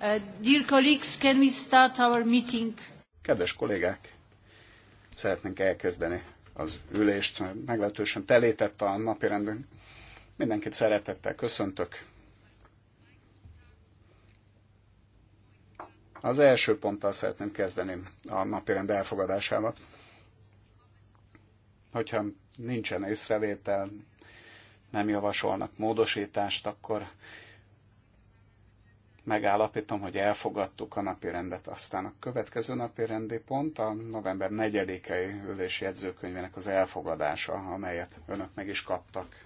Uh, dear colleagues, can we start our meeting? Kedves kollégák, szeretnénk elkezdeni az ülést, meglehetősen telétett a rendünk. Mindenkit szeretettel köszöntök. Az első ponttal szeretném kezdeni a rend elfogadásával. Hogyha nincsen észrevétel, nem javasolnak módosítást, akkor megállapítom, hogy elfogadtuk a napi rendet. Aztán a következő napi rendi pont a november 4-i ülési jegyzőkönyvének az elfogadása, amelyet önök meg is kaptak.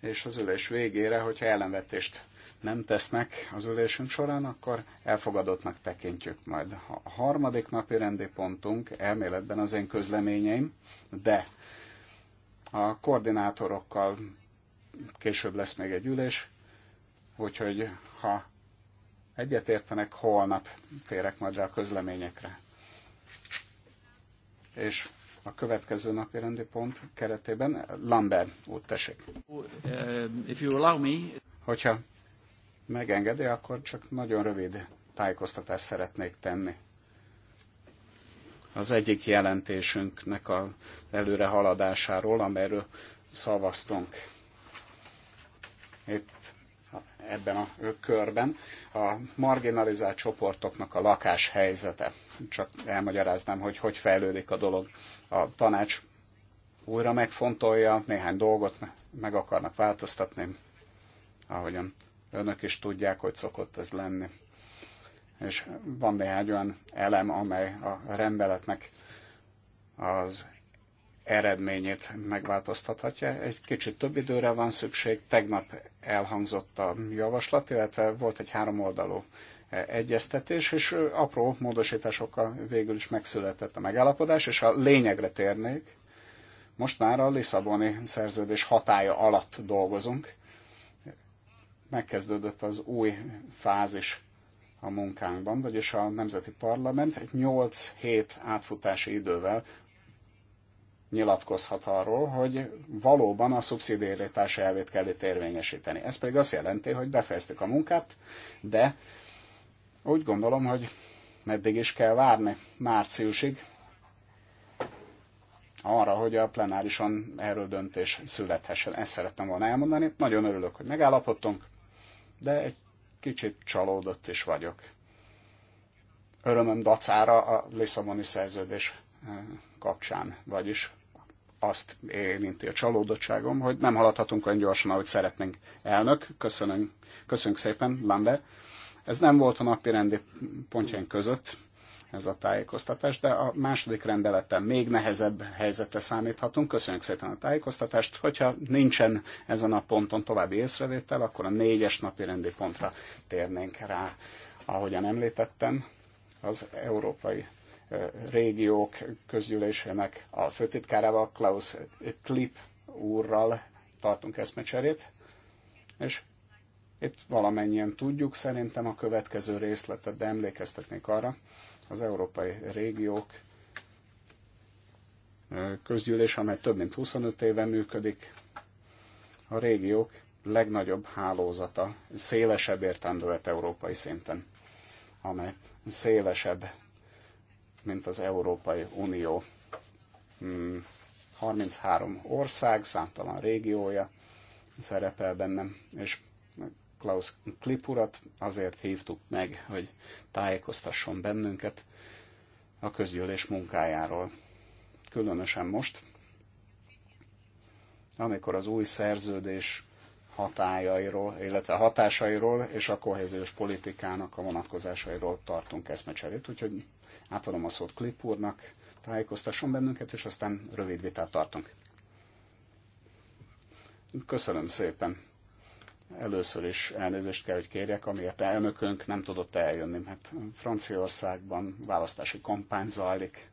És az ülés végére, hogyha ellenvetést nem tesznek az ülésünk során, akkor elfogadottnak tekintjük majd. A harmadik napi rendi pontunk elméletben az én közleményeim, de a koordinátorokkal később lesz még egy ülés, úgyhogy ha Egyetértenek, holnap térek majd rá a közleményekre. És a következő napi rendi pont keretében Lambert úr tessék. If you allow me... Hogyha megengedi, akkor csak nagyon rövid tájékoztatást szeretnék tenni. Az egyik jelentésünknek a előre haladásáról, amelyről szavaztunk. Itt ebben a körben a marginalizált csoportoknak a lakás helyzete. Csak elmagyaráznám, hogy hogy fejlődik a dolog. A tanács újra megfontolja, néhány dolgot meg akarnak változtatni, ahogyan önök is tudják, hogy szokott ez lenni. És van néhány olyan elem, amely a rendeletnek az eredményét megváltoztathatja. Egy kicsit több időre van szükség. Tegnap elhangzott a javaslat, illetve volt egy három oldalú e, egyeztetés, és apró módosításokkal végül is megszületett a megállapodás, és a lényegre térnék. Most már a Lisszaboni szerződés hatája alatt dolgozunk. Megkezdődött az új fázis a munkánkban, vagyis a Nemzeti Parlament egy 8 7 átfutási idővel nyilatkozhat arról, hogy valóban a szubszidiaritás elvét kell itt érvényesíteni. Ez pedig azt jelenti, hogy befejeztük a munkát, de úgy gondolom, hogy meddig is kell várni márciusig arra, hogy a plenárison erről döntés születhessen. Ezt szerettem volna elmondani. Nagyon örülök, hogy megállapodtunk, de egy kicsit csalódott is vagyok. Örömöm dacára a Lisszaboni szerződés eh, kapcsán, vagyis azt érinti a csalódottságom, hogy nem haladhatunk olyan gyorsan, ahogy szeretnénk. Elnök, köszönöm, köszönjük szépen, Lambert. Ez nem volt a napi rendi pontjaink között, ez a tájékoztatás, de a második rendeleten még nehezebb helyzetre számíthatunk. Köszönjük szépen a tájékoztatást. Hogyha nincsen ezen a ponton további észrevétel, akkor a négyes napi rendi pontra térnénk rá. Ahogyan említettem, az Európai régiók közgyűlésének a főtitkárával, Klaus Klip úrral tartunk eszmecserét, és itt valamennyien tudjuk szerintem a következő részletet, de emlékeztetnék arra, az európai régiók közgyűlés, amely több mint 25 éve működik, a régiók legnagyobb hálózata, szélesebb értelmű európai szinten, amely szélesebb mint az Európai Unió. 33 hmm, ország, számtalan régiója szerepel bennem, és Klaus Klipurat azért hívtuk meg, hogy tájékoztasson bennünket a közgyűlés munkájáról. Különösen most, amikor az új szerződés hatájairól, illetve hatásairól és a kohéziós politikának a vonatkozásairól tartunk eszmecserét, úgyhogy átadom a szót Klip úrnak, tájékoztasson bennünket, és aztán rövid vitát tartunk. Köszönöm szépen. Először is elnézést kell, hogy kérjek, amiért elnökünk nem tudott eljönni, mert Franciaországban választási kampány zajlik,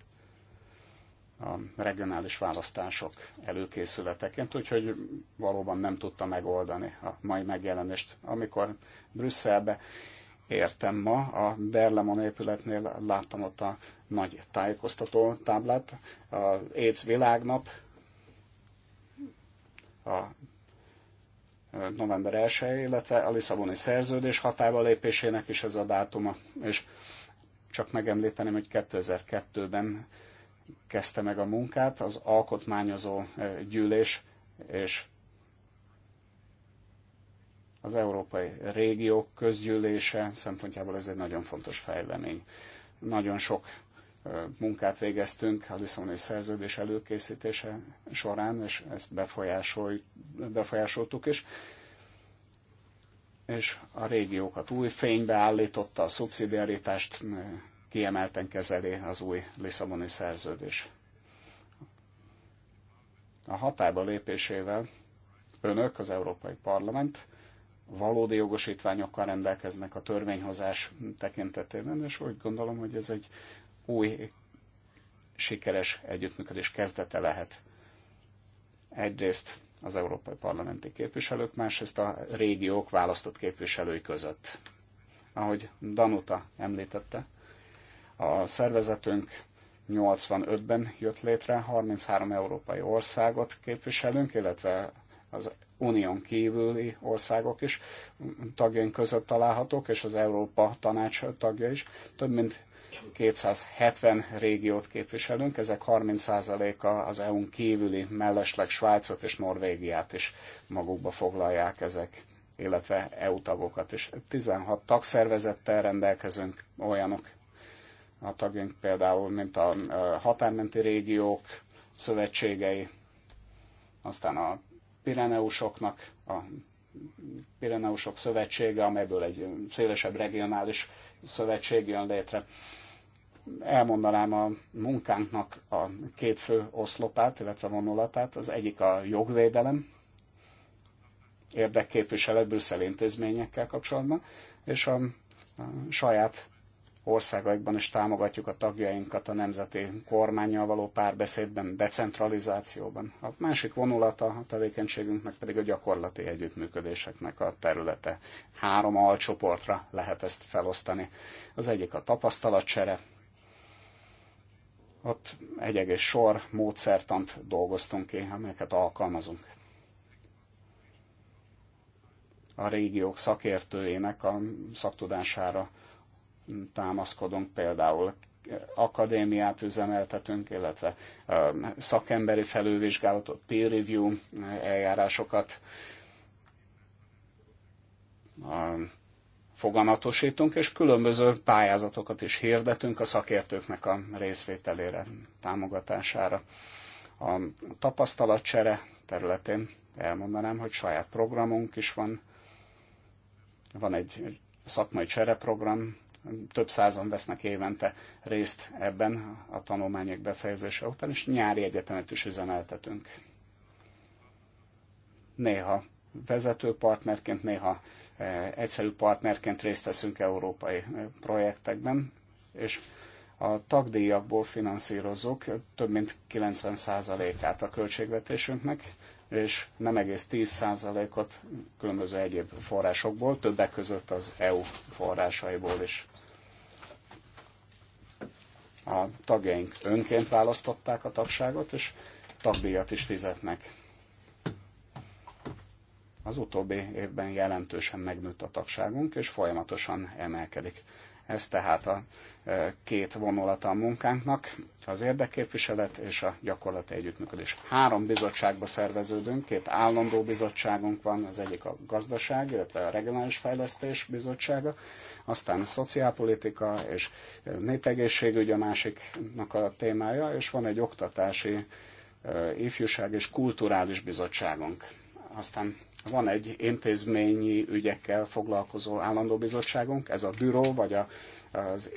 a regionális választások előkészületeként, úgyhogy valóban nem tudta megoldani a mai megjelenést. Amikor Brüsszelbe értem ma, a Berlemon épületnél láttam ott a nagy tájékoztató táblát, az AIDS világnap, a november 1 illetve a Lisszaboni szerződés hatába lépésének is ez a dátuma, és csak megemlíteném, hogy 2002-ben kezdte meg a munkát, az alkotmányozó eh, gyűlés és az európai régiók közgyűlése szempontjából ez egy nagyon fontos fejlemény. Nagyon sok eh, munkát végeztünk a Lisszaboni szerződés előkészítése során, és ezt befolyásoltuk is. És a régiókat új fénybe állította, a szubszidiaritást eh, kiemelten kezeli az új Lisszaboni szerződés. A hatályba lépésével önök, az Európai Parlament valódi jogosítványokkal rendelkeznek a törvényhozás tekintetében, és úgy gondolom, hogy ez egy új sikeres együttműködés kezdete lehet. Egyrészt az európai parlamenti képviselők, másrészt a régiók választott képviselői között. Ahogy Danuta említette, a szervezetünk 85-ben jött létre, 33 európai országot képviselünk, illetve az unión kívüli országok is tagjaink között találhatók, és az Európa Tanács tagja is. Több mint 270 régiót képviselünk, ezek 30%-a az EU-n kívüli, mellesleg Svájcot és Norvégiát is magukba foglalják ezek illetve EU tagokat is. 16 tagszervezettel rendelkezünk, olyanok, a tagjaink például, mint a határmenti régiók szövetségei, aztán a Pireneusoknak, a Pireneusok Szövetsége, amelyből egy szélesebb regionális szövetség jön létre. Elmondanám a munkánknak a két fő oszlopát, illetve vonulatát. Az egyik a jogvédelem, érdekképviselet Brüsszel intézményekkel kapcsolatban, és a, a saját országaikban is támogatjuk a tagjainkat a nemzeti kormányjal való párbeszédben, decentralizációban. A másik vonulata a tevékenységünknek pedig a gyakorlati együttműködéseknek a területe. Három alcsoportra lehet ezt felosztani. Az egyik a tapasztalatcsere, ott egy egész sor módszertant dolgoztunk ki, amelyeket alkalmazunk. A régiók szakértőjének a szaktudására támaszkodunk, például akadémiát üzemeltetünk, illetve szakemberi felülvizsgálatot, peer review eljárásokat foganatosítunk, és különböző pályázatokat is hirdetünk a szakértőknek a részvételére, támogatására. A tapasztalatcsere területén elmondanám, hogy saját programunk is van, van egy szakmai csereprogram több százan vesznek évente részt ebben a tanulmányok befejezése után, és nyári egyetemet is üzemeltetünk. Néha vezető partnerként, néha e, egyszerű partnerként részt veszünk európai e, projektekben, és a tagdíjakból finanszírozzuk több mint 90%-át a költségvetésünknek, és nem egész 10%-ot különböző egyéb forrásokból, többek között az EU forrásaiból is. A tagjaink önként választották a tagságot, és tagdíjat is fizetnek. Az utóbbi évben jelentősen megnőtt a tagságunk, és folyamatosan emelkedik. Ez tehát a e, két vonulata a munkánknak, az érdekképviselet és a gyakorlati együttműködés. Három bizottságba szerveződünk, két állandó bizottságunk van, az egyik a gazdaság, illetve a regionális fejlesztés bizottsága, aztán a szociálpolitika és népegészségügy a másiknak a témája, és van egy oktatási e, ifjúság és kulturális bizottságunk aztán van egy intézményi ügyekkel foglalkozó állandó bizottságunk, ez a büró, vagy a, az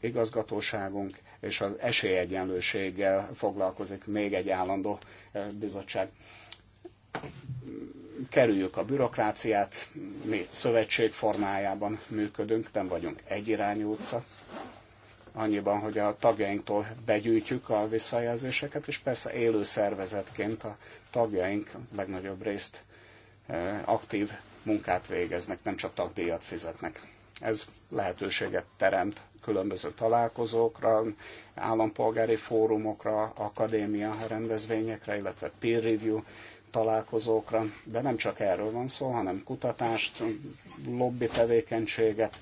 igazgatóságunk, és az esélyegyenlőséggel foglalkozik még egy állandó bizottság. Kerüljük a bürokráciát, mi szövetség formájában működünk, nem vagyunk egyirányú utca, annyiban, hogy a tagjainktól begyűjtjük a visszajelzéseket, és persze élő szervezetként a tagjaink legnagyobb részt eh, aktív munkát végeznek, nem csak tagdíjat fizetnek. Ez lehetőséget teremt különböző találkozókra, állampolgári fórumokra, akadémia rendezvényekre, illetve peer review találkozókra, de nem csak erről van szó, hanem kutatást, lobby tevékenységet,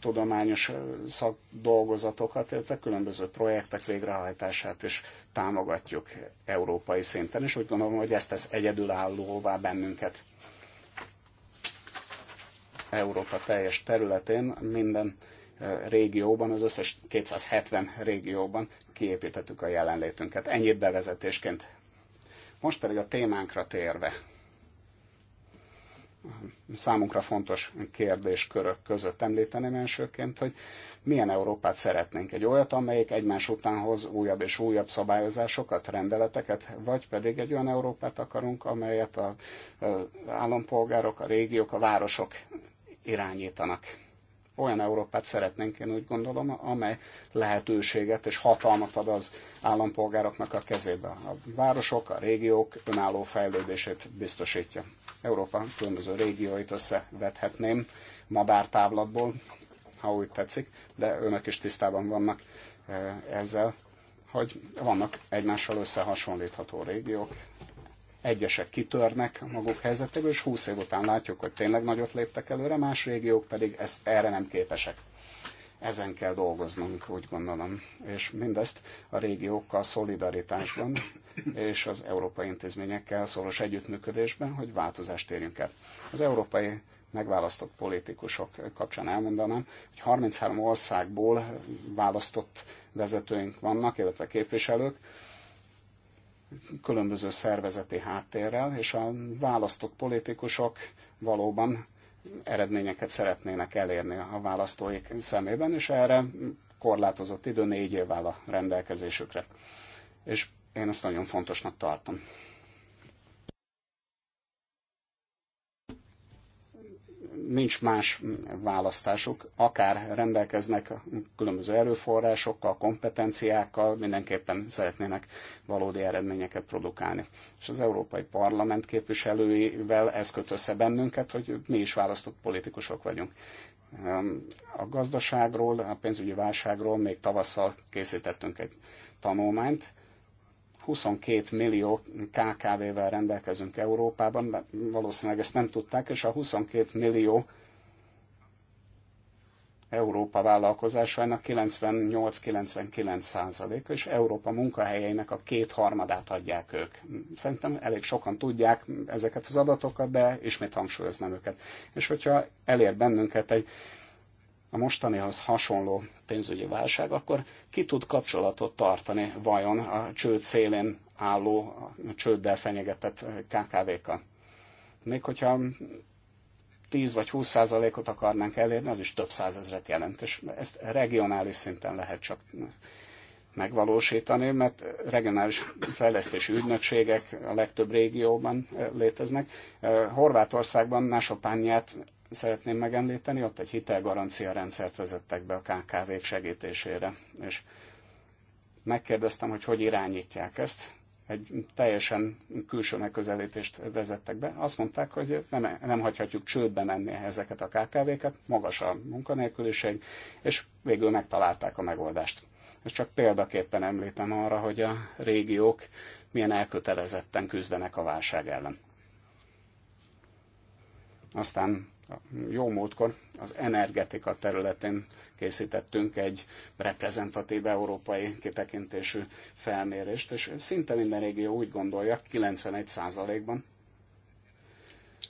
tudományos szakdolgozatokat, illetve különböző projektek végrehajtását is támogatjuk európai szinten, és úgy gondolom, hogy ezt tesz egyedülállóvá bennünket. Európa teljes területén minden régióban, az összes 270 régióban kiépítettük a jelenlétünket. Ennyit bevezetésként most pedig a témánkra térve, számunkra fontos kérdéskörök között említeném elsőként, hogy milyen Európát szeretnénk. Egy olyat, amelyik egymás után hoz újabb és újabb szabályozásokat, rendeleteket, vagy pedig egy olyan Európát akarunk, amelyet az állampolgárok, a régiók, a városok irányítanak olyan Európát szeretnénk, én úgy gondolom, amely lehetőséget és hatalmat ad az állampolgároknak a kezébe. A városok, a régiók önálló fejlődését biztosítja. Európa különböző régióit összevethetném madártávlatból, ha úgy tetszik, de önök is tisztában vannak eh, ezzel, hogy vannak egymással összehasonlítható régiók, Egyesek kitörnek maguk helyzetéből, és 20 év után látjuk, hogy tényleg nagyot léptek előre, más régiók pedig ezt, erre nem képesek. Ezen kell dolgoznunk, úgy gondolom. És mindezt a régiókkal szolidaritásban és az európai intézményekkel szoros együttműködésben, hogy változást érjünk el. Az európai megválasztott politikusok kapcsán elmondanám, hogy 33 országból választott vezetőink vannak, illetve képviselők, különböző szervezeti háttérrel, és a választott politikusok valóban eredményeket szeretnének elérni a választóik szemében, és erre korlátozott idő négy év áll a rendelkezésükre. És én ezt nagyon fontosnak tartom. nincs más választásuk, akár rendelkeznek különböző erőforrásokkal, kompetenciákkal, mindenképpen szeretnének valódi eredményeket produkálni. És az Európai Parlament képviselőivel ez köt össze bennünket, hogy mi is választott politikusok vagyunk. A gazdaságról, a pénzügyi válságról még tavasszal készítettünk egy tanulmányt, 22 millió KKV-vel rendelkezünk Európában, de valószínűleg ezt nem tudták, és a 22 millió Európa vállalkozásainak 98-99 százaléka, és Európa munkahelyeinek a kétharmadát adják ők. Szerintem elég sokan tudják ezeket az adatokat, de ismét hangsúlyoznám őket. És hogyha elér bennünket egy a mostanihoz hasonló pénzügyi válság, akkor ki tud kapcsolatot tartani vajon a csőd szélén álló, a csőddel fenyegetett KKV-kkal? Még hogyha 10 vagy 20 százalékot akarnánk elérni, az is több százezret jelent, és ezt regionális szinten lehet csak megvalósítani, mert regionális fejlesztési ügynökségek a legtöbb régióban eh, léteznek. Eh, Horvátországban másopányját szeretném megemlíteni, ott egy hitelgarancia rendszert vezettek be a KKV-k segítésére, és megkérdeztem, hogy hogy irányítják ezt, egy teljesen külső megközelítést vezettek be. Azt mondták, hogy nem, nem hagyhatjuk csődbe menni ezeket a KKV-ket, magas a munkanélküliség, és végül megtalálták a megoldást. Ezt csak példaképpen említem arra, hogy a régiók milyen elkötelezetten küzdenek a válság ellen. Aztán jó múltkor az energetika területén készítettünk egy reprezentatív európai kitekintésű felmérést, és szinte minden régió úgy gondolja, 91%-ban,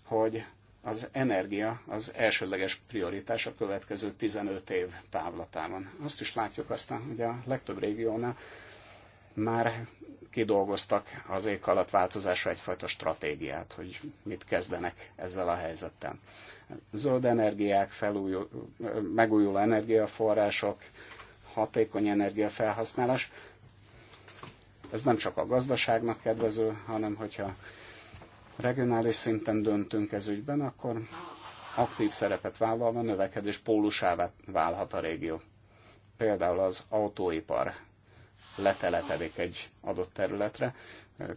hogy az energia az elsődleges prioritás a következő 15 év távlatában. Azt is látjuk aztán, hogy a legtöbb régiónál már kidolgoztak az éghajlatváltozásra egyfajta stratégiát, hogy mit kezdenek ezzel a helyzettel zöld energiák, felújul, megújuló energiaforrások, hatékony energiafelhasználás. Ez nem csak a gazdaságnak kedvező, hanem hogyha regionális szinten döntünk ez ügyben, akkor aktív szerepet vállalva növekedés pólusává válhat a régió. Például az autóipar letelepedik egy adott területre,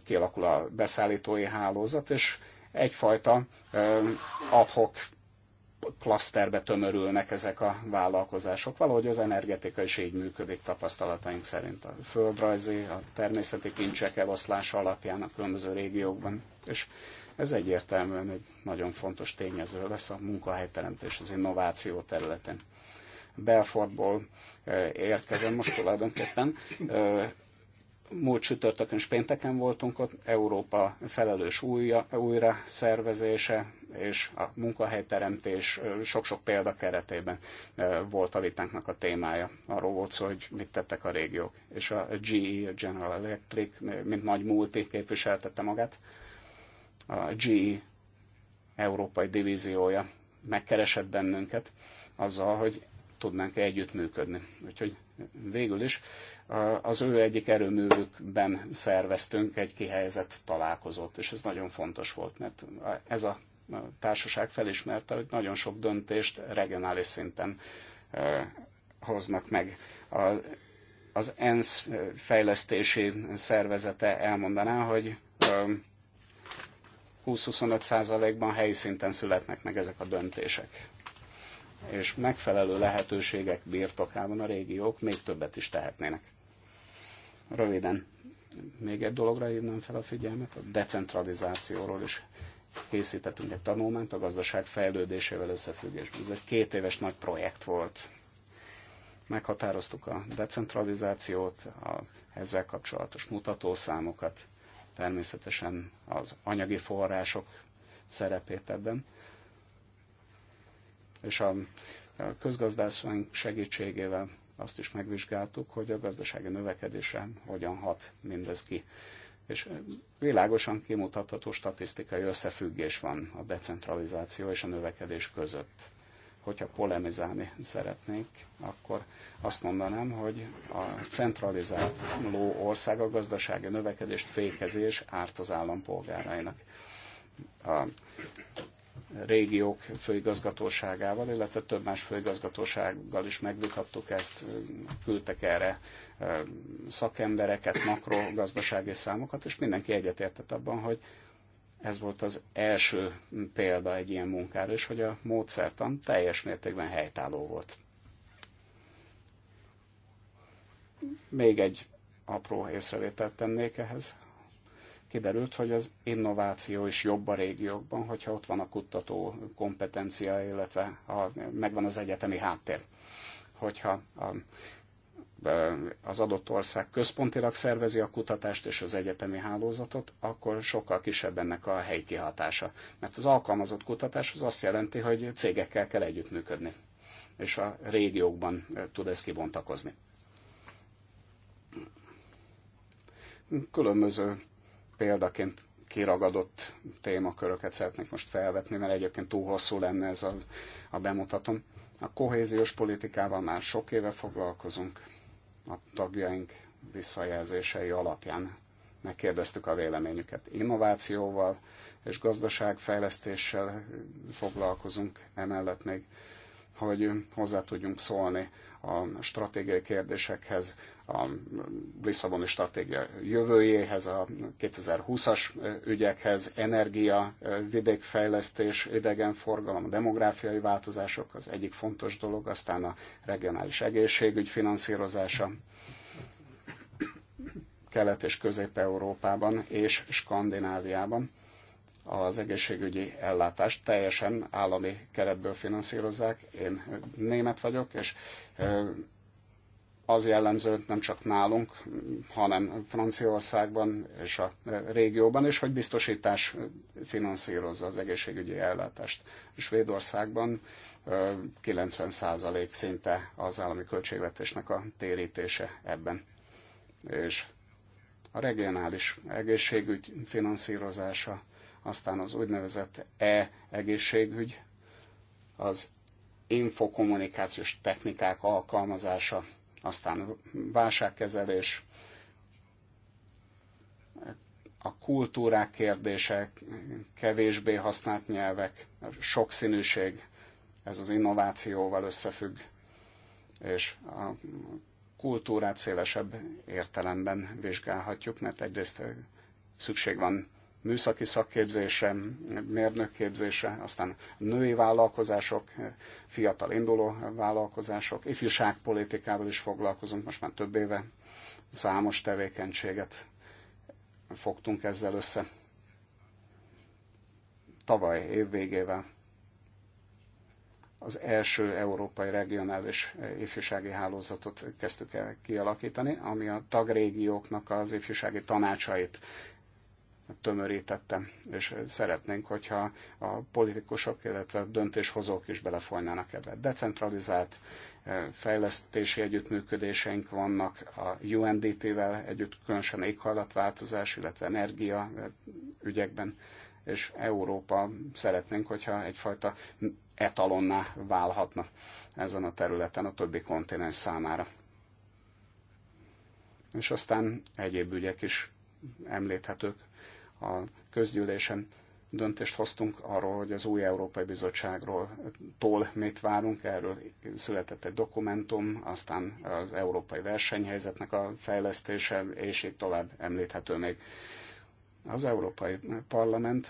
kialakul a beszállítói hálózat, és egyfajta adhok klaszterbe tömörülnek ezek a vállalkozások. Valahogy az energetika is így működik tapasztalataink szerint. A földrajzi, a természeti kincsek eloszlása alapján a különböző régiókban. És ez egyértelműen egy nagyon fontos tényező lesz a munkahelyteremtés az innováció területén. Belfordból eh, érkezem most tulajdonképpen eh, múlt csütörtökön és pénteken voltunk ott, Európa felelős újra, újra szervezése és a munkahelyteremtés sok-sok példa keretében volt a vitánknak a témája. Arról volt szó, hogy mit tettek a régiók. És a GE, a General Electric, mint nagy multi képviseltette magát, a GE európai divíziója megkeresett bennünket azzal, hogy tudnánk együttműködni. Úgyhogy végül is az ő egyik erőművükben szerveztünk egy kihelyezett találkozót, és ez nagyon fontos volt, mert ez a társaság felismerte, hogy nagyon sok döntést regionális szinten e, hoznak meg. Az ENSZ fejlesztési szervezete elmondaná, hogy 20-25 e, százalékban helyi szinten születnek meg ezek a döntések és megfelelő lehetőségek birtokában a régiók még többet is tehetnének. Röviden, még egy dologra hívnám fel a figyelmet, a decentralizációról is készítettünk egy tanulmányt a gazdaság fejlődésével összefüggésben. Ez egy két éves nagy projekt volt. Meghatároztuk a decentralizációt, a ezzel kapcsolatos mutatószámokat, természetesen az anyagi források szerepét ebben, és a közgazdászaink segítségével azt is megvizsgáltuk, hogy a gazdasági növekedésre hogyan hat mindez ki. És világosan kimutatható statisztikai összefüggés van a decentralizáció és a növekedés között. Hogyha polemizálni szeretnék, akkor azt mondanám, hogy a centralizált, ló ország a gazdasági növekedést fékezés és árt az állampolgárainak. A régiók főigazgatóságával, illetve több más főigazgatósággal is megvitattuk ezt, küldtek erre szakembereket, makrogazdasági számokat, és mindenki egyetértett abban, hogy ez volt az első példa egy ilyen munkára, és hogy a módszertan teljes mértékben helytálló volt. Még egy apró észrevételt tennék ehhez, kiderült, hogy az innováció is jobb a régiókban, hogyha ott van a kutató kompetencia, illetve a, megvan az egyetemi háttér. Hogyha a, az adott ország központilag szervezi a kutatást és az egyetemi hálózatot, akkor sokkal kisebb ennek a helyi kihatása. Mert az alkalmazott kutatás az azt jelenti, hogy cégekkel kell együttműködni, és a régiókban tud ez kibontakozni. Különböző példaként kiragadott témaköröket szeretnék most felvetni, mert egyébként túl hosszú lenne ez a, a bemutatom. A kohéziós politikával már sok éve foglalkozunk, a tagjaink visszajelzései alapján megkérdeztük a véleményüket. Innovációval és gazdaságfejlesztéssel foglalkozunk, emellett még hogy hozzá tudjunk szólni a stratégiai kérdésekhez, a Lisszaboni stratégia jövőjéhez, a 2020-as ügyekhez, energia, vidékfejlesztés, idegenforgalom, demográfiai változások az egyik fontos dolog, aztán a regionális egészségügy finanszírozása. Kelet- és Közép-Európában és Skandináviában az egészségügyi ellátást teljesen állami keretből finanszírozzák. Én német vagyok, és az jellemző nem csak nálunk, hanem Franciaországban és a régióban is, hogy biztosítás finanszírozza az egészségügyi ellátást. Svédországban 90% szinte az állami költségvetésnek a térítése ebben. És a regionális egészségügy finanszírozása aztán az úgynevezett e-egészségügy, az infokommunikációs technikák alkalmazása, aztán válságkezelés, a kultúrák kérdése, kevésbé használt nyelvek, sokszínűség, ez az innovációval összefügg, és a kultúrát szélesebb értelemben vizsgálhatjuk, mert egyrészt szükség van műszaki szakképzése, mérnökképzése, aztán női vállalkozások, fiatal induló vállalkozások, ifjúságpolitikával is foglalkozunk most már több éve, számos tevékenységet fogtunk ezzel össze. Tavaly év végével az első európai regionális ifjúsági hálózatot kezdtük el kialakítani, ami a tagrégióknak az ifjúsági tanácsait tömörítettem, és szeretnénk, hogyha a politikusok, illetve a döntéshozók is belefolynának ebbe. Decentralizált eh, fejlesztési együttműködéseink vannak a UNDP-vel együtt, különösen éghajlatváltozás, illetve energia eh, ügyekben, és Európa szeretnénk, hogyha egyfajta etalonná válhatna ezen a területen a többi kontinens számára. És aztán egyéb ügyek is említhetők a közgyűlésen döntést hoztunk arról, hogy az új Európai Bizottságról tól mit várunk, erről született egy dokumentum, aztán az európai versenyhelyzetnek a fejlesztése, és így tovább említhető még. Az Európai Parlament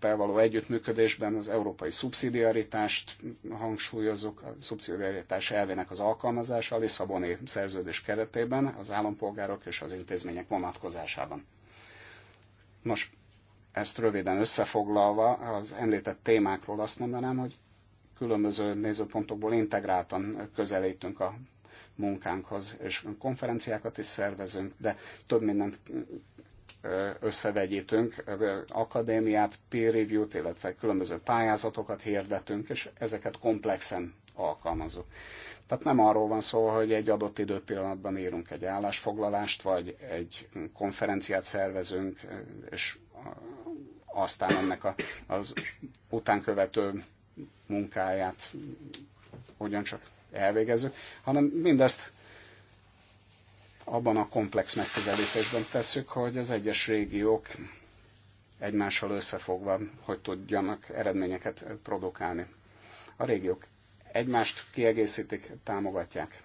bevaló együttműködésben az európai szubszidiaritást hangsúlyozzuk, a szubszidiaritás elvének az alkalmazása a Lisszaboni szerződés keretében, az állampolgárok és az intézmények vonatkozásában. Nos, ezt röviden összefoglalva az említett témákról azt mondanám, hogy különböző nézőpontokból integráltan közelítünk a munkánkhoz, és konferenciákat is szervezünk, de több mindent összevegyítünk, akadémiát, peer review-t, illetve különböző pályázatokat hirdetünk, és ezeket komplexen alkalmazzuk. Tehát nem arról van szó, hogy egy adott időpillanatban írunk egy állásfoglalást, vagy egy konferenciát szervezünk, és aztán ennek a, az utánkövető munkáját ugyancsak elvégezzük, hanem mindezt abban a komplex megközelítésben tesszük, hogy az egyes régiók egymással összefogva, hogy tudjanak eredményeket produkálni. A régiók egymást kiegészítik, támogatják.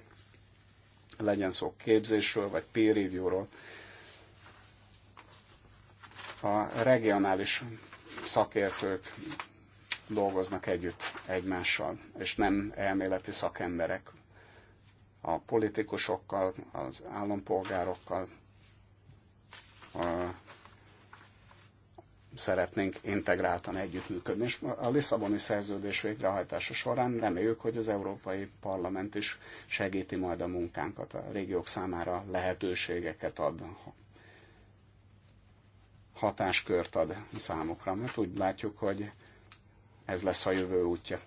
Legyen szó képzésről, vagy peer review-ról. A regionális szakértők dolgoznak együtt egymással, és nem elméleti szakemberek a politikusokkal, az állampolgárokkal, a szeretnénk integráltan együttműködni. És a Lisszaboni szerződés végrehajtása során reméljük, hogy az Európai Parlament is segíti majd a munkánkat, a régiók számára lehetőségeket ad, hatáskört ad számokra, mert úgy látjuk, hogy ez lesz a jövő útja.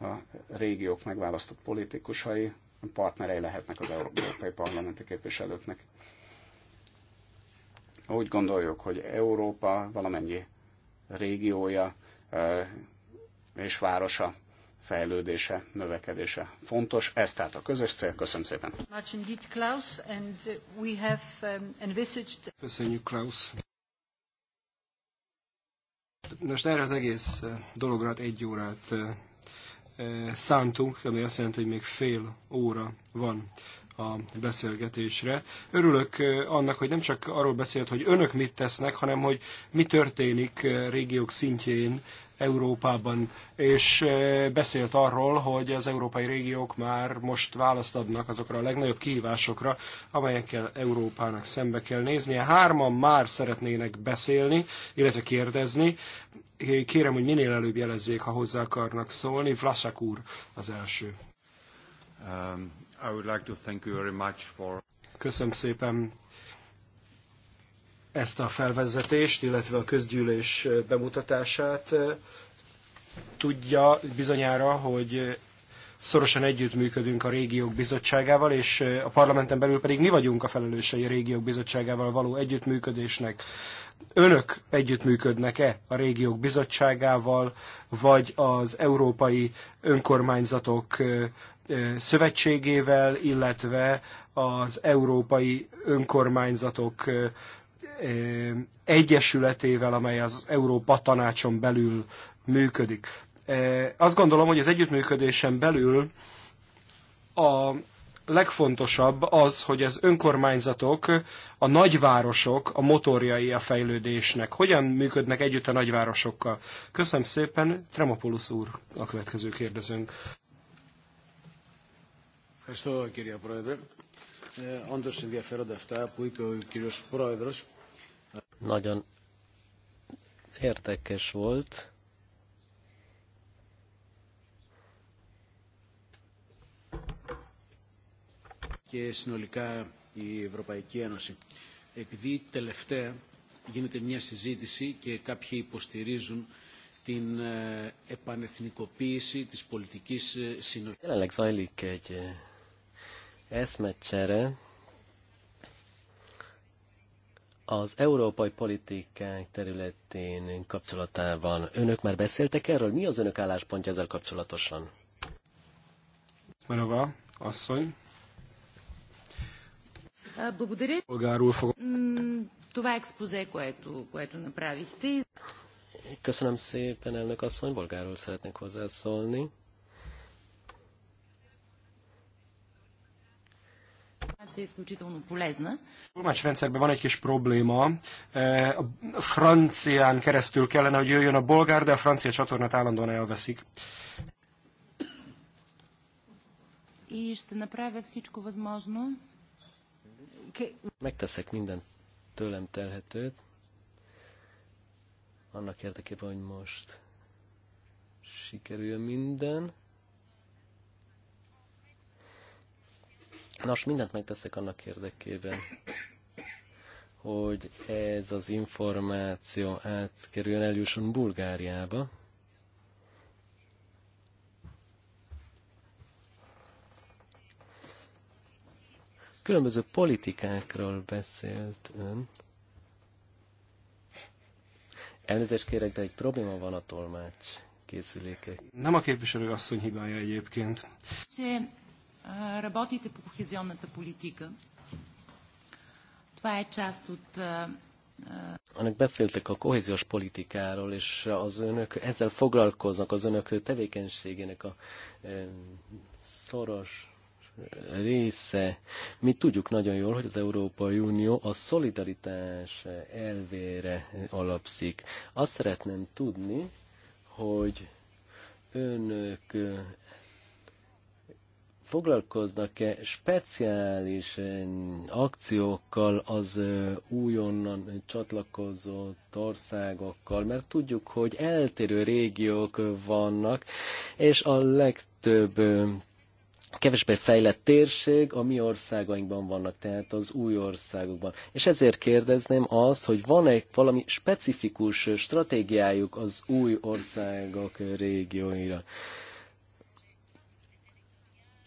A régiók megválasztott politikusai partnerei lehetnek az Európai Parlamenti képviselőknek. Úgy gondoljuk, hogy Európa valamennyi régiója e, és városa fejlődése, növekedése fontos. Ez tehát a közös cél. Köszönöm szépen. Um, Köszönjük, Klaus. Most erre az egész e, dologra egy órát e, szántunk, ami azt jelenti, hogy még fél óra van a beszélgetésre. Örülök annak, hogy nem csak arról beszélt, hogy önök mit tesznek, hanem hogy mi történik régiók szintjén Európában, és beszélt arról, hogy az európai régiók már most választ adnak azokra a legnagyobb kihívásokra, amelyekkel Európának szembe kell néznie. Hárman már szeretnének beszélni, illetve kérdezni. Kérem, hogy minél előbb jelezzék, ha hozzá akarnak szólni. Vlasak úr az első. Um, I would like to thank you very much for... Köszönöm szépen ezt a felvezetést, illetve a közgyűlés bemutatását. Tudja bizonyára, hogy Szorosan együttműködünk a régiók bizottságával, és a parlamenten belül pedig mi vagyunk a felelősei a régiók bizottságával való együttműködésnek. Önök együttműködnek-e a régiók bizottságával, vagy az európai önkormányzatok szövetségével, illetve az európai önkormányzatok egyesületével, amely az Európa Tanácson belül működik. Azt gondolom, hogy az együttműködésen belül a legfontosabb az, hogy az önkormányzatok, a nagyvárosok a motorjai a fejlődésnek. Hogyan működnek együtt a nagyvárosokkal? Köszönöm szépen, Tremopoulos úr a következő kérdezőnk. Nagyon érdekes volt και συνολικά η Ευρωπαϊκή Ένωση. Επειδή τελευταία γίνεται μια συζήτηση και κάποιοι υποστηρίζουν την επανεθνικοποίηση της πολιτικής συνοχής. az európai politikák területén kapcsolatában. Önök már beszéltek erről? Mi az önök álláspontja ezzel kapcsolatosan? Manova, asszony. Благодаря. Българ, Това е експозе, което, което направихте. Köszönöm szépen, elnök asszony, bolgárul szeretnék hozzászólni. rendszerben van egy kis probléma. A francián keresztül kellene, hogy jöjjön a bolgár, de a francia csatornát állandóan elveszik. És te napravja всичко възможно Megteszek minden tőlem telhetőt, annak érdekében, hogy most sikerüljön minden. Nos, mindent megteszek annak érdekében, hogy ez az információ átkerüljön, eljusson Bulgáriába. Különböző politikákról beszélt ön. Elnézést kérek, de egy probléma van a tolmács készüléke. Nem a képviselő asszony hibája egyébként. önök beszéltek a kohéziós politikáról, és az önök ezzel foglalkoznak, az önök tevékenységének a szoros része. Mi tudjuk nagyon jól, hogy az Európai Unió a szolidaritás elvére alapszik. Azt szeretném tudni, hogy önök foglalkoznak-e speciális akciókkal az újonnan csatlakozott országokkal, mert tudjuk, hogy eltérő régiók vannak, és a legtöbb kevésbé fejlett térség a mi országainkban vannak, tehát az új országokban. És ezért kérdezném azt, hogy van-e valami specifikus stratégiájuk az új országok régióira.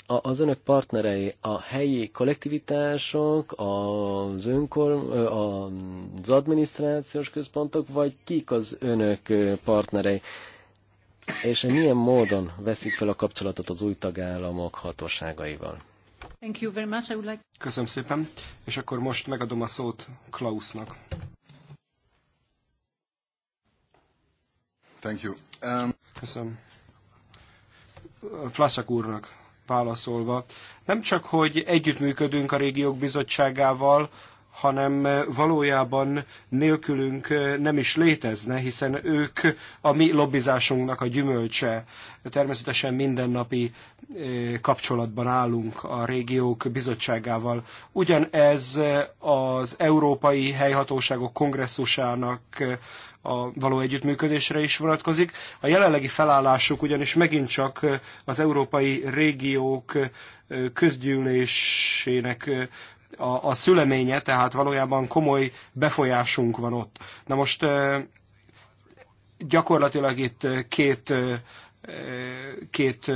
A, az önök partnerei a helyi kollektivitások, az önkor, az adminisztrációs központok, vagy kik az önök partnerei? és hogy milyen módon veszik fel a kapcsolatot az új tagállamok hatóságaival. Thank you very much. I would like... Köszönöm szépen, és akkor most megadom a szót Klausnak. Thank you. Um... Köszönöm. Flaszak úrnak válaszolva. Nem csak, hogy együttműködünk a régiók bizottságával, hanem eh, valójában nélkülünk eh, nem is létezne, hiszen ők a mi lobbizásunknak a gyümölcse. Természetesen mindennapi eh, kapcsolatban állunk a régiók bizottságával. Ugyanez az Európai Helyhatóságok Kongresszusának a való együttműködésre is vonatkozik. A jelenlegi felállásuk ugyanis megint csak az európai régiók közgyűlésének a, a szüleménye, tehát valójában komoly befolyásunk van ott. Na most gyakorlatilag itt két, két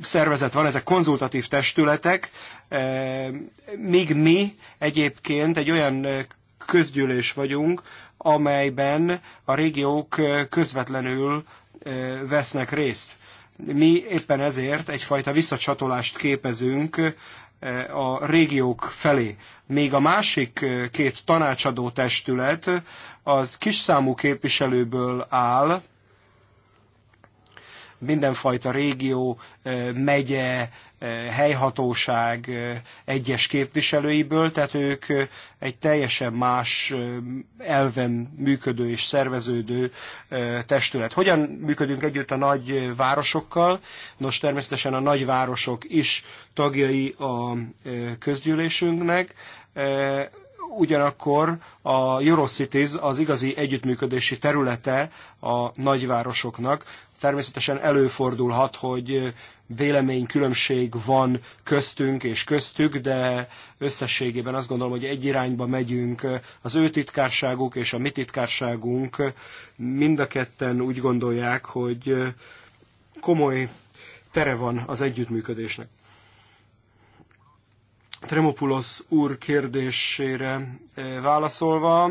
szervezet van, ezek konzultatív testületek, míg mi egyébként egy olyan közgyűlés vagyunk, amelyben a régiók közvetlenül vesznek részt. Mi éppen ezért egyfajta visszacsatolást képezünk Eh, a régiók felé. Még a másik eh, két tanácsadó testület az kisszámú képviselőből áll, mindenfajta régió, eh, megye, helyhatóság egyes képviselőiből, tehát ők egy teljesen más elven működő és szerveződő testület. Hogyan működünk együtt a nagy városokkal? Nos, természetesen a nagy városok is tagjai a közgyűlésünknek, ugyanakkor a Eurocities az igazi együttműködési területe a nagyvárosoknak. Természetesen előfordulhat, hogy véleménykülönbség van köztünk és köztük, de összességében azt gondolom, hogy egy irányba megyünk. Az ő titkárságuk és a mi titkárságunk mind a ketten úgy gondolják, hogy komoly tere van az együttműködésnek. Tremopulos úr kérdésére eh, válaszolva,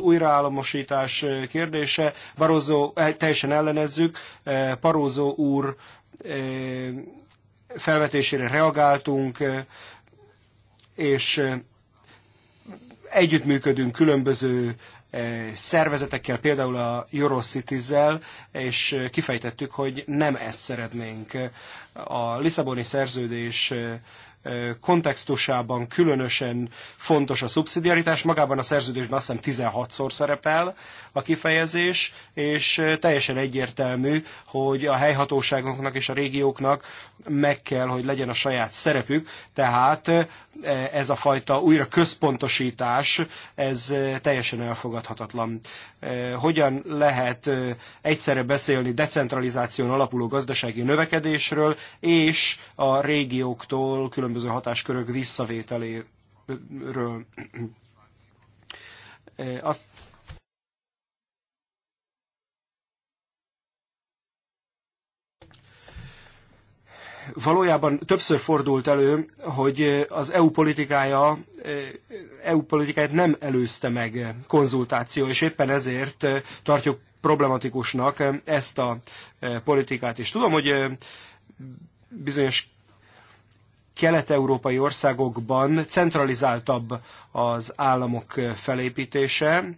újraállamosítás kérdése. Barozó, teljesen ellenezzük, Parózó úr felvetésére reagáltunk, és együttműködünk különböző szervezetekkel, például a Eurocities-zel, és kifejtettük, hogy nem ezt szeretnénk. A Lisszaboni szerződés kontextusában különösen fontos a szubszidiaritás. Magában a szerződésben azt hiszem 16-szor szerepel a kifejezés, és teljesen egyértelmű, hogy a helyhatóságoknak és a régióknak meg kell, hogy legyen a saját szerepük, tehát ez a fajta újra központosítás, ez teljesen elfogadhatatlan hogyan lehet egyszerre beszélni decentralizáción alapuló gazdasági növekedésről és a régióktól különböző hatáskörök visszavételéről. Azt valójában többször fordult elő, hogy az EU politikája, EU politikáját nem előzte meg konzultáció, és éppen ezért tartjuk problematikusnak ezt a politikát. És tudom, hogy bizonyos kelet-európai országokban centralizáltabb az államok felépítése.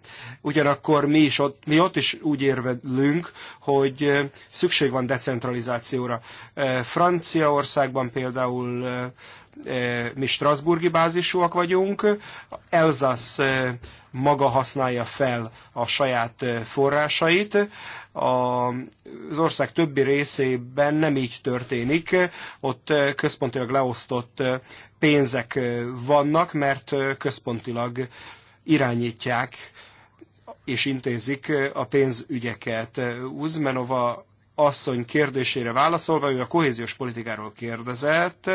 Ugyanakkor mi, is ott, mi ott is úgy érvelünk, hogy szükség van decentralizációra. Franciaországban például eh, mi Strasburgi bázisúak vagyunk, Elzasz eh, maga használja fel a saját forrásait. Az ország többi részében nem így történik, ott központilag leosztott pénzek vannak, mert központilag irányítják és intézik a pénzügyeket. Uzmenova asszony kérdésére válaszolva, ő a kohéziós politikáról kérdezett.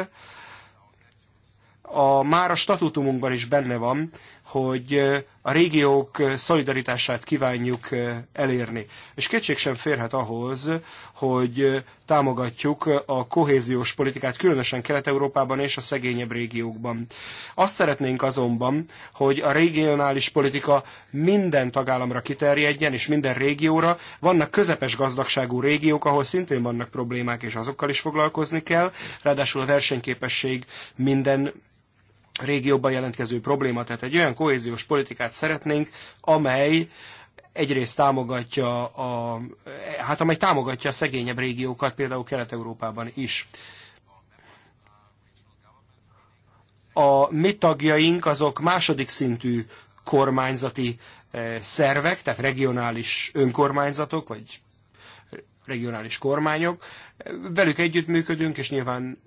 A, már a statutumunkban is benne van, hogy a régiók szolidaritását kívánjuk elérni. És kétség sem férhet ahhoz, hogy támogatjuk a kohéziós politikát, különösen Kelet-Európában és a szegényebb régiókban. Azt szeretnénk azonban, hogy a regionális politika minden tagállamra kiterjedjen, és minden régióra. Vannak közepes gazdagságú régiók, ahol szintén vannak problémák, és azokkal is foglalkozni kell. Ráadásul a versenyképesség minden régióban jelentkező probléma. Tehát egy olyan kohéziós politikát szeretnénk, amely egyrészt támogatja a, hát amely támogatja a szegényebb régiókat, például Kelet-Európában is. A mi tagjaink azok második szintű kormányzati e, szervek, tehát regionális önkormányzatok, vagy regionális kormányok. Velük együttműködünk, és nyilván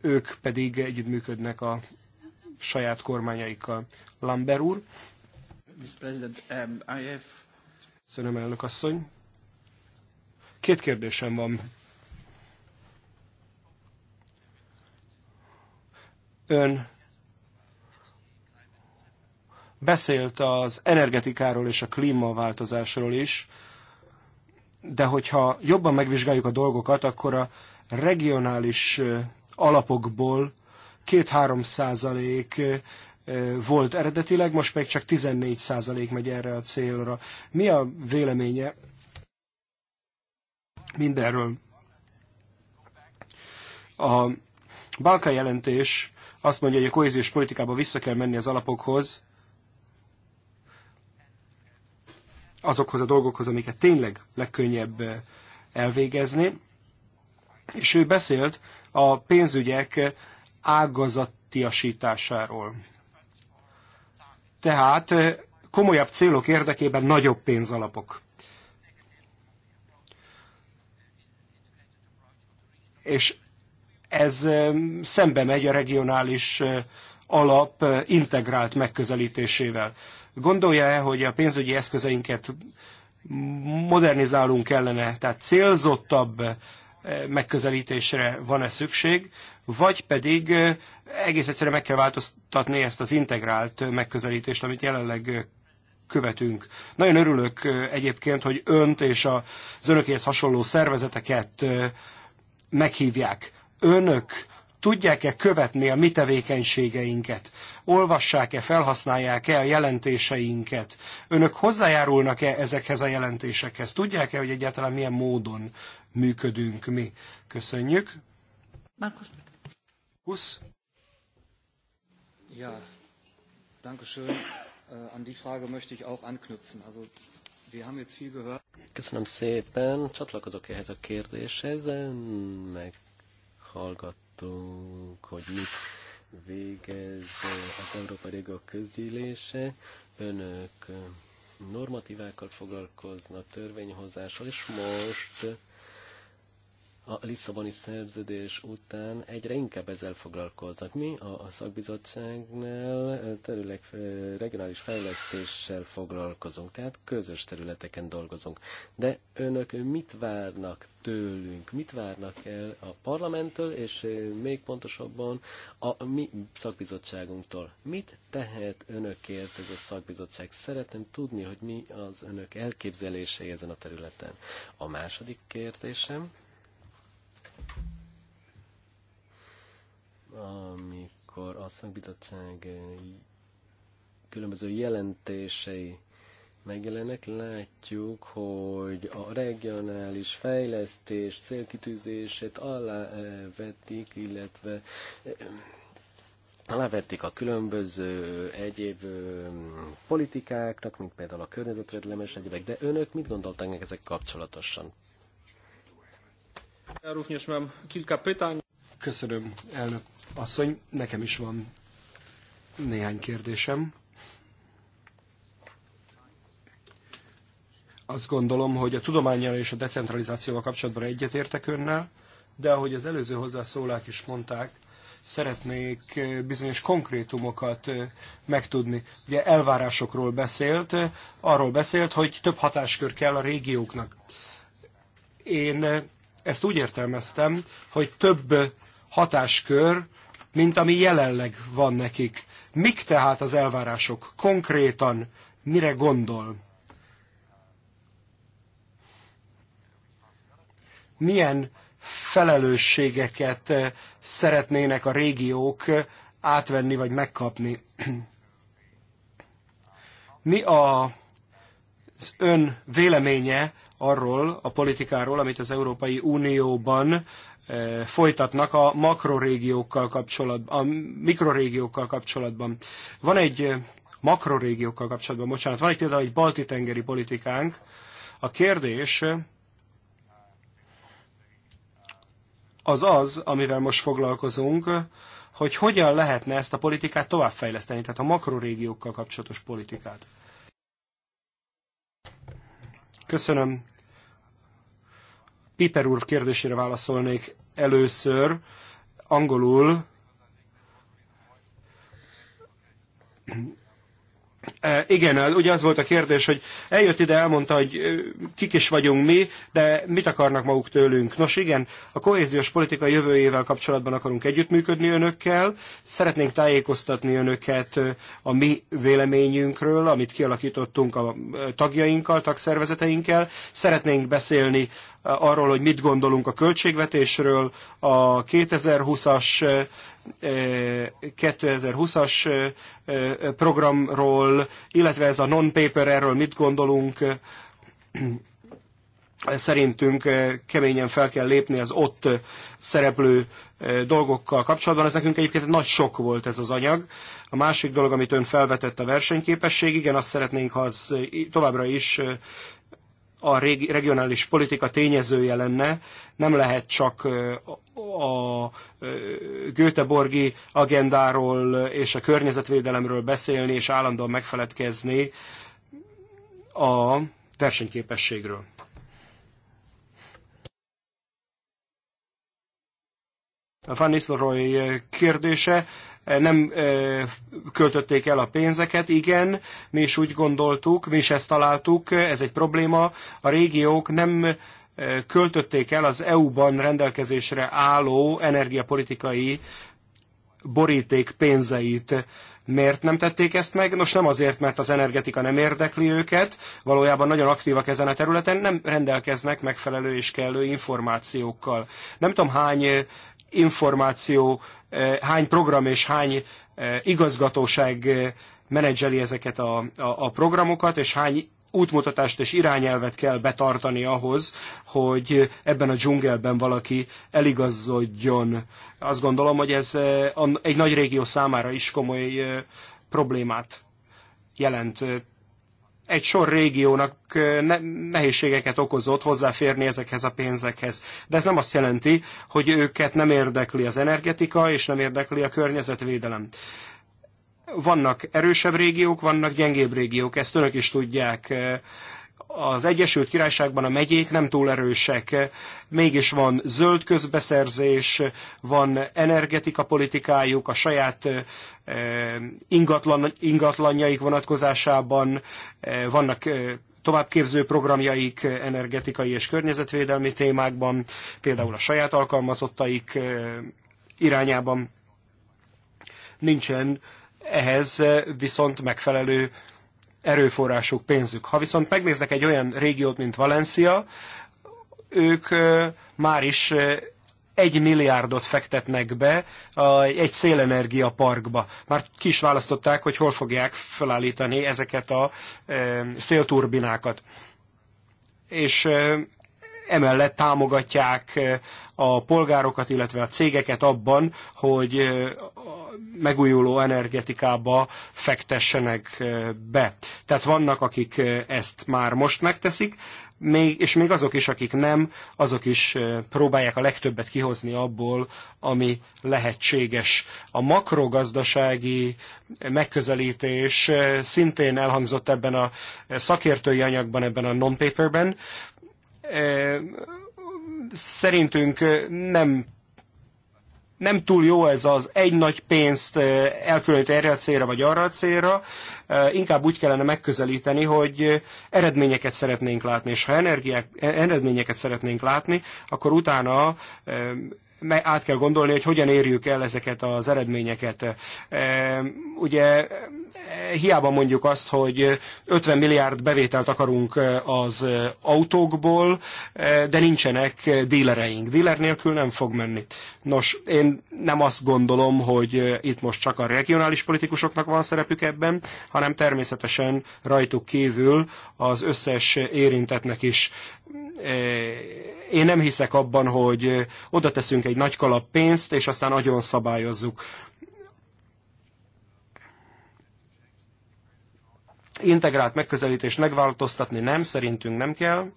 ők pedig együttműködnek a saját kormányaikkal. Lambert úr. Um, Szönöm elnök asszony. Két kérdésem van. Ön beszélt az energetikáról és a klímaváltozásról is, de hogyha jobban megvizsgáljuk a dolgokat, akkor a regionális alapokból 2-3 százalék volt eredetileg, most meg csak 14 százalék megy erre a célra. Mi a véleménye mindenről? A Balka jelentés azt mondja, hogy a kohéziós politikába vissza kell menni az alapokhoz, azokhoz a dolgokhoz, amiket tényleg legkönnyebb elvégezni. És ő beszélt a pénzügyek ágazatiasításáról. Tehát komolyabb célok érdekében nagyobb pénzalapok. És ez szembe megy a regionális alap integrált megközelítésével. Gondolja-e, hogy a pénzügyi eszközeinket modernizálunk kellene, tehát célzottabb megközelítésre van-e szükség, vagy pedig egész egyszerűen meg kell változtatni ezt az integrált megközelítést, amit jelenleg követünk. Nagyon örülök egyébként, hogy önt és az önökéhez hasonló szervezeteket meghívják. Önök tudják-e követni a mi tevékenységeinket? Olvassák-e, felhasználják-e a jelentéseinket? Önök hozzájárulnak-e ezekhez a jelentésekhez? Tudják-e, hogy egyáltalán milyen módon működünk mi. Köszönjük. Markus. Kusz. Ja, danke schön. Äh, an die Frage möchte ich auch anknüpfen. Also, wir haben jetzt viel gehört. Köszönöm szépen, csatlakozok ehhez a kérdéshez, meghallgattunk, hogy mit végez az Európa Régiók Közgyűlése. Önök normatívákkal foglalkoznak, törvényhozással, és most a Lisszaboni szerződés után egyre inkább ezzel foglalkoznak. Mi a szakbizottságnál terüleg, regionális fejlesztéssel foglalkozunk, tehát közös területeken dolgozunk. De önök mit várnak tőlünk, mit várnak el a parlamenttől, és még pontosabban a mi szakbizottságunktól? Mit tehet önökért ez a szakbizottság? Szeretném tudni, hogy mi az önök elképzelései ezen a területen. A második kérdésem, amikor a szakbizottság eh, különböző jelentései megjelenek, látjuk, hogy a regionális fejlesztés célkitűzését alávetik, eh, illetve eh, alávették a különböző egyéb politikáknak, mint például a környezetvédelemes egyébek, de önök mit gondoltak ezek kapcsolatosan? Ja również mam kilka pytań. Köszönöm, elnök asszony. Nekem is van néhány kérdésem. Azt gondolom, hogy a tudományjal és a decentralizációval kapcsolatban egyetértek önnel, de ahogy az előző hozzászólák is mondták, szeretnék bizonyos konkrétumokat megtudni. Ugye elvárásokról beszélt, arról beszélt, hogy több hatáskör kell a régióknak. Én ezt úgy értelmeztem, hogy több hatáskör, mint ami jelenleg van nekik. Mik tehát az elvárások? Konkrétan mire gondol? Milyen felelősségeket szeretnének a régiók átvenni vagy megkapni? Mi a, az ön véleménye arról a politikáról, amit az Európai Unióban folytatnak a makrorégiókkal kapcsolatban, a mikrorégiókkal kapcsolatban. Van egy makrorégiókkal kapcsolatban, bocsánat, van egy például egy balti-tengeri politikánk. A kérdés az az, amivel most foglalkozunk, hogy hogyan lehetne ezt a politikát továbbfejleszteni, tehát a makrorégiókkal kapcsolatos politikát. Köszönöm. Piper úr kérdésére válaszolnék először angolul E, igen, ugye az volt a kérdés, hogy eljött ide, elmondta, hogy kik is vagyunk mi, de mit akarnak maguk tőlünk. Nos igen, a kohéziós politika jövőjével kapcsolatban akarunk együttműködni önökkel, szeretnénk tájékoztatni önöket a mi véleményünkről, amit kialakítottunk a tagjainkkal, tagszervezeteinkkel, szeretnénk beszélni arról, hogy mit gondolunk a költségvetésről, a 2020-as 2020-as programról, illetve ez a non-paper, erről mit gondolunk, szerintünk eh, keményen fel kell lépni az ott eh, szereplő eh, dolgokkal kapcsolatban. Ez nekünk egyébként nagy sok volt ez az anyag. A másik dolog, amit ön felvetett a versenyképesség, igen, azt szeretnénk, ha az továbbra is a regionális politika tényezője lenne, nem lehet csak a Göteborgi agendáról és a környezetvédelemről beszélni, és állandóan megfeledkezni a versenyképességről. A Van Nistelrooy kérdése Eh, nem eh, költötték el a pénzeket. Igen, mi is úgy gondoltuk, mi is ezt találtuk, ez egy probléma. A régiók nem eh, költötték el az EU-ban rendelkezésre álló energiapolitikai boríték pénzeit. Miért nem tették ezt meg? Nos, nem azért, mert az energetika nem érdekli őket, valójában nagyon aktívak ezen a területen, nem rendelkeznek megfelelő és kellő információkkal. Nem tudom, hány információ, eh, hány program és hány eh, igazgatóság eh, menedzseli ezeket a, a, a programokat, és hány útmutatást és irányelvet kell betartani ahhoz, hogy ebben a dzsungelben valaki eligazodjon. Azt gondolom, hogy ez egy nagy régió számára is komoly problémát jelent egy sor régiónak nehézségeket okozott hozzáférni ezekhez a pénzekhez. De ez nem azt jelenti, hogy őket nem érdekli az energetika, és nem érdekli a környezetvédelem. Vannak erősebb régiók, vannak gyengébb régiók, ezt önök is tudják az Egyesült Királyságban a megyék nem túl erősek, mégis van zöld közbeszerzés, van energetika politikájuk, a saját eh, ingatlan, ingatlanjaik vonatkozásában eh, vannak eh, továbbképző programjaik energetikai és környezetvédelmi témákban, például a saját alkalmazottaik irányában nincsen ehhez viszont megfelelő erőforrásuk, pénzük. Ha viszont megnéznek egy olyan régiót, mint Valencia, ők már is egy milliárdot fektetnek be egy szélenergia parkba. Már ki is választották, hogy hol fogják felállítani ezeket a szélturbinákat. És emellett támogatják a polgárokat, illetve a cégeket abban, hogy megújuló energetikába fektessenek eh, be. Tehát vannak, akik eh, ezt már most megteszik, még, és még azok is, akik nem, azok is eh, próbálják a legtöbbet kihozni abból, ami lehetséges. A makrogazdasági megközelítés szintén elhangzott ebben a szakértői anyagban, ebben a non-paperben. Szerintünk nem nem túl jó ez az egy nagy pénzt elkülöníteni erre a célra vagy arra a célra, inkább úgy kellene megközelíteni, hogy eredményeket szeretnénk látni, és ha energiák, eredményeket szeretnénk látni, akkor utána át kell gondolni, hogy hogyan érjük el ezeket az eredményeket. E, ugye e, hiába mondjuk azt, hogy 50 milliárd bevételt akarunk e, az autókból, de nincsenek dílereink. Díler nélkül nem fog menni. Nos, én nem azt gondolom, hogy itt most csak a regionális politikusoknak van szerepük ebben, hanem természetesen rajtuk kívül az összes érintetnek is Eh, én nem hiszek abban, hogy eh, oda teszünk egy nagy kalap pénzt, és aztán nagyon szabályozzuk. Integrált megközelítést megváltoztatni nem, szerintünk nem kell.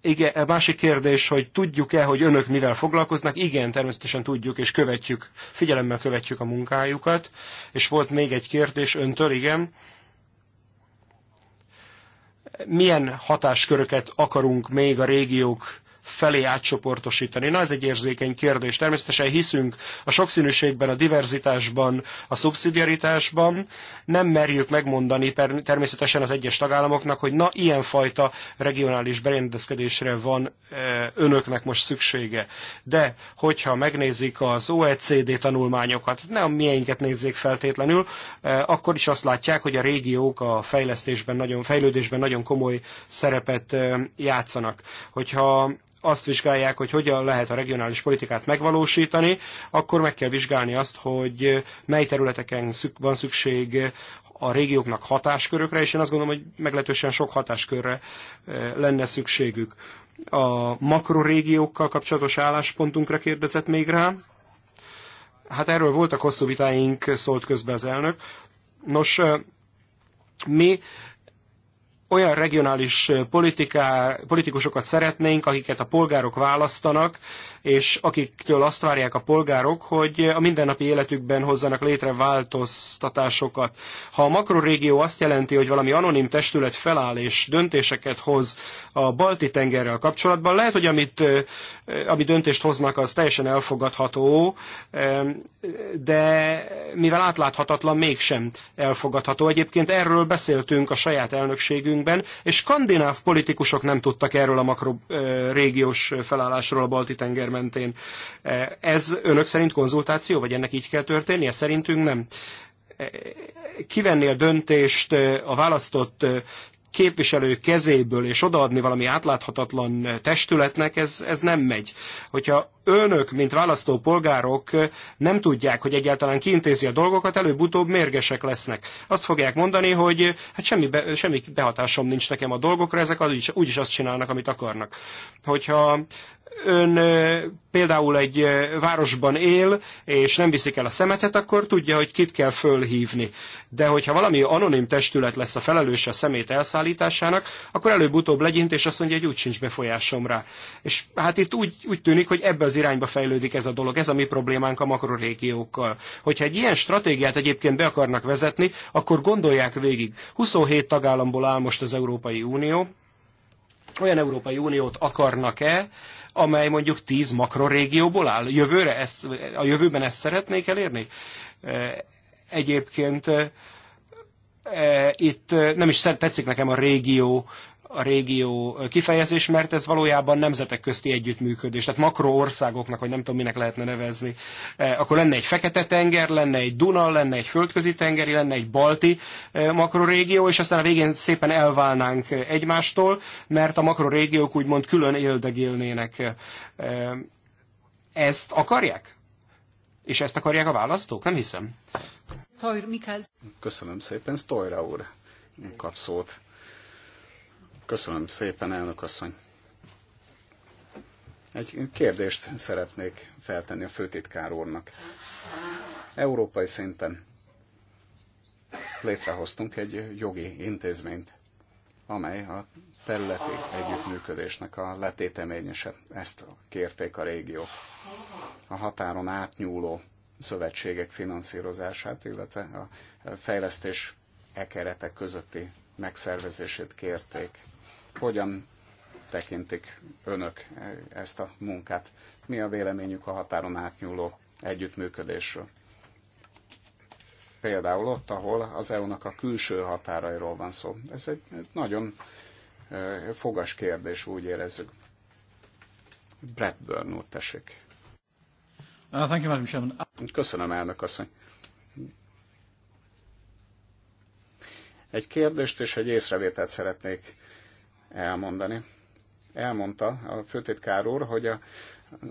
Igen, a e másik kérdés, hogy tudjuk-e, hogy önök mivel foglalkoznak? Igen, természetesen tudjuk, és követjük, figyelemmel követjük a munkájukat. És volt még egy kérdés öntől, igen milyen hatásköröket akarunk még a régiók felé átcsoportosítani? Na, ez egy érzékeny kérdés. Természetesen hiszünk a sokszínűségben, a diverzitásban, a szubszidiaritásban. Nem merjük megmondani természetesen az egyes tagállamoknak, hogy na, ilyenfajta regionális berendezkedésre van e, önöknek most szüksége. De, hogyha megnézik az OECD tanulmányokat, nem a miénket nézzék feltétlenül, e, akkor is azt látják, hogy a régiók a fejlesztésben, nagyon fejlődésben nagyon komoly szerepet e, játszanak. Hogyha azt vizsgálják, hogy hogyan lehet a regionális politikát megvalósítani, akkor meg kell vizsgálni azt, hogy mely területeken van szükség a régióknak hatáskörökre, és én azt gondolom, hogy meglehetősen sok hatáskörre eh, lenne szükségük. A makrorégiókkal kapcsolatos álláspontunkra kérdezett még rá. Hát erről voltak hosszú vitáink, szólt közben az elnök. Nos, eh, mi olyan regionális politiká, politikusokat szeretnénk, akiket a polgárok választanak, és akiktől azt várják a polgárok, hogy a mindennapi életükben hozzanak létre változtatásokat. Ha a makrorégió azt jelenti, hogy valami anonim testület feláll és döntéseket hoz a balti tengerrel kapcsolatban, lehet, hogy amit, ami döntést hoznak, az teljesen elfogadható, de mivel átláthatatlan, mégsem elfogadható. Egyébként erről beszéltünk a saját elnökségünk körünkben, és skandináv politikusok nem tudtak erről a makrorégiós felállásról a Balti-tenger mentén. Ez önök szerint konzultáció, vagy ennek így kell történnie? Szerintünk nem kivenni a döntést a választott képviselő kezéből és odaadni valami átláthatatlan testületnek, ez, ez nem megy. Hogyha önök, mint választópolgárok nem tudják, hogy egyáltalán kiintézi a dolgokat, előbb-utóbb mérgesek lesznek. Azt fogják mondani, hogy hát semmi, be, semmi behatásom nincs nekem a dolgokra, ezek az, úgyis azt csinálnak, amit akarnak. Hogyha ön például egy városban él, és nem viszik el a szemetet, akkor tudja, hogy kit kell fölhívni. De hogyha valami anonim testület lesz a felelős a szemét elszállításának, akkor előbb-utóbb legyint, és azt mondja, hogy úgy sincs befolyásom rá. És hát itt úgy, úgy tűnik, hogy ebbe az irányba fejlődik ez a dolog. Ez a mi problémánk a makrorégiókkal. Hogyha egy ilyen stratégiát egyébként be akarnak vezetni, akkor gondolják végig. 27 tagállamból áll most az Európai Unió, olyan Európai Uniót akarnak-e, amely mondjuk tíz makrorégióból áll? Jövőre ezt, a jövőben ezt szeretnék elérni? Egyébként itt nem is tetszik nekem a régió a régió kifejezés, mert ez valójában nemzetek közti együttműködés, tehát makroországoknak, vagy nem tudom minek lehetne nevezni. E, akkor lenne egy Fekete-tenger, lenne egy Duna, lenne egy Földközi-tengeri, lenne egy Balti e, makrorégió, és aztán a végén szépen elválnánk egymástól, mert a makrorégiók úgymond külön éldegélnének. E, ezt akarják? És ezt akarják a választók? Nem hiszem. Köszönöm szépen, Stojra úr kap szót. Köszönöm szépen, elnök asszony. Egy kérdést szeretnék feltenni a főtitkár úrnak. Európai szinten létrehoztunk egy jogi intézményt, amely a területi együttműködésnek a letéteményese. Ezt kérték a régiók. A határon átnyúló szövetségek finanszírozását, illetve a fejlesztés e keretek közötti megszervezését kérték. Hogyan tekintik önök ezt a munkát? Mi a véleményük a határon átnyúló együttműködésről? Például ott, ahol az EU-nak a külső határairól van szó. Ez egy nagyon fogas kérdés, úgy érezzük. Byrne úr, tessék. Uh, Köszönöm, elnök asszony. Egy kérdést és egy észrevételt szeretnék elmondani. Elmondta a főtitkár úr, hogy a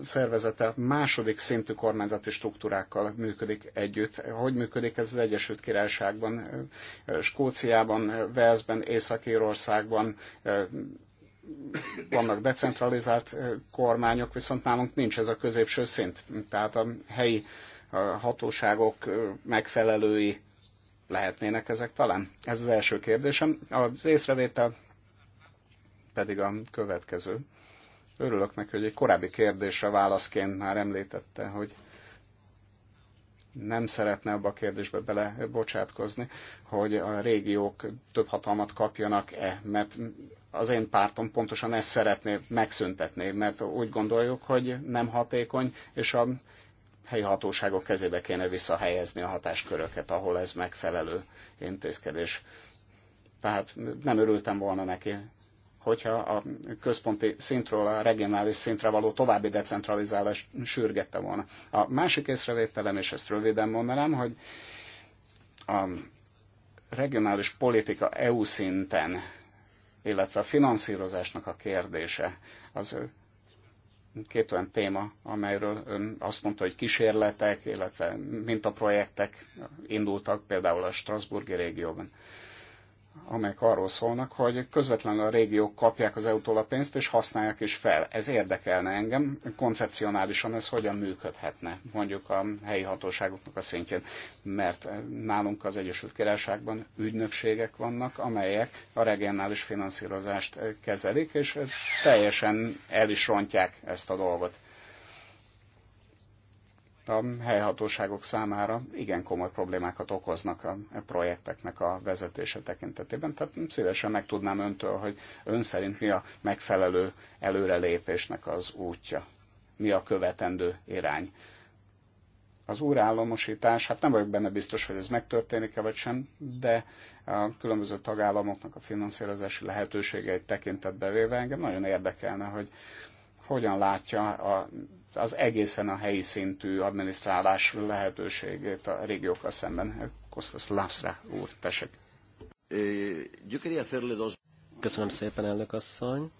szervezete második szintű kormányzati struktúrákkal működik együtt. Hogy működik ez az Egyesült Királyságban, Skóciában, Velszben, Észak-Írországban, vannak decentralizált kormányok, viszont nálunk nincs ez a középső szint. Tehát a helyi hatóságok megfelelői lehetnének ezek talán? Ez az első kérdésem. Az észrevétel pedig a következő. Örülök neki, hogy egy korábbi kérdésre válaszként már említette, hogy nem szeretne abba a kérdésbe belebocsátkozni, hogy a régiók több hatalmat kapjanak-e, mert az én pártom pontosan ezt szeretné megszüntetni, mert úgy gondoljuk, hogy nem hatékony, és a helyi hatóságok kezébe kéne visszahelyezni a hatásköröket, ahol ez megfelelő intézkedés. Tehát nem örültem volna neki, hogyha a központi szintről a regionális szintre való további decentralizálás sürgette volna. A másik észrevételem, és ezt röviden mondanám, hogy a regionális politika EU szinten, illetve a finanszírozásnak a kérdése az két olyan téma, amelyről ön azt mondta, hogy kísérletek, illetve mintaprojektek indultak például a Strasburgi régióban amelyek arról szólnak, hogy közvetlenül a régiók kapják az EU-tól a pénzt, és használják is fel. Ez érdekelne engem, koncepcionálisan ez hogyan működhetne, mondjuk a helyi hatóságoknak a szintjén, mert nálunk az Egyesült Királyságban ügynökségek vannak, amelyek a regionális finanszírozást kezelik, és teljesen el is rontják ezt a dolgot a helyhatóságok számára igen komoly problémákat okoznak a projekteknek a vezetése tekintetében. Tehát szívesen megtudnám öntől, hogy ön szerint mi a megfelelő előrelépésnek az útja, mi a követendő irány. Az úrállamosítás, hát nem vagyok benne biztos, hogy ez megtörténik-e vagy sem, de a különböző tagállamoknak a finanszírozási lehetőségeit tekintetbe véve engem nagyon érdekelne, hogy hogyan látja a, az egészen a helyi szintű adminisztrálás lehetőségét a régiókkal szemben. Kostas Lászra úr, tessék. Eh, Köszönöm szépen, elnök asszony.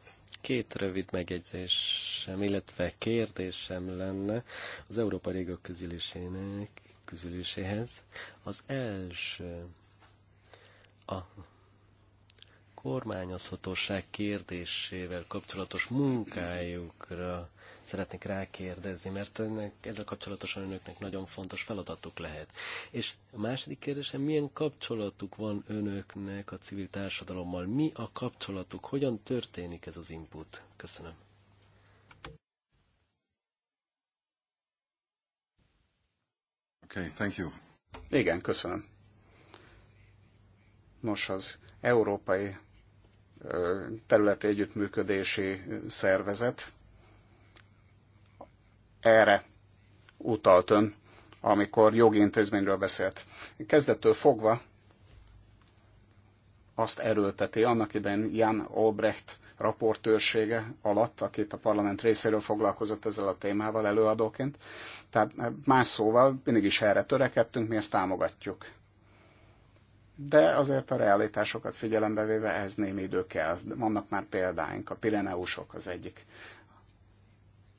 Két rövid megjegyzésem, illetve kérdésem lenne az Európa régiók közülésének közüléséhez. Az első a kormányozhatóság kérdésével kapcsolatos munkájukra szeretnék rákérdezni, mert önnek, ezzel kapcsolatosan önöknek nagyon fontos feladatuk lehet. És a második kérdésem, milyen kapcsolatuk van önöknek a civil társadalommal? Mi a kapcsolatuk? Hogyan történik ez az input? Köszönöm. Okay, thank you. Igen, köszönöm. Nos, az európai területi együttműködési szervezet. Erre utalt ön, amikor jogi intézményről beszélt. Kezdettől fogva azt erőlteti, annak idején Jan Albrecht raportőrsége alatt, akit a parlament részéről foglalkozott ezzel a témával előadóként. Tehát más szóval mindig is erre törekedtünk, mi ezt támogatjuk de azért a realitásokat figyelembe véve ez némi idő kell. Vannak már példáink, a Pireneusok az egyik,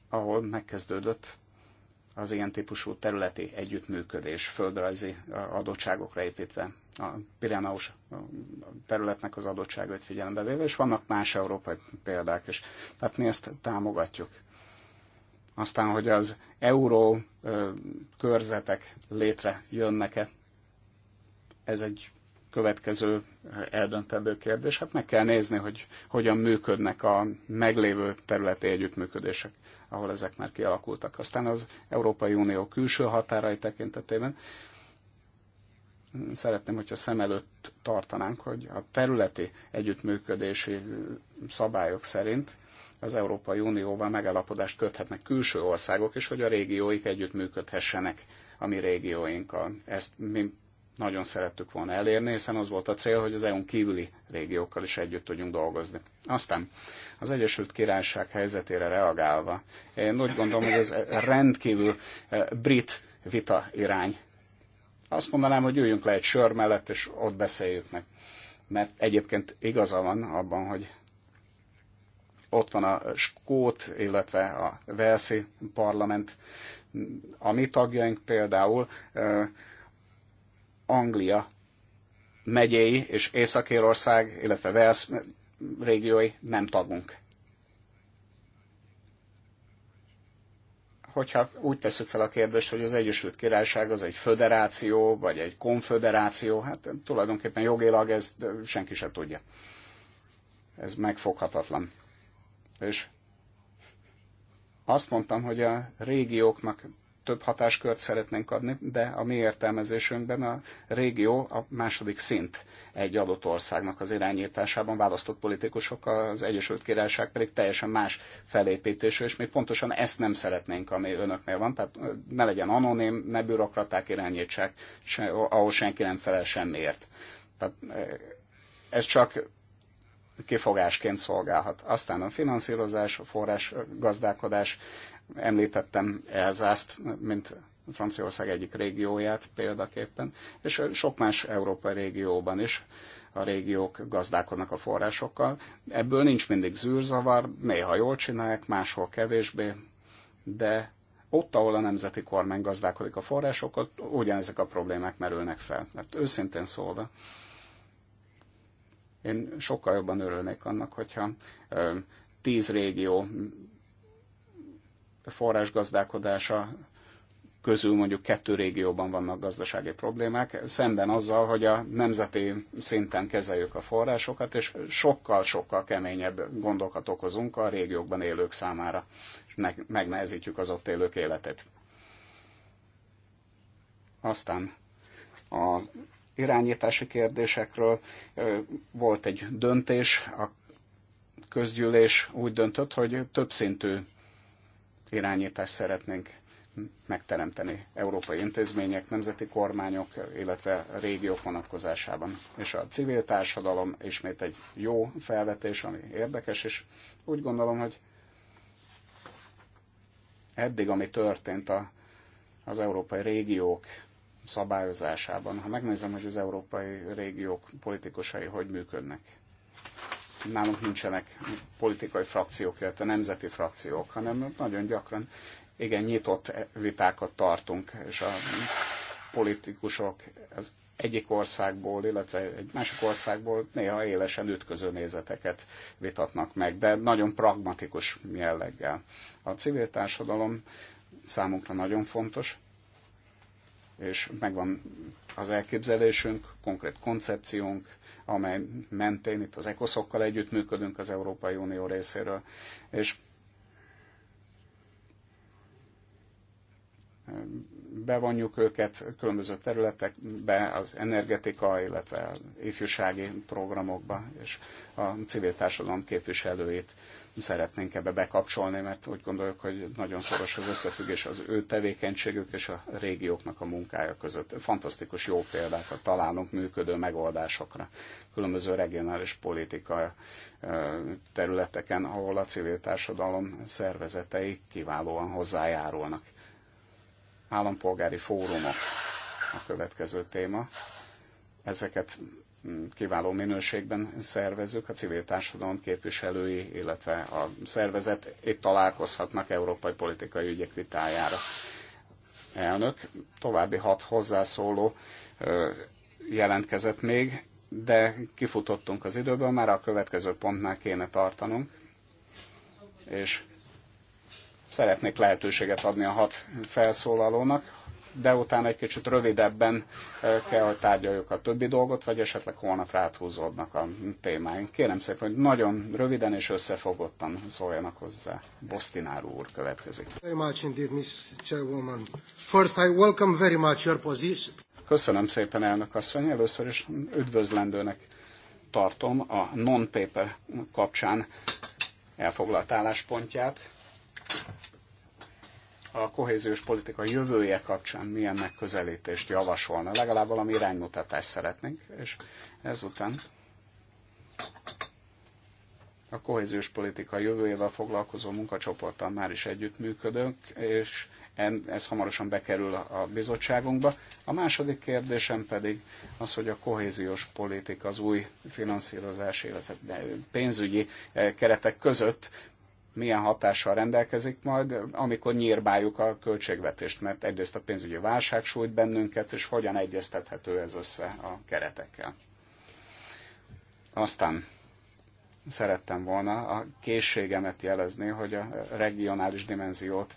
ahol megkezdődött az ilyen típusú területi együttműködés, földrajzi adottságokra építve a Pireneus területnek az adottságait figyelembe véve, és vannak más európai példák is. Tehát mi ezt támogatjuk. Aztán, hogy az euró körzetek létre jönnek e ez egy következő eldöntendő kérdés, hát meg kell nézni, hogy hogyan működnek a meglévő területi együttműködések, ahol ezek már kialakultak. Aztán az Európai Unió külső határai tekintetében szeretném, hogyha szem előtt tartanánk, hogy a területi együttműködési szabályok szerint az Európai Unióval megállapodást köthetnek külső országok, és hogy a régióik együttműködhessenek a mi régióinkkal. Ezt mi nagyon szerettük volna elérni, hiszen az volt a cél, hogy az EU-n kívüli régiókkal is együtt tudjunk dolgozni. Aztán az Egyesült Királyság helyzetére reagálva, én úgy gondolom, hogy ez rendkívül eh, brit vita irány. Azt mondanám, hogy üljünk le egy sör mellett, és ott beszéljük meg. Mert egyébként igaza van abban, hogy ott van a Skót, illetve a Velszi parlament, a mi tagjaink például eh, Anglia megyei és Észak-Írország, illetve Wales régiói nem tagunk. Hogyha úgy tesszük fel a kérdést, hogy az Egyesült Királyság az egy föderáció, vagy egy konföderáció, hát tulajdonképpen jogilag ezt senki se tudja. Ez megfoghatatlan. És azt mondtam, hogy a régióknak több hatáskört szeretnénk adni, de a mi értelmezésünkben a régió a második szint egy adott országnak az irányításában választott politikusok, az Egyesült Királyság pedig teljesen más felépítésű, és mi pontosan ezt nem szeretnénk, ami önöknél van, tehát ne legyen anonim, ne bürokraták irányítsák, se, ahol senki nem felel semmiért. Tehát ez csak kifogásként szolgálhat. Aztán a finanszírozás, a forrás gazdálkodás Említettem Elzászt, mint Franciaország egyik régióját példaképpen, és sok más európai régióban is a régiók gazdálkodnak a forrásokkal. Ebből nincs mindig zűrzavar, néha jól csinálják, máshol kevésbé, de ott, ahol a nemzeti kormány gazdálkodik a forrásokat, ugyanezek a problémák merülnek fel. Mert őszintén szólva, én sokkal jobban örülnék annak, hogyha tíz régió forrásgazdálkodása közül mondjuk kettő régióban vannak gazdasági problémák, szemben azzal, hogy a nemzeti szinten kezeljük a forrásokat, és sokkal-sokkal keményebb gondokat okozunk a régiókban élők számára, és megnehezítjük az ott élők életét. Aztán a irányítási kérdésekről volt egy döntés, a közgyűlés úgy döntött, hogy többszintű irányítást szeretnénk megteremteni európai intézmények, nemzeti kormányok, illetve régiók vonatkozásában. És a civil társadalom ismét egy jó felvetés, ami érdekes, és úgy gondolom, hogy eddig, ami történt a, az európai régiók szabályozásában, ha megnézem, hogy az európai régiók politikusai hogy működnek, nálunk nincsenek politikai frakciók, illetve nemzeti frakciók, hanem nagyon gyakran igen nyitott vitákat tartunk, és a politikusok az egyik országból, illetve egy másik országból néha élesen ütköző nézeteket vitatnak meg, de nagyon pragmatikus jelleggel. A civil társadalom számunkra nagyon fontos, és megvan az elképzelésünk, konkrét koncepciónk, amely mentén itt az együtt együttműködünk az Európai Unió részéről. És bevonjuk őket különböző területekbe, az energetika, illetve az ifjúsági programokba, és a civil társadalom képviselőit szeretnénk ebbe bekapcsolni, mert úgy gondoljuk, hogy nagyon szoros az összefüggés az ő tevékenységük és a régióknak a munkája között. Fantasztikus jó példákat találunk működő megoldásokra. Különböző regionális politika területeken, ahol a civil társadalom szervezetei kiválóan hozzájárulnak. Állampolgári fórumok a következő téma. Ezeket kiváló minőségben szervezzük, a civil társadalom képviselői, illetve a szervezet itt találkozhatnak európai politikai ügyek vitájára. Elnök, további hat hozzászóló jelentkezett még, de kifutottunk az időből, már a következő pontnál kéne tartanunk, és szeretnék lehetőséget adni a hat felszólalónak, de utána egy kicsit rövidebben kell, hogy tárgyaljuk a többi dolgot, vagy esetleg holnap ráthúzódnak a témáink. Kérem szépen, hogy nagyon röviden és összefogottan szóljanak hozzá. Bostinár úr következik. Very much indeed, Miss Chairwoman. First, I welcome very much your position. Köszönöm szépen, elnök asszony. Először is üdvözlendőnek tartom a non-paper kapcsán elfoglalt álláspontját a kohéziós politika jövője kapcsán milyen megközelítést javasolna. Legalább valami iránymutatást szeretnénk, és ezután a kohéziós politika jövőjével foglalkozó munkacsoporttal már is együttműködünk, és ez hamarosan bekerül a bizottságunkba. A második kérdésem pedig az, hogy a kohéziós politika az új finanszírozás, illetve pénzügyi eh, keretek között milyen hatással rendelkezik majd, amikor nyírbáljuk a költségvetést, mert egyrészt a pénzügyi válság sújt bennünket, és hogyan egyeztethető ez össze a keretekkel. Aztán szerettem volna a készségemet jelezni, hogy a regionális dimenziót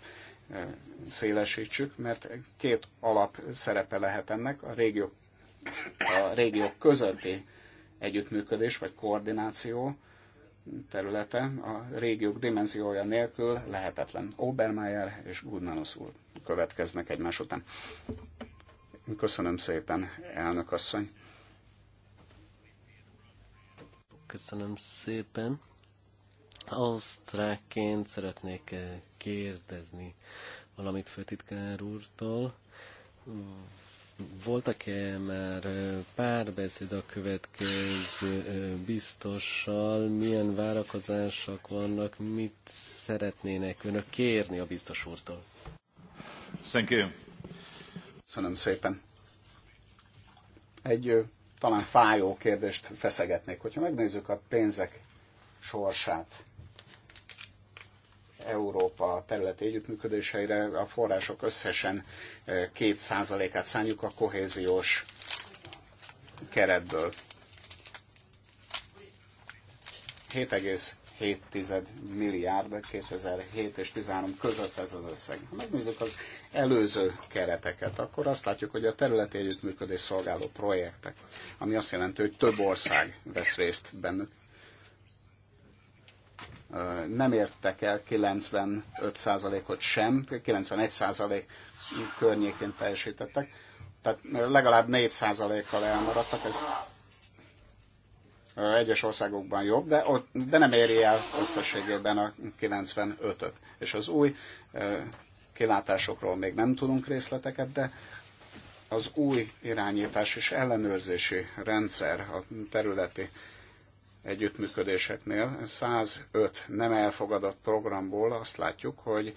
e, szélesítsük, mert két alap szerepe lehet ennek, a régiók, a régiók közötti együttműködés vagy koordináció, területe a régiók dimenziója nélkül lehetetlen. Obermeier és Gudmanus úr következnek egymás után. Köszönöm szépen, elnök asszony. Köszönöm szépen. Ausztrákként szeretnék eh, kérdezni valamit főtitkár úrtól voltak-e már párbeszéd a következő biztossal, milyen várakozások vannak, mit szeretnének önök kérni a biztos úrtól? Thank you. Köszönöm szépen. Egy talán fájó kérdést feszegetnék. Hogyha megnézzük a pénzek sorsát Európa területi együttműködéseire a források összesen 2%-át eh, szánjuk a kohéziós keretből. 7,7 milliárd 2007 és 13 között ez az összeg. Ha megnézzük az előző kereteket, akkor azt látjuk, hogy a területi együttműködés szolgáló projektek, ami azt jelenti, hogy több ország vesz részt bennük, nem értek el 95%-ot sem, 91% környékén teljesítettek, tehát legalább 4%-kal elmaradtak, ez egyes országokban jobb, de, ott, de nem éri el összességében a 95-öt. És az új kilátásokról még nem tudunk részleteket, de az új irányítás és ellenőrzési rendszer, a területi együttműködéseknél 105 nem elfogadott programból azt látjuk, hogy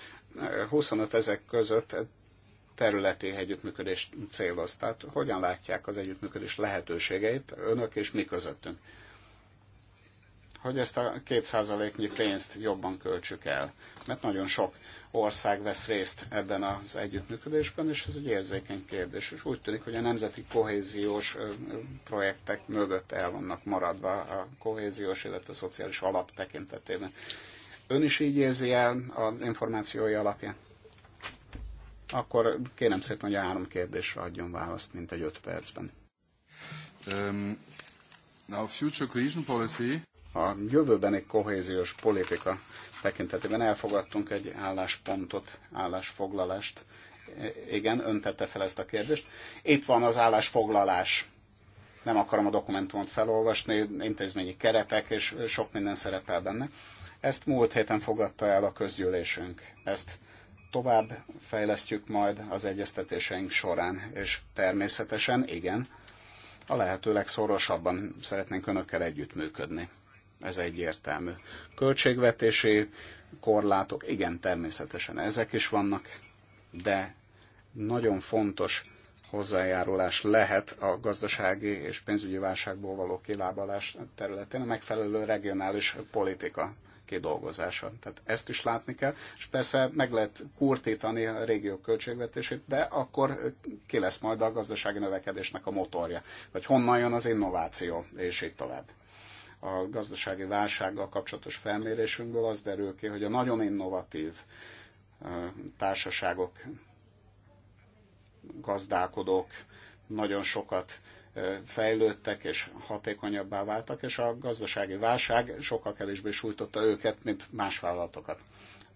25 ezek között területi együttműködést céloz. Tehát hogyan látják az együttműködés lehetőségeit önök és mi közöttünk? hogy ezt a kétszázaléknyi pénzt jobban költsük el. Mert nagyon sok ország vesz részt ebben az együttműködésben, és ez egy érzékeny kérdés. És úgy tűnik, hogy a nemzeti kohéziós projektek mögött el vannak maradva a kohéziós, illetve a szociális alap tekintetében. Ön is így érzi el az információi alapján? Akkor kérem szépen, hogy a három kérdésre adjon választ, mint egy öt percben. Um, now future cohesion policy a jövőbeni kohéziós politika tekintetében elfogadtunk egy álláspontot, állásfoglalást. E, igen, ön tette fel ezt a kérdést. Itt van az állásfoglalás. Nem akarom a dokumentumot felolvasni, intézményi keretek és sok minden szerepel benne. Ezt múlt héten fogadta el a közgyűlésünk. Ezt tovább fejlesztjük majd az egyeztetéseink során, és természetesen, igen, a lehető legszorosabban szeretnénk önökkel együttműködni ez egyértelmű. Költségvetési korlátok, igen, természetesen ezek is vannak, de nagyon fontos hozzájárulás lehet a gazdasági és pénzügyi válságból való kilábalás területén a megfelelő regionális politika kidolgozása. Tehát ezt is látni kell, és persze meg lehet kurtítani a régió költségvetését, de akkor ki lesz majd a gazdasági növekedésnek a motorja, vagy honnan jön az innováció, és így tovább a gazdasági válsággal kapcsolatos felmérésünkből az derül ki, hogy a nagyon innovatív társaságok, gazdálkodók nagyon sokat fejlődtek és hatékonyabbá váltak, és a gazdasági válság sokkal kevésbé sújtotta őket, mint más vállalatokat.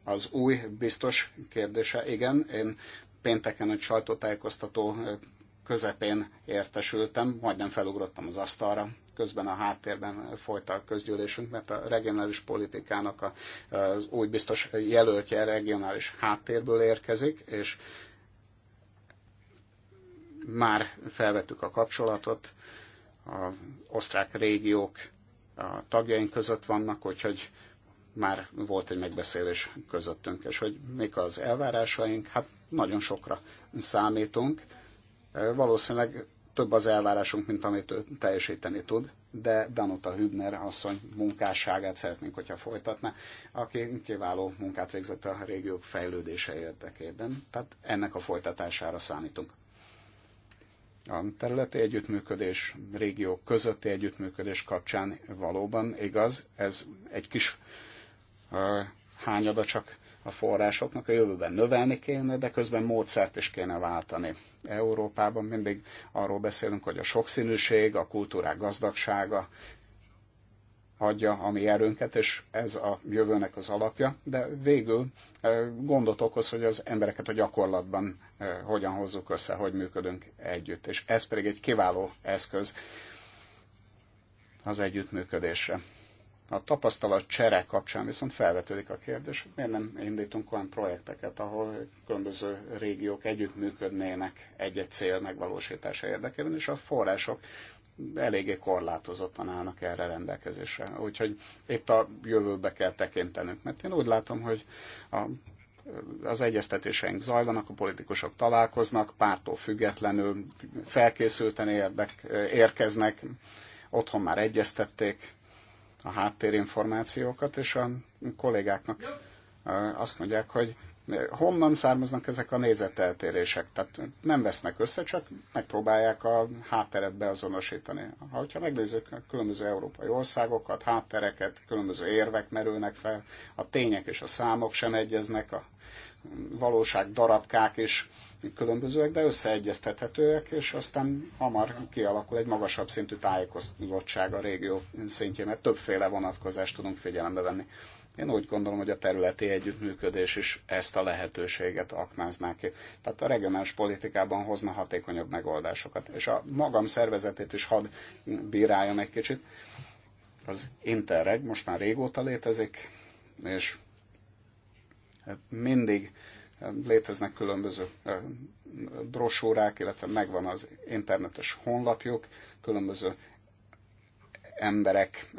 Az új biztos kérdése, igen, én pénteken egy sajtótájékoztató közepén értesültem, majdnem felugrottam az asztalra közben a háttérben folyt a közgyűlésünk, mert a regionális politikának az új biztos jelöltje regionális háttérből érkezik, és már felvettük a kapcsolatot, Az osztrák régiók a tagjaink között vannak, úgyhogy már volt egy megbeszélés közöttünk, és hogy mik az elvárásaink, hát nagyon sokra számítunk. Valószínűleg több az elvárásunk, mint amit ő teljesíteni tud, de Danuta Hübner asszony munkásságát szeretnénk, hogyha folytatná, aki kiváló munkát végzett a régiók fejlődése érdekében, tehát ennek a folytatására számítunk. A területi együttműködés, régiók közötti együttműködés kapcsán valóban igaz, ez egy kis hányada csak a forrásoknak a jövőben növelni kéne, de közben módszert is kéne váltani. Európában mindig arról beszélünk, hogy a sokszínűség, a kultúrák gazdagsága adja a mi erőnket, és ez a jövőnek az alapja, de végül e, gondot okoz, hogy az embereket a gyakorlatban e, hogyan hozzuk össze, hogy működünk együtt. És ez pedig egy kiváló eszköz az együttműködésre. A tapasztalat csere kapcsán viszont felvetődik a kérdés, hogy miért nem indítunk olyan projekteket, ahol különböző régiók együttműködnének egy-egy cél megvalósítása érdekében, és a források eléggé korlátozottan állnak erre rendelkezésre. Úgyhogy itt a jövőbe kell tekintenünk, mert én úgy látom, hogy a, az egyeztetéseink zajlanak, a politikusok találkoznak, pártól függetlenül felkészülten érdek, érkeznek, otthon már egyeztették a háttérinformációkat, és a kollégáknak azt mondják, hogy honnan származnak ezek a nézeteltérések. Tehát nem vesznek össze, csak megpróbálják a hátteret beazonosítani. Ha hogyha megnézzük a különböző európai országokat, háttereket, különböző érvek merülnek fel, a tények és a számok sem egyeznek, a valóság darabkák is különbözőek, de összeegyeztethetőek, és aztán hamar kialakul egy magasabb szintű tájékozottság a régió szintjén, mert többféle vonatkozást tudunk figyelembe venni. Én úgy gondolom, hogy a területi együttműködés is ezt a lehetőséget aknázná ki. Tehát a regionális politikában hozna hatékonyabb megoldásokat. És a magam szervezetét is hadd bíráljam egy kicsit. Az Interreg most már régóta létezik, és hát mindig léteznek különböző brosúrák, illetve megvan az internetes honlapjuk, különböző emberek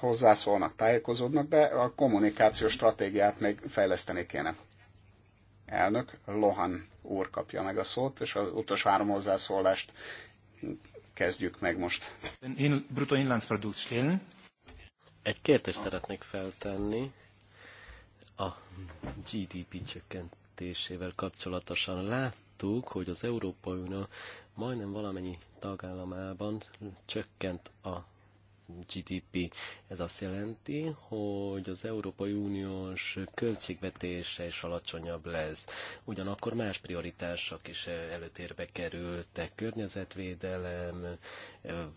hozzászólnak, tájékozódnak, de a kommunikációs stratégiát még fejleszteni kéne. Elnök Lohan úr kapja meg a szót, és az utolsó három hozzászólást kezdjük meg most. Bruto Inlandsprodukt stellen. Egy kérdést szeretnék feltenni a GDP csökkentésével kapcsolatosan. Láttuk, hogy az Európai Unió majdnem valamennyi tagállamában csökkent a GDP. Ez azt jelenti, hogy az Európai Uniós költségvetése is alacsonyabb lesz. Ugyanakkor más prioritások is előtérbe kerültek, környezetvédelem,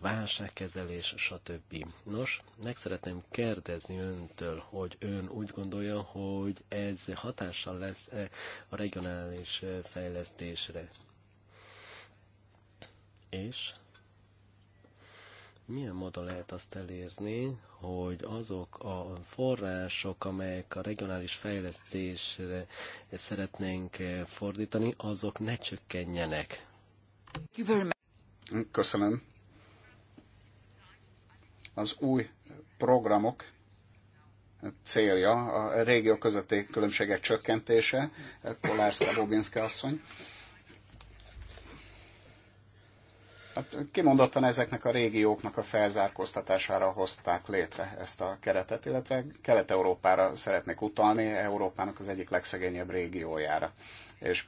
válságkezelés, stb. Nos, meg szeretném kérdezni öntől, hogy ön úgy gondolja, hogy ez hatással lesz -e a regionális fejlesztésre? És? milyen módon lehet azt elérni, hogy azok a források, amelyek a regionális fejlesztésre szeretnénk fordítani, azok ne csökkenjenek? Köszönöm. Az új programok célja a régió közötti különbségek csökkentése, Kolárszka Bobinszka asszony Hát kimondottan ezeknek a régióknak a felzárkóztatására hozták létre ezt a keretet, illetve Kelet-Európára szeretnék utalni, Európának az egyik legszegényebb régiójára. És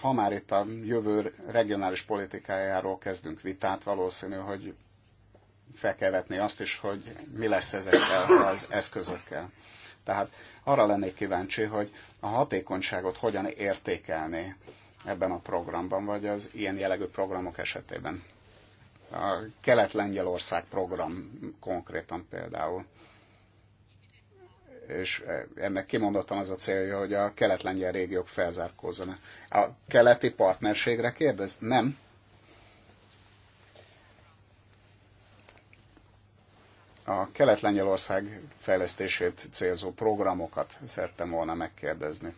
ha már itt a jövő regionális politikájáról kezdünk vitát, valószínű, hogy fel kell vetni azt is, hogy mi lesz ezekkel az eszközökkel. Tehát arra lennék kíváncsi, hogy a hatékonyságot hogyan értékelni ebben a programban, vagy az ilyen jellegű programok esetében. A Kelet-Lengyelország program konkrétan például. És ennek kimondottan az a célja, hogy a kelet-lengyel régiók felzárkózzanak. A keleti partnerségre kérdez? Nem. A kelet-lengyelország fejlesztését célzó programokat szerettem volna megkérdezni.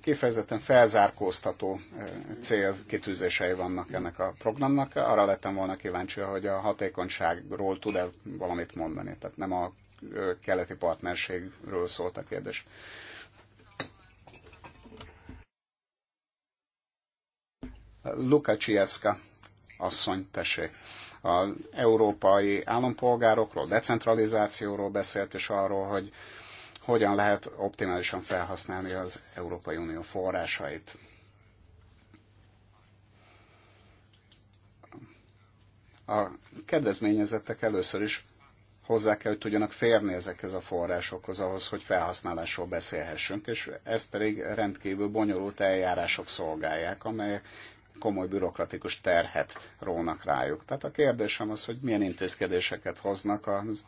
kifejezetten felzárkóztató eh, célkitűzései vannak ennek a programnak. Arra lettem volna kíváncsi, hogy a hatékonyságról tud-e valamit mondani. Tehát nem a eh, keleti partnerségről szólt a kérdés. Luka Csievszka asszony, tessék. Az európai állampolgárokról, decentralizációról beszélt, és arról, hogy hogyan lehet optimálisan felhasználni az Európai Unió forrásait. A kedvezményezettek először is hozzá kell, hogy tudjanak férni ezekhez a forrásokhoz, ahhoz, hogy felhasználásról beszélhessünk, és ezt pedig rendkívül bonyolult eljárások szolgálják, amelyek komoly bürokratikus terhet rónak rájuk. Tehát a kérdésem az, hogy milyen intézkedéseket hoznak az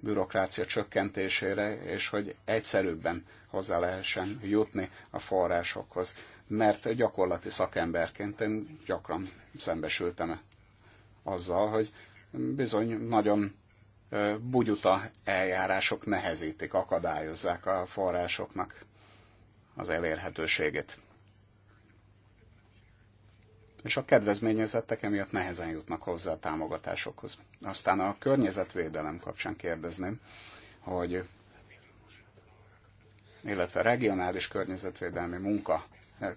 bürokrácia csökkentésére, és hogy egyszerűbben hozzá lehessen jutni a forrásokhoz. Mert gyakorlati szakemberként én gyakran szembesültem azzal, hogy bizony nagyon bugyuta eljárások nehezítik, akadályozzák a forrásoknak az elérhetőségét és a kedvezményezettek emiatt nehezen jutnak hozzá a támogatásokhoz. Aztán a környezetvédelem kapcsán kérdezném, hogy illetve regionális környezetvédelmi munka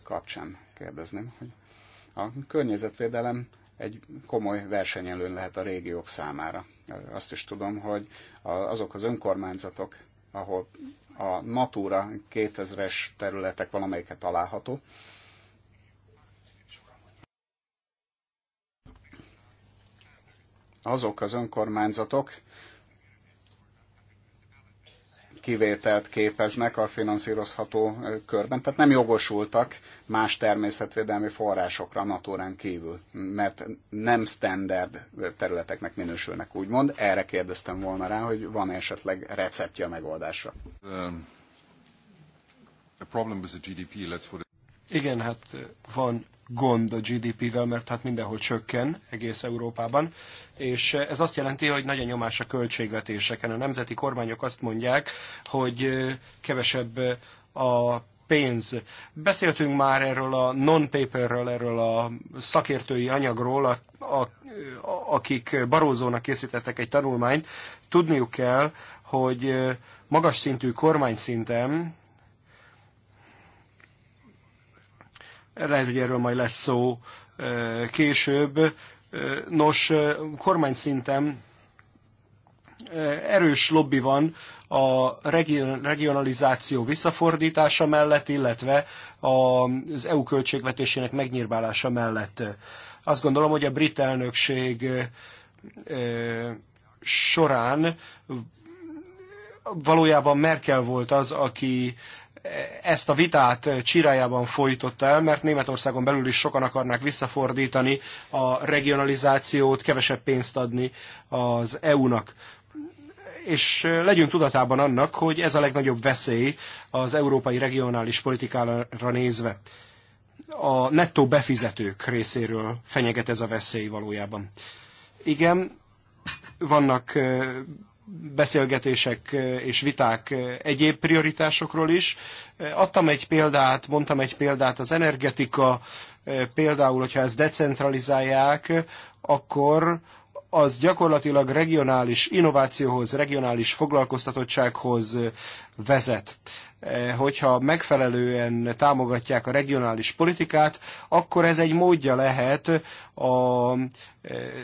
kapcsán kérdezném, hogy a környezetvédelem egy komoly versenyelőn lehet a régiók számára. Azt is tudom, hogy azok az önkormányzatok, ahol a Natura 2000-es területek valamelyiket található, azok az önkormányzatok kivételt képeznek a finanszírozható körben, tehát nem jogosultak más természetvédelmi forrásokra naturán kívül, mert nem standard területeknek minősülnek, úgymond. Erre kérdeztem volna rá, hogy van -e esetleg receptje a megoldásra. Um, Igen, hát van gond a GDP-vel, mert hát mindenhol csökken, egész Európában. És eh, ez azt jelenti, hogy nagyon nyomás a költségvetéseken. A nemzeti kormányok azt mondják, hogy eh, kevesebb eh, a pénz. Beszéltünk már erről a non-paperről, erről a szakértői anyagról, a, a, akik Barózónak készítettek egy tanulmányt. Tudniuk kell, hogy magas szintű kormányszinten lehet, hogy erről majd lesz szó később. Nos, kormány szinten erős lobby van a regionalizáció visszafordítása mellett, illetve az EU költségvetésének megnyírbálása mellett. Azt gondolom, hogy a brit elnökség során valójában Merkel volt az, aki ezt a vitát csirájában folytotta el, mert Németországon belül is sokan akarnák visszafordítani a regionalizációt, kevesebb pénzt adni az EU-nak. És legyünk tudatában annak, hogy ez a legnagyobb veszély az európai regionális politikára nézve. A nettó befizetők részéről fenyeget ez a veszély valójában. Igen, vannak beszélgetések és viták egyéb prioritásokról is. Adtam egy példát, mondtam egy példát az energetika, például, hogyha ezt decentralizálják, akkor az gyakorlatilag regionális innovációhoz, regionális foglalkoztatottsághoz vezet. Hogyha megfelelően támogatják a regionális politikát, akkor ez egy módja lehet a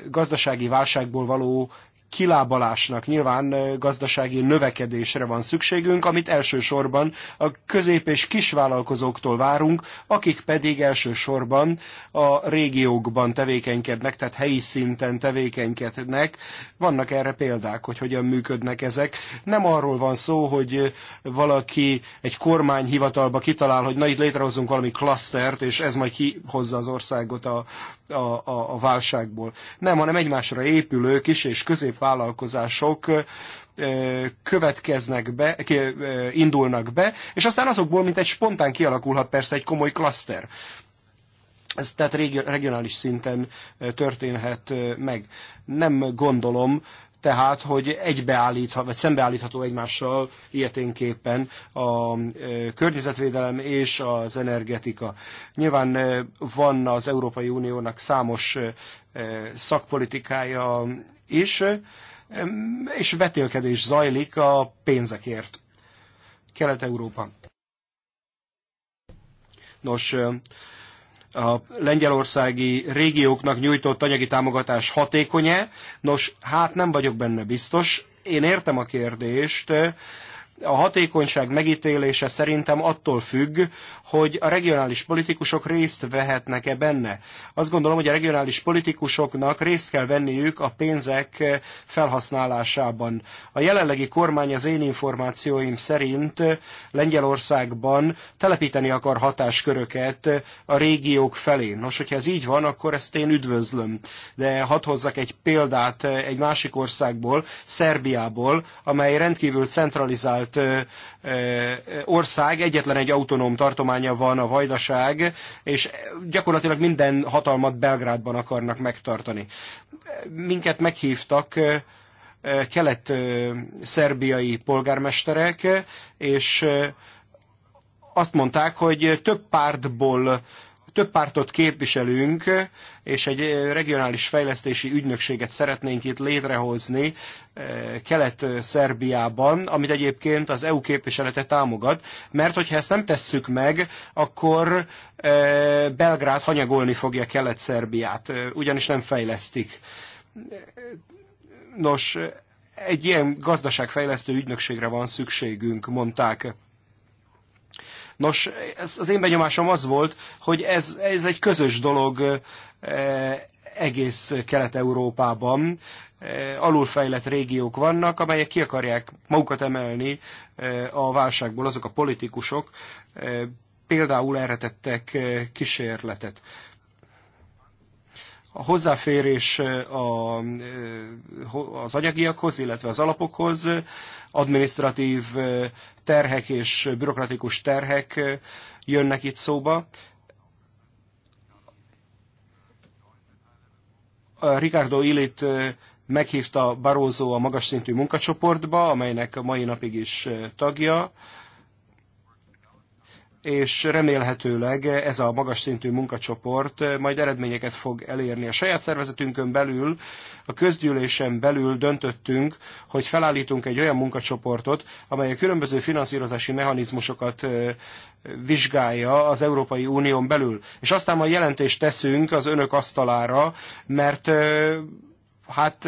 gazdasági válságból való kilábalásnak, nyilván gazdasági növekedésre van szükségünk, amit elsősorban a közép- és kisvállalkozóktól várunk, akik pedig elsősorban a régiókban tevékenykednek, tehát helyi szinten tevékenykednek. Vannak erre példák, hogy hogyan működnek ezek. Nem arról van szó, hogy valaki egy kormányhivatalba kitalál, hogy na itt létrehozunk valami klasztert, és ez majd kihozza az országot a a, a, a válságból. Nem, hanem egymásra épülő kis és középvállalkozások következnek be, indulnak be, és aztán azokból, mint egy spontán kialakulhat persze egy komoly klaszter. Ez tehát regionális szinten történhet meg. Nem gondolom, tehát hogy egybeállítható, vagy szembeállítható egymással ilyeténképpen a környezetvédelem és az energetika. Nyilván van az Európai Uniónak számos szakpolitikája is, és vetélkedés zajlik a pénzekért. Kelet-Európa. Nos, a lengyelországi régióknak nyújtott anyagi támogatás hatékony-e? Nos, hát nem vagyok benne biztos. Én értem a kérdést, a hatékonyság megítélése szerintem attól függ, hogy a regionális politikusok részt vehetnek-e benne. Azt gondolom, hogy a regionális politikusoknak részt kell venniük a pénzek felhasználásában. A jelenlegi kormány az én információim szerint Lengyelországban telepíteni akar hatásköröket a régiók felé. Nos, hogyha ez így van, akkor ezt én üdvözlöm. De hadd hozzak egy példát egy másik országból, Szerbiából, amely rendkívül centralizált volt ország, egyetlen egy autonóm tartománya van a vajdaság, és gyakorlatilag minden hatalmat Belgrádban akarnak megtartani. Minket meghívtak kelet-szerbiai polgármesterek, és azt mondták, hogy több pártból több pártot képviselünk, és egy regionális fejlesztési ügynökséget szeretnénk itt létrehozni eh, Kelet-Szerbiában, amit egyébként az EU képviselete támogat, mert hogyha ezt nem tesszük meg, akkor eh, Belgrád hanyagolni fogja Kelet-Szerbiát, eh, ugyanis nem fejlesztik. Nos, egy ilyen gazdaságfejlesztő ügynökségre van szükségünk, mondták Nos, ez, az én benyomásom az volt, hogy ez, ez egy közös dolog eh, egész Kelet-Európában, eh, alulfejlett régiók vannak, amelyek ki akarják magukat emelni eh, a válságból, azok a politikusok például erre tettek kísérletet a hozzáférés a, az anyagiakhoz, illetve az alapokhoz, administratív terhek és bürokratikus terhek jönnek itt szóba. Ricardo Illit meghívta Barózó a magas szintű munkacsoportba, amelynek a mai napig is tagja és remélhetőleg ez a magas szintű munkacsoport majd eredményeket fog elérni. A saját szervezetünkön belül, a közgyűlésen belül döntöttünk, hogy felállítunk egy olyan munkacsoportot, amely a különböző finanszírozási mechanizmusokat vizsgálja az Európai Unión belül. És aztán majd jelentést teszünk az önök asztalára, mert hát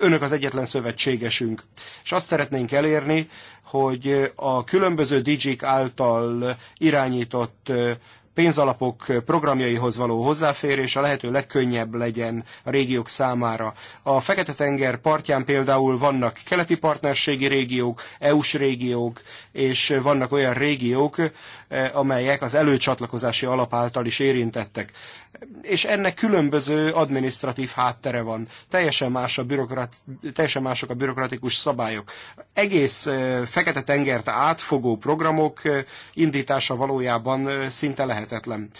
önök az egyetlen szövetségesünk. És azt szeretnénk elérni, hogy a különböző dj k által irányított pénzalapok programjaihoz való hozzáférés a lehető legkönnyebb legyen a régiók számára. A Fekete-tenger partján például vannak keleti partnerségi régiók, EU-s régiók, és vannak olyan régiók, eh, amelyek az előcsatlakozási alap által is érintettek. És ennek különböző administratív háttere van. Teljesen, más a bürokrat, teljesen mások a bürokratikus szabályok. Egész eh, Fekete-tengert átfogó programok eh, indítása valójában szinte lehet lehetetlen.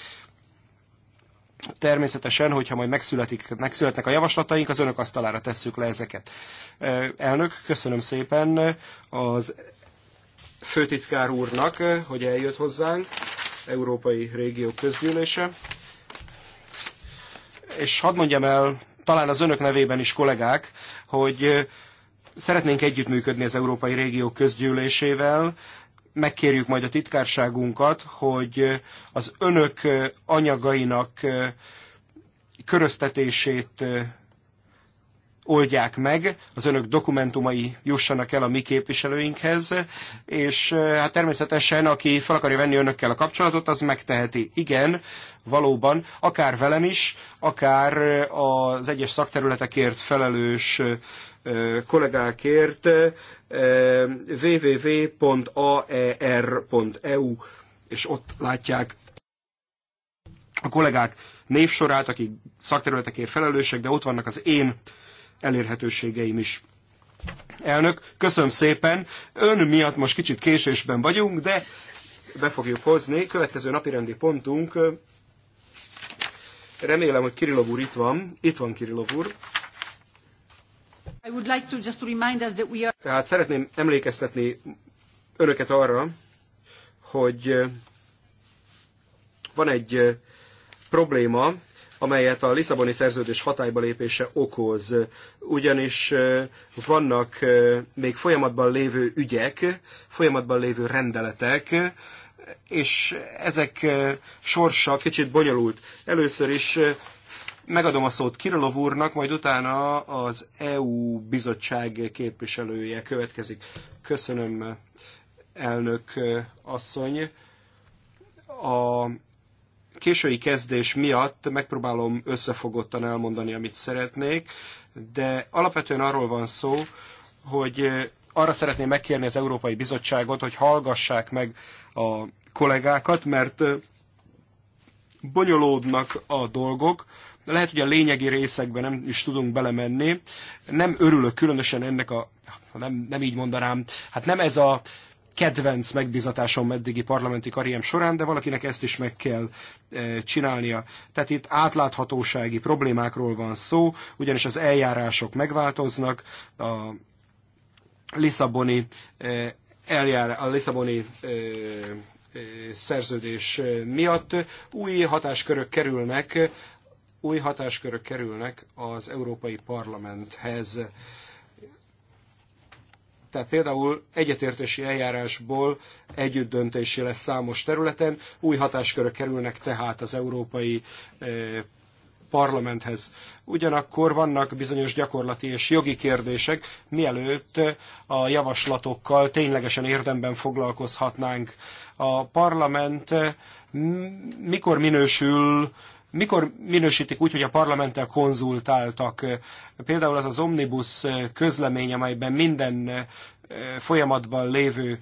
Természetesen, hogyha majd megszületik, megszületnek a javaslataink, az önök asztalára tesszük le ezeket. Elnök, köszönöm szépen az főtitkár úrnak, hogy eljött hozzánk, Európai Régió Közgyűlése. És hadd mondjam el, talán az önök nevében is kollégák, hogy szeretnénk együttműködni az Európai Régió Közgyűlésével megkérjük majd a titkárságunkat, hogy az önök anyagainak köröztetését oldják meg, az önök dokumentumai jussanak el a mi képviselőinkhez, és hát természetesen, aki fel akarja venni önökkel a kapcsolatot, az megteheti. Igen, valóban, akár velem is, akár az egyes szakterületekért felelős kollégákért www.aer.eu, és ott látják a kollégák névsorát, akik szakterületekért felelősek, de ott vannak az én elérhetőségeim is. Elnök, köszönöm szépen. Ön miatt most kicsit késésben vagyunk, de be fogjuk hozni. Következő napirendi pontunk. Remélem, hogy Kirilov úr itt van. Itt van Kirilov úr. Tehát szeretném emlékeztetni önöket arra, hogy van egy probléma, amelyet a Lisszaboni szerződés hatályba lépése okoz, ugyanis vannak még folyamatban lévő ügyek, folyamatban lévő rendeletek, és ezek sorsa kicsit bonyolult. Először is Megadom a szót Kirilov úrnak, majd utána az EU bizottság képviselője következik. Köszönöm, elnök asszony. A késői kezdés miatt megpróbálom összefogottan elmondani, amit szeretnék, de alapvetően arról van szó, hogy arra szeretném megkérni az Európai Bizottságot, hogy hallgassák meg a kollégákat, mert bonyolódnak a dolgok, de lehet, hogy a lényegi részekben nem is tudunk belemenni. Nem örülök különösen ennek a, nem, nem így mondanám, hát nem ez a kedvenc megbizatásom eddigi parlamenti karrierem során, de valakinek ezt is meg kell e, csinálnia. Tehát itt átláthatósági problémákról van szó, ugyanis az eljárások megváltoznak, a Lisszaboni e, eljár, a Lisszaboni e, e szerződés miatt új hatáskörök kerülnek új hatáskörök kerülnek az Európai Parlamenthez. Tehát például egyetértési eljárásból együtt döntési lesz számos területen, új hatáskörök kerülnek tehát az Európai eh, Parlamenthez. Ugyanakkor vannak bizonyos gyakorlati és jogi kérdések, mielőtt eh, a javaslatokkal ténylegesen érdemben foglalkozhatnánk. A parlament eh, mikor minősül mikor minősítik úgy, hogy a parlamenttel konzultáltak? Például az az omnibus közlemény, amelyben minden folyamatban lévő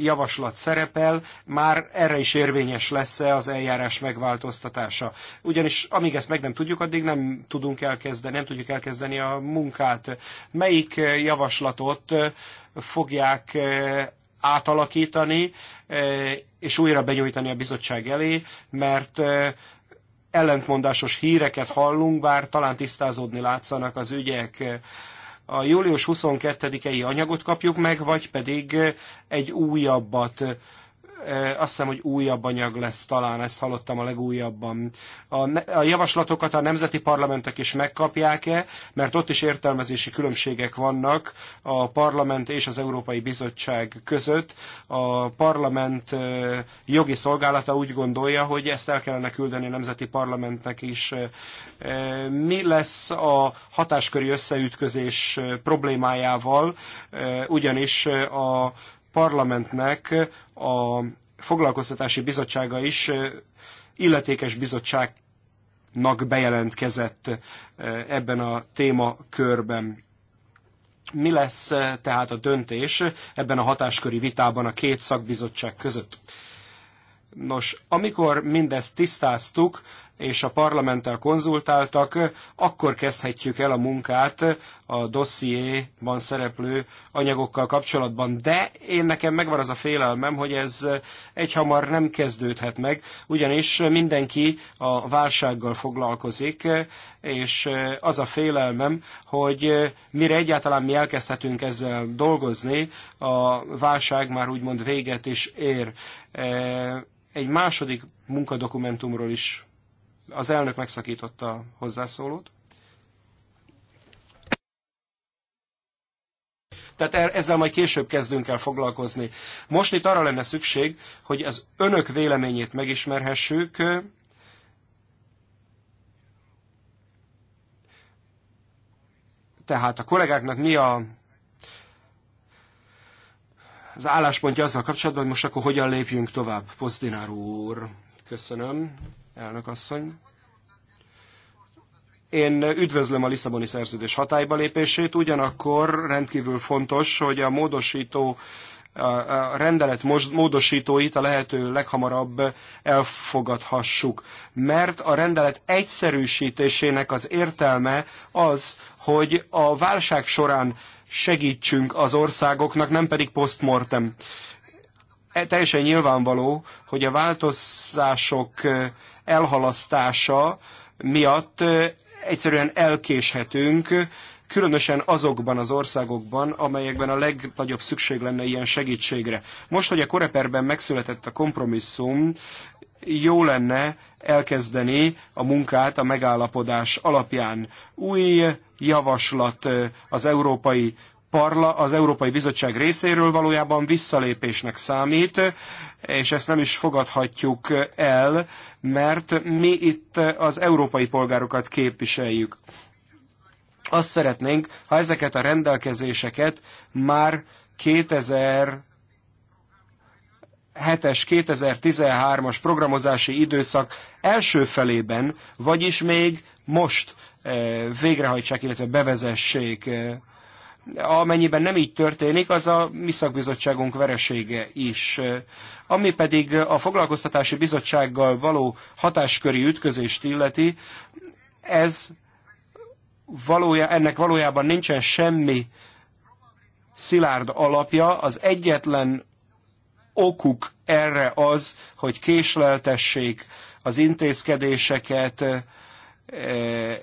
javaslat szerepel, már erre is érvényes lesz-e az eljárás megváltoztatása. Ugyanis amíg ezt meg nem tudjuk, addig nem tudunk elkezdeni, nem tudjuk elkezdeni a munkát. Melyik javaslatot fogják átalakítani és újra benyújtani a bizottság elé, mert ellentmondásos híreket hallunk, bár talán tisztázódni látszanak az ügyek. A július 22-i anyagot kapjuk meg, vagy pedig egy újabbat azt hiszem, hogy újabb anyag lesz talán, ezt hallottam a legújabban. A, a javaslatokat a nemzeti parlamentek is megkapják-e, mert ott is értelmezési különbségek vannak a parlament és az Európai Bizottság között. A parlament jogi szolgálata úgy gondolja, hogy ezt el kellene küldeni a nemzeti parlamentnek is. Mi lesz a hatásköri összeütközés problémájával, ugyanis a parlamentnek a foglalkoztatási bizottsága is illetékes bizottságnak bejelentkezett ebben a témakörben. Mi lesz tehát a döntés ebben a hatásköri vitában a két szakbizottság között? Nos, amikor mindezt tisztáztuk, és a parlamenttel konzultáltak, akkor kezdhetjük el a munkát a dossziéban szereplő anyagokkal kapcsolatban. De én nekem megvan az a félelmem, hogy ez egyhamar nem kezdődhet meg, ugyanis mindenki a válsággal foglalkozik, és az a félelmem, hogy mire egyáltalán mi elkezdhetünk ezzel dolgozni, a válság már úgymond véget is ér. Egy második munkadokumentumról is az elnök megszakította a hozzászólót. Tehát e- ezzel majd később kezdünk el foglalkozni. Most itt arra lenne szükség, hogy az önök véleményét megismerhessük. Tehát a kollégáknak mi a az álláspontja azzal kapcsolatban, hogy most akkor hogyan lépjünk tovább. Pozdináró úr, köszönöm elnök asszony. Én üdvözlöm a Lisszaboni szerződés hatályba lépését, ugyanakkor rendkívül fontos, hogy a módosító a rendelet módosítóit a lehető leghamarabb elfogadhassuk. Mert a rendelet egyszerűsítésének az értelme az, hogy a válság során segítsünk az országoknak, nem pedig postmortem E, teljesen nyilvánvaló, hogy a változások elhalasztása miatt egyszerűen elkéshetünk, különösen azokban az országokban, amelyekben a legnagyobb szükség lenne ilyen segítségre. Most, hogy a koreperben megszületett a kompromisszum, jó lenne elkezdeni a munkát a megállapodás alapján. Új javaslat az Európai parla az Európai Bizottság részéről valójában visszalépésnek számít, és ezt nem is fogadhatjuk el, mert mi itt az európai polgárokat képviseljük. Azt szeretnénk, ha ezeket a rendelkezéseket már 2000 7-es 2013-as programozási időszak első felében, vagyis még most eh, végrehajtsák, illetve bevezessék eh, amennyiben nem így történik, az a mi szakbizottságunk veresége is. Ami pedig a foglalkoztatási bizottsággal való hatásköri ütközést illeti, ez valója, ennek valójában nincsen semmi szilárd alapja. Az egyetlen okuk erre az, hogy késleltessék az intézkedéseket, eh,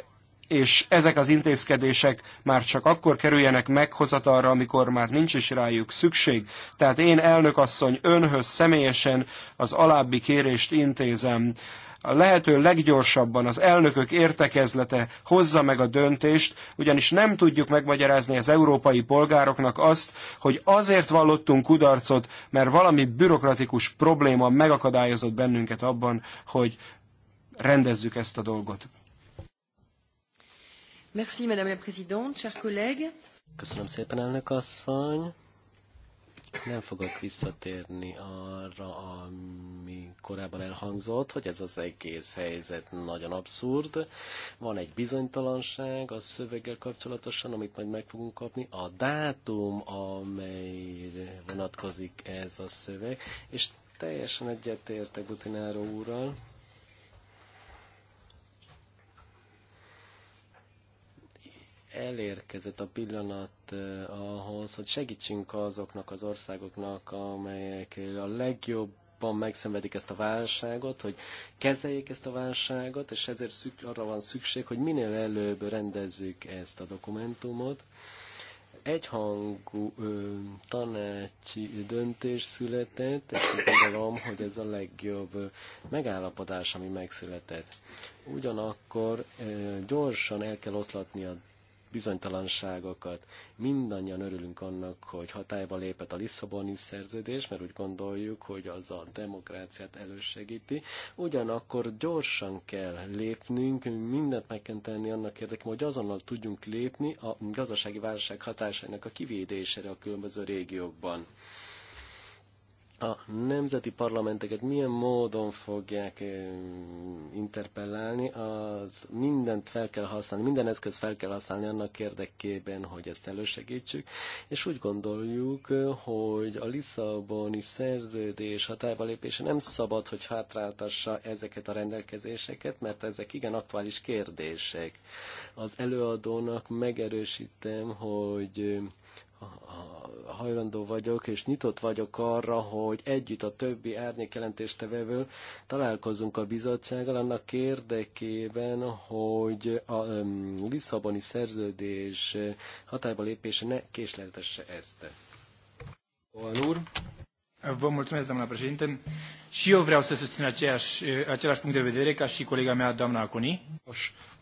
és ezek az intézkedések már csak akkor kerüljenek meghozatalra, amikor már nincs is rájuk szükség. Tehát én elnökasszony önhöz személyesen az alábbi kérést intézem a lehető leggyorsabban az elnökök értekezlete hozza meg a döntést, ugyanis nem tudjuk megmagyarázni az európai polgároknak azt, hogy azért vallottunk kudarcot, mert valami bürokratikus probléma megakadályozott bennünket abban, hogy rendezzük ezt a dolgot. Merci, Madame la Présidente, chers collègues. Köszönöm szépen, elnök asszony. Nem fogok visszatérni arra, ami korábban elhangzott, hogy ez az egész helyzet nagyon abszurd. Van egy bizonytalanság a szöveggel kapcsolatosan, amit majd meg fogunk kapni. A dátum, amely vonatkozik ez a szöveg, és teljesen egyetértek Butináró úrral, elérkezett a pillanat eh, ahhoz, hogy segítsünk azoknak az országoknak, amelyek a legjobb megszenvedik ezt a válságot, hogy kezeljék ezt a válságot, és ezért szük, arra van szükség, hogy minél előbb rendezzük ezt a dokumentumot. Egyhangú tanácsi döntés született, és úgy gondolom, hogy ez a legjobb megállapodás, ami megszületett. Ugyanakkor ö, gyorsan el kell oszlatni a bizonytalanságokat. Mindannyian örülünk annak, hogy hatályba lépett a Lisszaboni szerződés, mert úgy gondoljuk, hogy az a demokráciát elősegíti. Ugyanakkor gyorsan kell lépnünk, mindent meg kell tenni annak érdekében, hogy azonnal tudjunk lépni a gazdasági válság hatásainak a kivédésére a különböző régiókban a nemzeti parlamenteket milyen módon fogják interpellálni, az mindent fel kell használni, minden eszköz fel kell használni annak érdekében, hogy ezt elősegítsük, és úgy gondoljuk, hogy a Lisszaboni szerződés hatályba lépése nem szabad, hogy hátráltassa ezeket a rendelkezéseket, mert ezek igen aktuális kérdések. Az előadónak megerősítem, hogy hajlandó vagyok, és nyitott vagyok arra, hogy együtt a többi árnyék találkozunk a bizottsággal annak érdekében, hogy a um, Lisszaboni szerződés hatályba lépése ne késleltesse ezt. Olyan úr. Vă mulțumesc, doamna președinte. Și eu vreau să susțin aceeași, același punct de vedere ca și colega mea, doamna Aconi.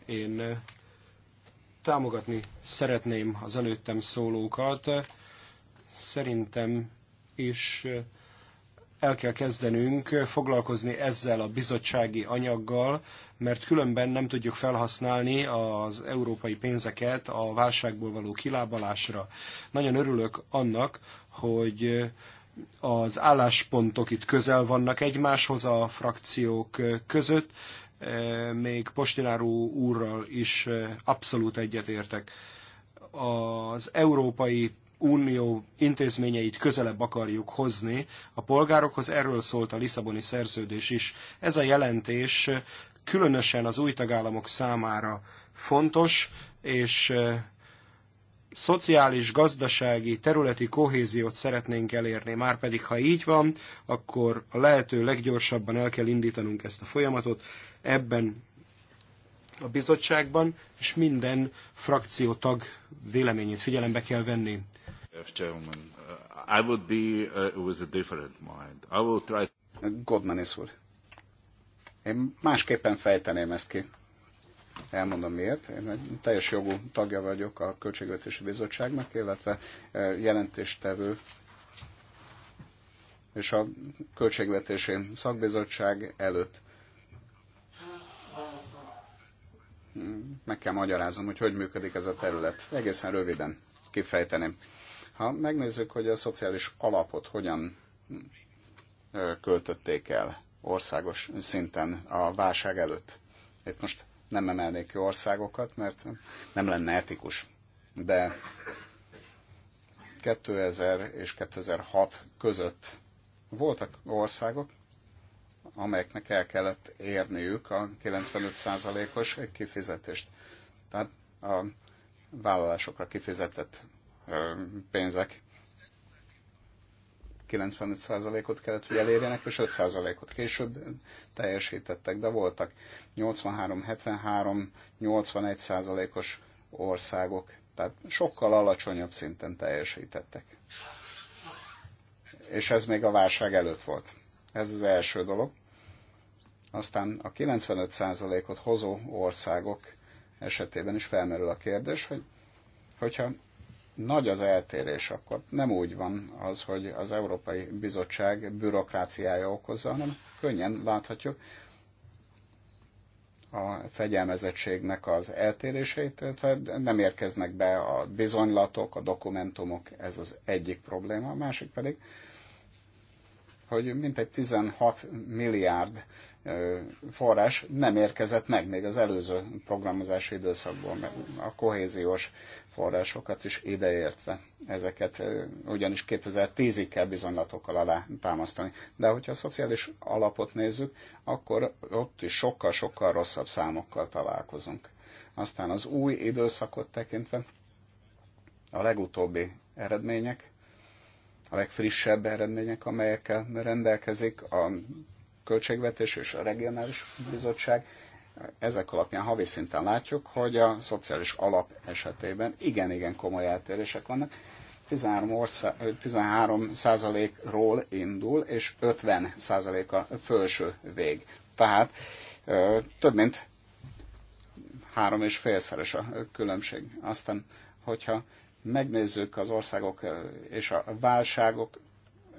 Én támogatni szeretném az előttem szólókat. Szerintem is el kell kezdenünk foglalkozni ezzel a bizottsági anyaggal, mert különben nem tudjuk felhasználni az európai pénzeket a válságból való kilábalásra. Nagyon örülök annak, hogy az álláspontok itt közel vannak egymáshoz a frakciók között, Eh, még Postináró úrral is eh, abszolút egyetértek. Az Európai Unió intézményeit közelebb akarjuk hozni a polgárokhoz, erről szólt a Lisszaboni szerződés is. Ez a jelentés eh, különösen az új tagállamok számára fontos, és szociális, gazdasági, területi kohéziót szeretnénk elérni. Márpedig, ha így van, akkor a lehető leggyorsabban el kell indítanunk ezt a folyamatot ebben a bizottságban, és minden frakciótag véleményét figyelembe kell venni. Chairman, uh, I would be uh, with a different mind. I will try. Godmanis úr, én másképpen fejteném ezt ki. Elmondom miért. Én egy teljes jogú tagja vagyok a Költségvetési Bizottságnak, illetve e, jelentéstevő és a Költségvetési Szakbizottság előtt meg kell magyaráznom, hogy hogy működik ez a terület. Egészen röviden kifejteném. Ha megnézzük, hogy a szociális alapot hogyan e, költötték el országos szinten a válság előtt. Itt most nem emelnék ki országokat, mert nem lenne etikus. De 2000 és 2006 között voltak országok, amelyeknek el kellett érniük a 95%-os kifizetést. Tehát a vállalásokra kifizetett pénzek 95%-ot kellett, hogy elérjenek, és 5%-ot később teljesítettek, de voltak 83, 73, 81%-os országok, tehát sokkal alacsonyabb szinten teljesítettek. És ez még a válság előtt volt. Ez az első dolog. Aztán a 95%-ot hozó országok esetében is felmerül a kérdés, hogy hogyha nagy az eltérés, akkor nem úgy van az, hogy az Európai Bizottság bürokráciája okozza, hanem könnyen láthatjuk a fegyelmezettségnek az eltéréseit, tehát nem érkeznek be a bizonylatok, a dokumentumok, ez az egyik probléma, a másik pedig, hogy mintegy 16 milliárd forrás nem érkezett meg még az előző programozási időszakból, meg a kohéziós forrásokat is ideértve. Ezeket ugyanis 2010-ig kell bizonylatokkal alá támasztani. De hogyha a szociális alapot nézzük, akkor ott is sokkal-sokkal rosszabb számokkal találkozunk. Aztán az új időszakot tekintve a legutóbbi eredmények, a legfrissebb eredmények, amelyekkel rendelkezik a Költségvetés és a Regionális Bizottság. Ezek alapján havi szinten látjuk, hogy a szociális alap esetében igen-igen komoly eltérések vannak. 13, ország, 13 százalékról indul, és 50 százalék a felső vég. Tehát több mint három és félszeres a különbség. Aztán, hogyha megnézzük az országok és a válságok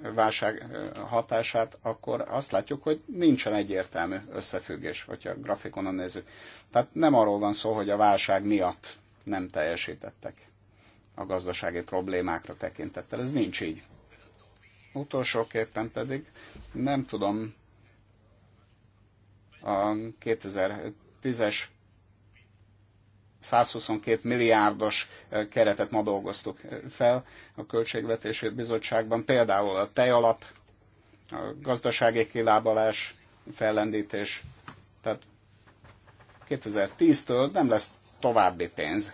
válság hatását, akkor azt látjuk, hogy nincsen egyértelmű összefüggés, hogyha a grafikonon nézzük. Tehát nem arról van szó, hogy a válság miatt nem teljesítettek a gazdasági problémákra tekintettel. Ez nincs így. Utolsóképpen pedig nem tudom a 2010-es 122 milliárdos eh, keretet ma dolgoztuk eh, fel a Költségvetési Bizottságban, például a tejalap, a gazdasági kilábalás, fellendítés. Tehát 2010-től nem lesz további pénz.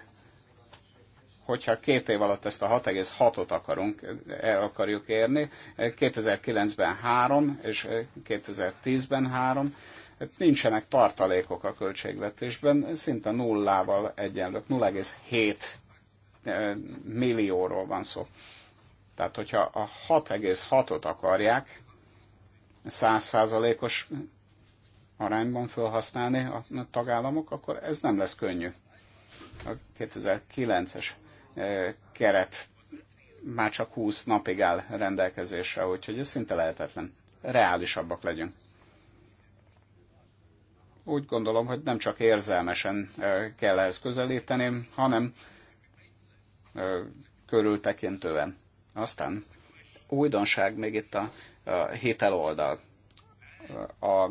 Hogyha két év alatt ezt a 6,6-ot akarunk, eh, el akarjuk érni, 2009-ben 3, és 2010-ben 3, Hát nincsenek tartalékok a költségvetésben, szinte nullával egyenlők, 0,7 eh, millióról van szó. Tehát, hogyha a 6,6-ot akarják 100%-os arányban felhasználni a tagállamok, akkor ez nem lesz könnyű. A 2009-es eh, keret már csak 20 napig áll rendelkezésre, úgyhogy ez szinte lehetetlen. Reálisabbak legyünk úgy gondolom, hogy nem csak érzelmesen kell ehhez közelíteni, hanem körültekintően. Aztán újdonság még itt a, hitel oldal. A,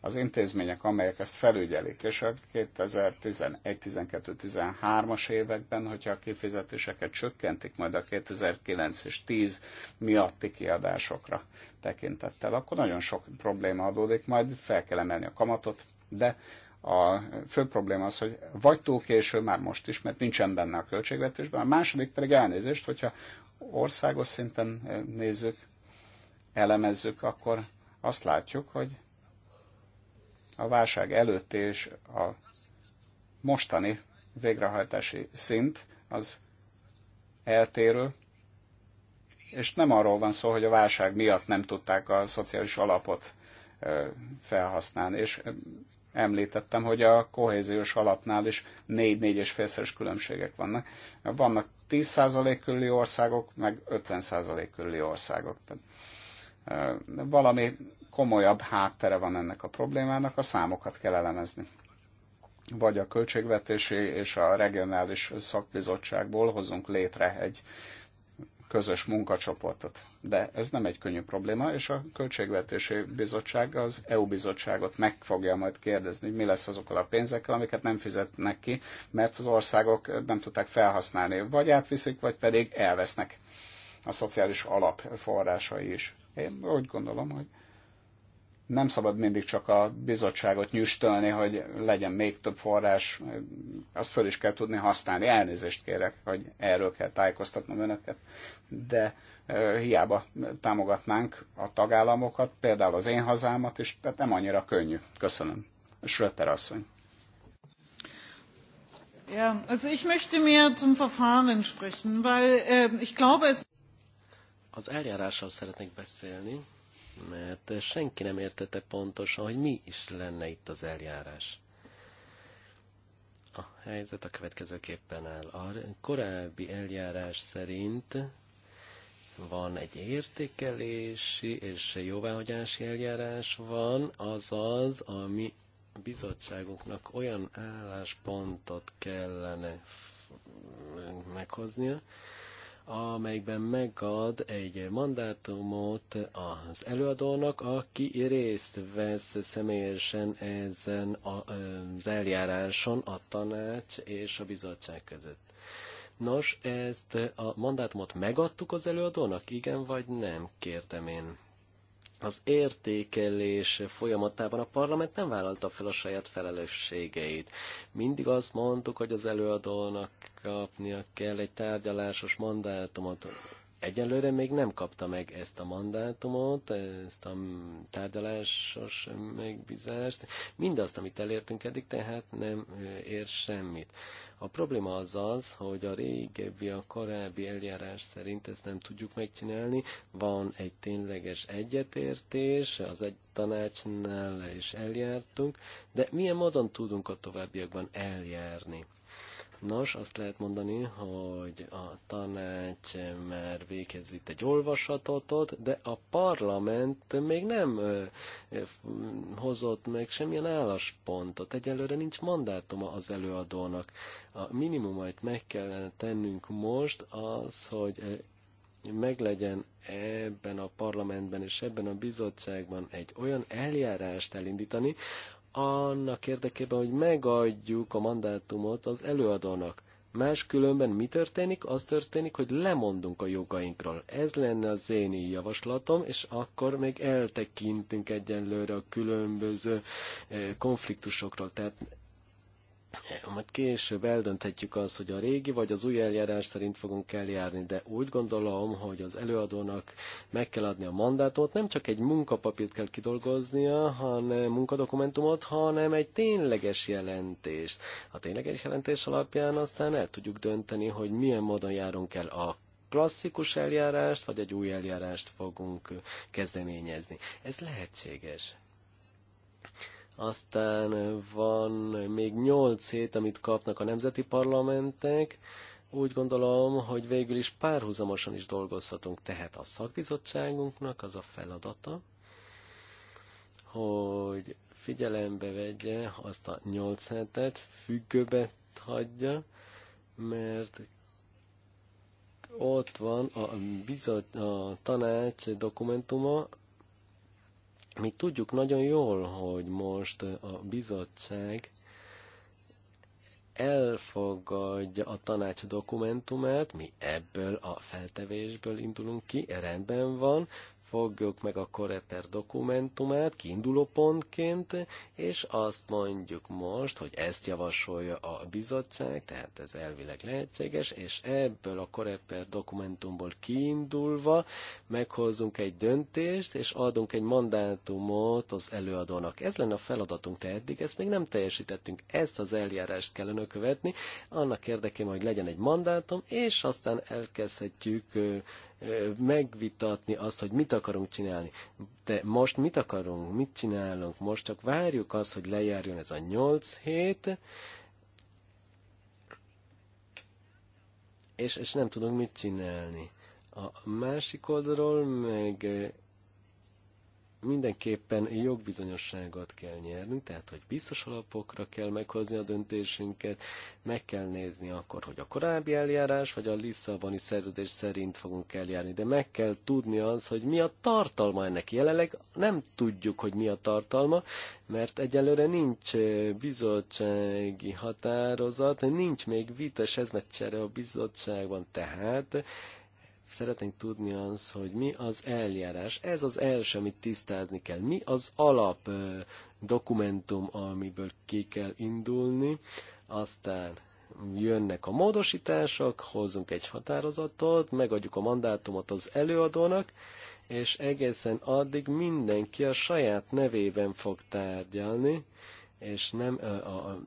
az intézmények, amelyek ezt felügyelik, és a 2011-12-13-as években, hogyha a kifizetéseket csökkentik majd a 2009 és 10 miatti kiadásokra tekintettel, akkor nagyon sok probléma adódik, majd fel kell emelni a kamatot, de a fő probléma az, hogy vagy túl késő már most is, mert nincsen benne a költségvetésben, a második pedig elnézést, hogyha országos szinten nézzük, elemezzük, akkor azt látjuk, hogy a válság előtt és a mostani végrehajtási szint az eltérő, és nem arról van szó, hogy a válság miatt nem tudták a szociális alapot felhasználni, és említettem, hogy a kohéziós alapnál is 4 45 félszeres különbségek vannak. Vannak 10% körüli országok, meg 50% körüli országok. Tehát, valami komolyabb háttere van ennek a problémának, a számokat kell elemezni. Vagy a költségvetési és a regionális szakbizottságból hozunk létre egy közös munkacsoportot. De ez nem egy könnyű probléma, és a Költségvetési Bizottság az EU bizottságot meg fogja majd kérdezni, hogy mi lesz azokkal a pénzekkel, amiket nem fizetnek ki, mert az országok nem tudták felhasználni. Vagy átviszik, vagy pedig elvesznek a szociális alapforrásai is. Én úgy gondolom, hogy nem szabad mindig csak a bizottságot nyüstölni, hogy legyen még több forrás, azt föl is kell tudni használni. Elnézést kérek, hogy erről kell tájékoztatnom önöket, de hiába támogatnánk a tagállamokat, például az én hazámat is, tehát nem annyira könnyű. Köszönöm. Schröter asszony. Ja, also ich möchte mehr zum Verfahren sprechen, weil äh, ich glaube es... Az eljárásról szeretnék beszélni mert senki nem értette pontosan, hogy mi is lenne itt az eljárás. A helyzet a következőképpen áll. A korábbi eljárás szerint van egy értékelési és jóváhagyási eljárás van, azaz, ami bizottságunknak olyan álláspontot kellene meghoznia, amelyben megad egy mandátumot az előadónak, aki részt vesz személyesen ezen az eljáráson a tanács és a bizottság között. Nos, ezt a mandátumot megadtuk az előadónak, igen vagy nem, kértem én az értékelés folyamatában a parlament nem vállalta fel a saját felelősségeit. Mindig azt mondtuk, hogy az előadónak kapnia kell egy tárgyalásos mandátumot. Egyelőre még nem kapta meg ezt a mandátumot, ezt a tárgyalásos megbízást. Mindazt, amit elértünk eddig, tehát nem ér semmit. A probléma az az, hogy a régebbi, a korábbi eljárás szerint ezt nem tudjuk megcsinálni. Van egy tényleges egyetértés, az egy tanácsnál is eljártunk, de milyen módon tudunk a továbbiakban eljárni? Nos, azt lehet mondani, hogy a tanács már véghez vitt egy olvasatot, de a parlament még nem hozott meg semmilyen álláspontot. Egyelőre nincs mandátuma az előadónak. A minimum, amit meg kellene tennünk most, az, hogy meglegyen ebben a parlamentben és ebben a bizottságban egy olyan eljárást elindítani, annak érdekében, hogy megadjuk a mandátumot az előadónak. Máskülönben mi történik? Az történik, hogy lemondunk a jogainkról. Ez lenne az én javaslatom, és akkor még eltekintünk egyenlőre a különböző eh, konfliktusokról. Tehát majd később eldönthetjük azt, hogy a régi vagy az új eljárás szerint fogunk eljárni, de úgy gondolom, hogy az előadónak meg kell adni a mandátumot, nem csak egy munkapapírt kell kidolgoznia, hanem munkadokumentumot, hanem egy tényleges jelentést. A tényleges jelentés alapján aztán el tudjuk dönteni, hogy milyen módon járunk el a klasszikus eljárást, vagy egy új eljárást fogunk kezdeményezni. Ez lehetséges aztán van még nyolc hét, amit kapnak a nemzeti parlamentek, úgy gondolom, hogy végül is párhuzamosan is dolgozhatunk, tehát a szakbizottságunknak az a feladata, hogy figyelembe vegye azt a nyolc hetet, függőbe hagyja, mert ott van a, bizot, a tanács dokumentuma, mi tudjuk nagyon jól, hogy most a bizottság elfogadja a tanács dokumentumát, mi ebből a feltevésből indulunk ki, rendben van, fogjuk meg a Koreper dokumentumát kiinduló pontként, és azt mondjuk most, hogy ezt javasolja a bizottság, tehát ez elvileg lehetséges, és ebből a Koreper dokumentumból kiindulva meghozunk egy döntést, és adunk egy mandátumot az előadónak. Ez lenne a feladatunk, tehát eddig ezt még nem teljesítettünk. Ezt az eljárást kellene követni, annak érdekében, hogy legyen egy mandátum, és aztán elkezdhetjük megvitatni azt, hogy mit akarunk csinálni. De most mit akarunk, mit csinálunk? Most csak várjuk azt, hogy lejárjon ez a nyolc hét, és, és nem tudunk mit csinálni. A másik oldalról meg mindenképpen jogbizonyosságot kell nyernünk, tehát hogy biztos alapokra kell meghozni a döntésünket, meg kell nézni akkor, hogy a korábbi eljárás, vagy a Lisszaboni szerződés szerint fogunk eljárni, de meg kell tudni az, hogy mi a tartalma ennek. Jelenleg nem tudjuk, hogy mi a tartalma, mert egyelőre nincs bizottsági határozat, nincs még vita, ez a bizottságban, tehát szeretnénk tudni az, hogy mi az eljárás. Ez az első, amit tisztázni kell. Mi az alap dokumentum, amiből ki kell indulni, aztán jönnek a módosítások, hozunk egy határozatot, megadjuk a mandátumot az előadónak, és egészen addig mindenki a saját nevében fog tárgyalni, és nem a, a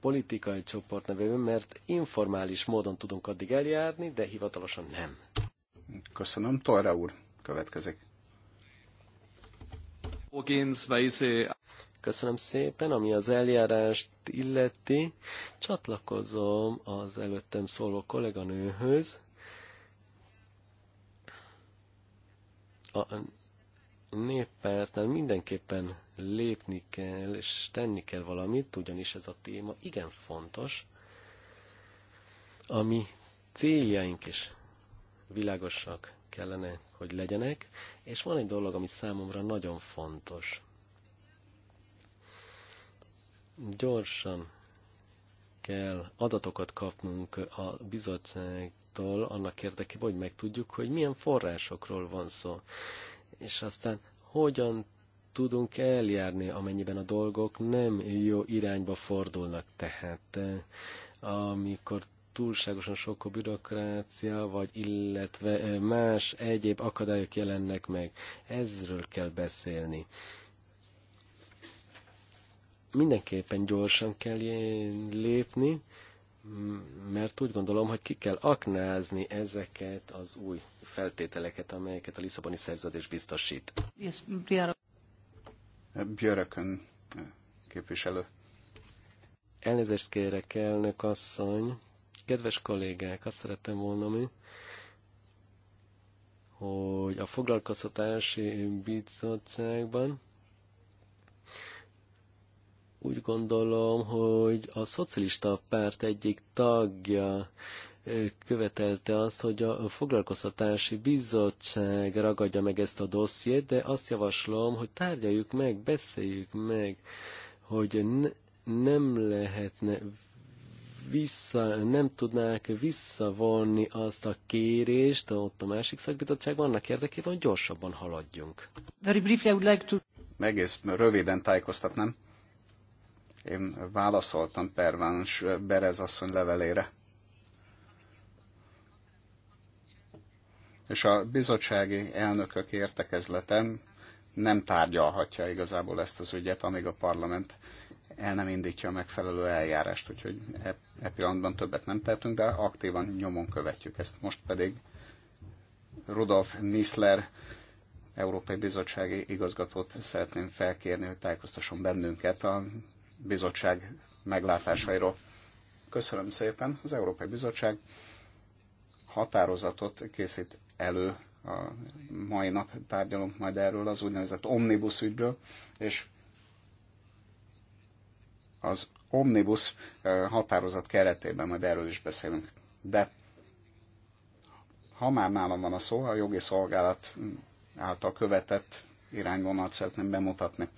politikai csoport nevében, mert informális módon tudunk addig eljárni, de hivatalosan nem. Köszönöm. Tolra úr, következik. Köszönöm szépen, ami az eljárást illeti. Csatlakozom az előttem szóló kolléganőhöz. A néppártnál mindenképpen lépni kell és tenni kell valamit, ugyanis ez a téma igen fontos, ami céljaink is világosak kellene, hogy legyenek, és van egy dolog, ami számomra nagyon fontos. Gyorsan kell adatokat kapnunk a bizottságtól annak érdekében, hogy megtudjuk, hogy milyen forrásokról van szó és aztán hogyan tudunk eljárni, amennyiben a dolgok nem jó irányba fordulnak. Tehát eh, amikor túlságosan sok a bürokrácia, vagy illetve eh, más egyéb akadályok jelennek meg. Ezről kell beszélni. Mindenképpen gyorsan kell lépni, mert úgy gondolom, hogy ki kell aknázni ezeket az új feltételeket, amelyeket a Lisszaboni szerződés biztosít. Eh, Björökön eh, képviselő. Elnézést kérek, elnök asszony. Kedves kollégák, azt szerettem volna mi, hogy a foglalkoztatási bizottságban úgy gondolom, hogy a szocialista párt egyik tagja követelte azt, hogy a foglalkoztatási bizottság ragadja meg ezt a dossziét, de azt javaslom, hogy tárgyaljuk meg, beszéljük meg, hogy nem lehetne vissza, nem tudnák visszavonni azt a kérést ott a másik szakbizottságban, annak érdekében, hogy gyorsabban haladjunk. Very briefly, I would like to... Egész röviden tájékoztatnám én válaszoltam Perváns Berez asszony levelére. És a bizottsági elnökök értekezleten nem tárgyalhatja igazából ezt az ügyet, amíg a parlament el nem indítja a megfelelő eljárást, úgyhogy e, e pillanatban többet nem tehetünk, de aktívan nyomon követjük ezt. Most pedig Rudolf Nisler, Európai Bizottsági Igazgatót szeretném felkérni, hogy tájékoztasson bennünket a Bizottság meglátásairól. Köszönöm szépen. Az Európai Bizottság határozatot készít elő a mai nap tárgyalunk majd erről az úgynevezett omnibus ügyről, és az omnibus határozat keretében majd erről is beszélünk. De ha már nálam van a szó, a jogi szolgálat által követett irányvonalat szeretném bemutatni.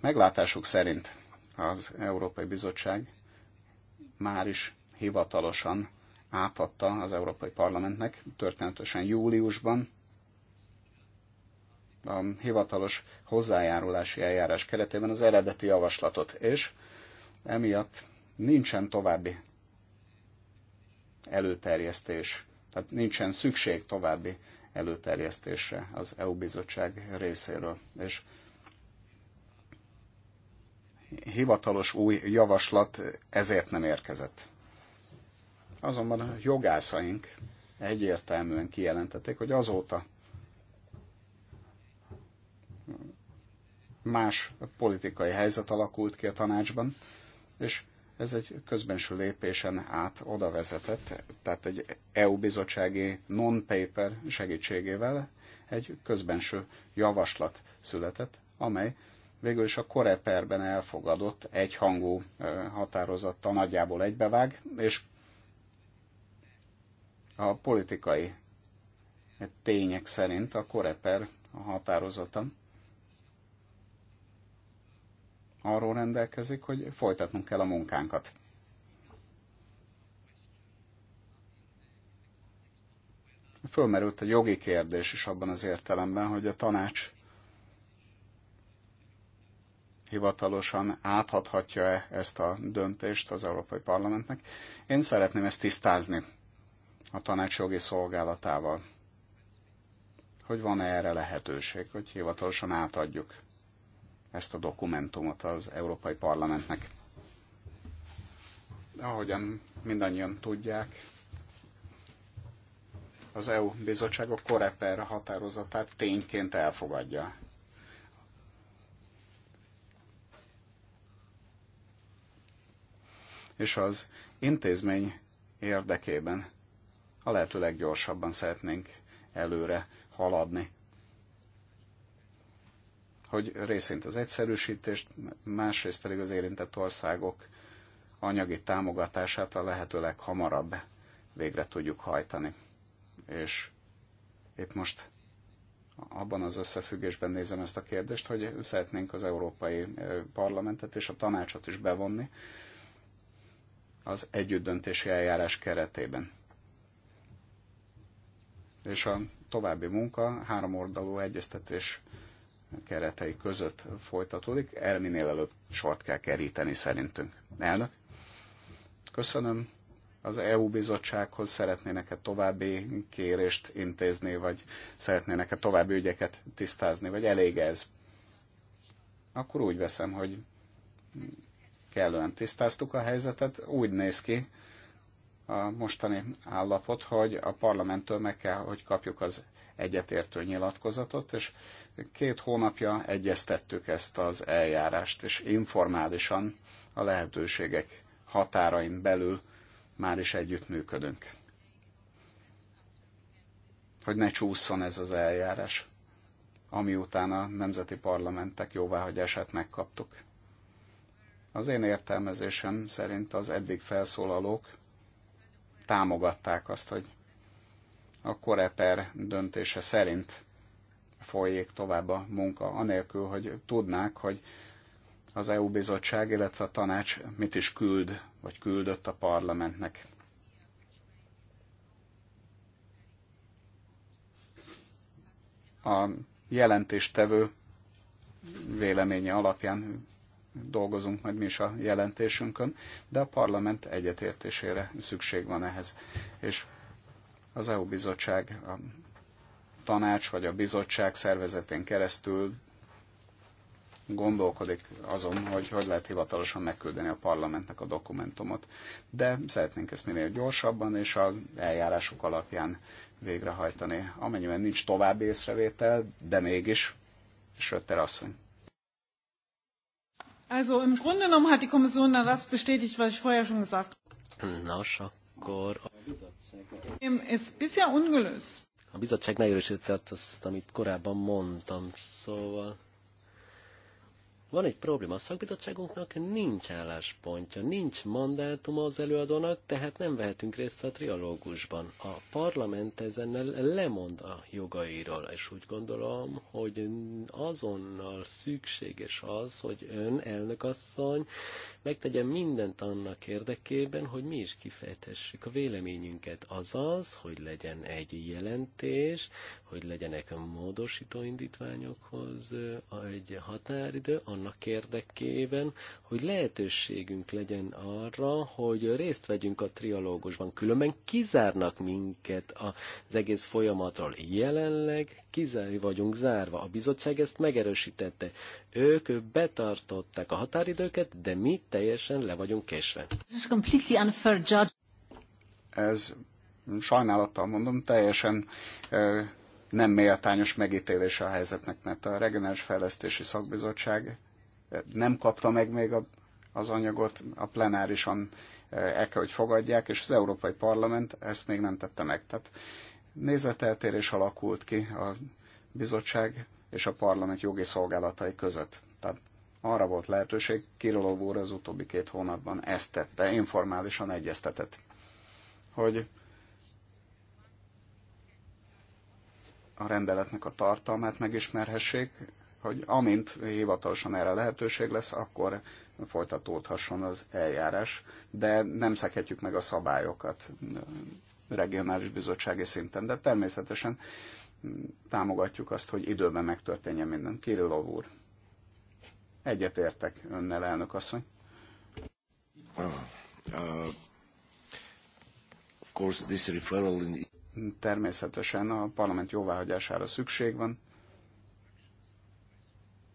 Meglátásuk szerint az Európai Bizottság már is hivatalosan átadta az Európai Parlamentnek, történetesen júliusban, a hivatalos hozzájárulási eljárás keretében az eredeti javaslatot, és emiatt nincsen további előterjesztés, tehát nincsen szükség további előterjesztésre az EU bizottság részéről, és hivatalos új javaslat ezért nem érkezett. Azonban a jogászaink egyértelműen kijelentették, hogy azóta más politikai helyzet alakult ki a tanácsban, és ez egy közbenső lépésen át oda vezetett, tehát egy EU-bizottsági non-paper segítségével egy közbenső javaslat született, amely végül is a koreperben elfogadott egyhangú határozattal nagyjából egybevág, és a politikai tények szerint a koreper a határozata arról rendelkezik, hogy folytatnunk kell a munkánkat. Fölmerült a jogi kérdés is abban az értelemben, hogy a tanács hivatalosan áthathatja e ezt a döntést az Európai Parlamentnek. Én szeretném ezt tisztázni a tanács jogi szolgálatával, hogy van-e erre lehetőség, hogy hivatalosan átadjuk ezt a dokumentumot az Európai Parlamentnek. Ahogyan mindannyian tudják, az EU bizottságok a Koreper határozatát tényként elfogadja és az intézmény érdekében a lehető leggyorsabban szeretnénk előre haladni. Hogy részint az egyszerűsítést, másrészt pedig az érintett országok anyagi támogatását a lehető leghamarabb végre tudjuk hajtani. És itt most abban az összefüggésben nézem ezt a kérdést, hogy szeretnénk az Európai Parlamentet és a tanácsot is bevonni az együttdöntési eljárás keretében. És a további munka három oldalú egyeztetés keretei között folytatódik. Erre minél előbb sort kell keríteni szerintünk. Elnök, köszönöm. Az EU bizottsághoz szeretnének-e további kérést intézni, vagy szeretnének-e további ügyeket tisztázni, vagy elég ez? Akkor úgy veszem, hogy kellően tisztáztuk a helyzetet. Úgy néz ki a mostani állapot, hogy a parlamenttől meg kell, hogy kapjuk az egyetértő nyilatkozatot, és két hónapja egyeztettük ezt az eljárást, és informálisan a lehetőségek határain belül már is együttműködünk. Hogy ne csúszson ez az eljárás, ami után a nemzeti parlamentek jóváhagyását megkaptuk. Az én értelmezésem szerint az eddig felszólalók támogatták azt, hogy a Koreper döntése szerint folyjék tovább a munka, anélkül, hogy tudnák, hogy az EU bizottság, illetve a tanács mit is küld, vagy küldött a parlamentnek. A jelentéstevő véleménye alapján dolgozunk majd mi is a jelentésünkön, de a parlament egyetértésére szükség van ehhez. És az EU bizottság, a tanács vagy a bizottság szervezetén keresztül gondolkodik azon, hogy hogy lehet hivatalosan megküldeni a parlamentnek a dokumentumot. De szeretnénk ezt minél gyorsabban és az eljárások alapján végrehajtani. Amennyiben nincs további észrevétel, de mégis, Sötter asszony. Also im Grunde genommen hat die Kommission dann das bestätigt, was ich vorher schon gesagt habe. Nos, akkor bisher ungelöst. A bizottság megerősítette azt, amit korábban mondtam, szóval... Van egy probléma, a szakbizottságunknak nincs álláspontja, nincs mandátuma az előadónak, tehát nem vehetünk részt a trialógusban. A parlament ezen lemond a jogairól, és úgy gondolom, hogy azonnal szükséges az, hogy ön, elnökasszony, megtegyen mindent annak érdekében, hogy mi is kifejthessük a véleményünket. Azaz, hogy legyen egy jelentés, hogy legyenek a módosító indítványokhoz egy határidő, annak érdekében, hogy lehetőségünk legyen arra, hogy részt vegyünk a trialógusban. Különben kizárnak minket az egész folyamatról jelenleg, kizárni vagyunk zárva. A bizottság ezt megerősítette. Ők betartották a határidőket, de mi teljesen le vagyunk késve. Ez sajnálattal mondom, teljesen nem méltányos megítélése a helyzetnek, mert a Regionális Fejlesztési Szakbizottság nem kapta meg még a, az anyagot, a plenárison el kell, hogy fogadják, és az Európai Parlament ezt még nem tette meg. Tehát nézeteltérés alakult ki a bizottság és a parlament jogi szolgálatai között. Tehát arra volt lehetőség, Kirolov úr az utóbbi két hónapban ezt tette, informálisan egyeztetett, hogy a rendeletnek a tartalmát megismerhessék, hogy amint hivatalosan erre lehetőség lesz, akkor folytatódhasson az eljárás, de nem szekhetjük meg a szabályokat regionális bizottsági szinten, de természetesen mm, támogatjuk azt, hogy időben megtörténjen minden. Kirillov úr, egyetértek önnel, elnök asszony. Ah, uh, természetesen a parlament jóváhagyására szükség van.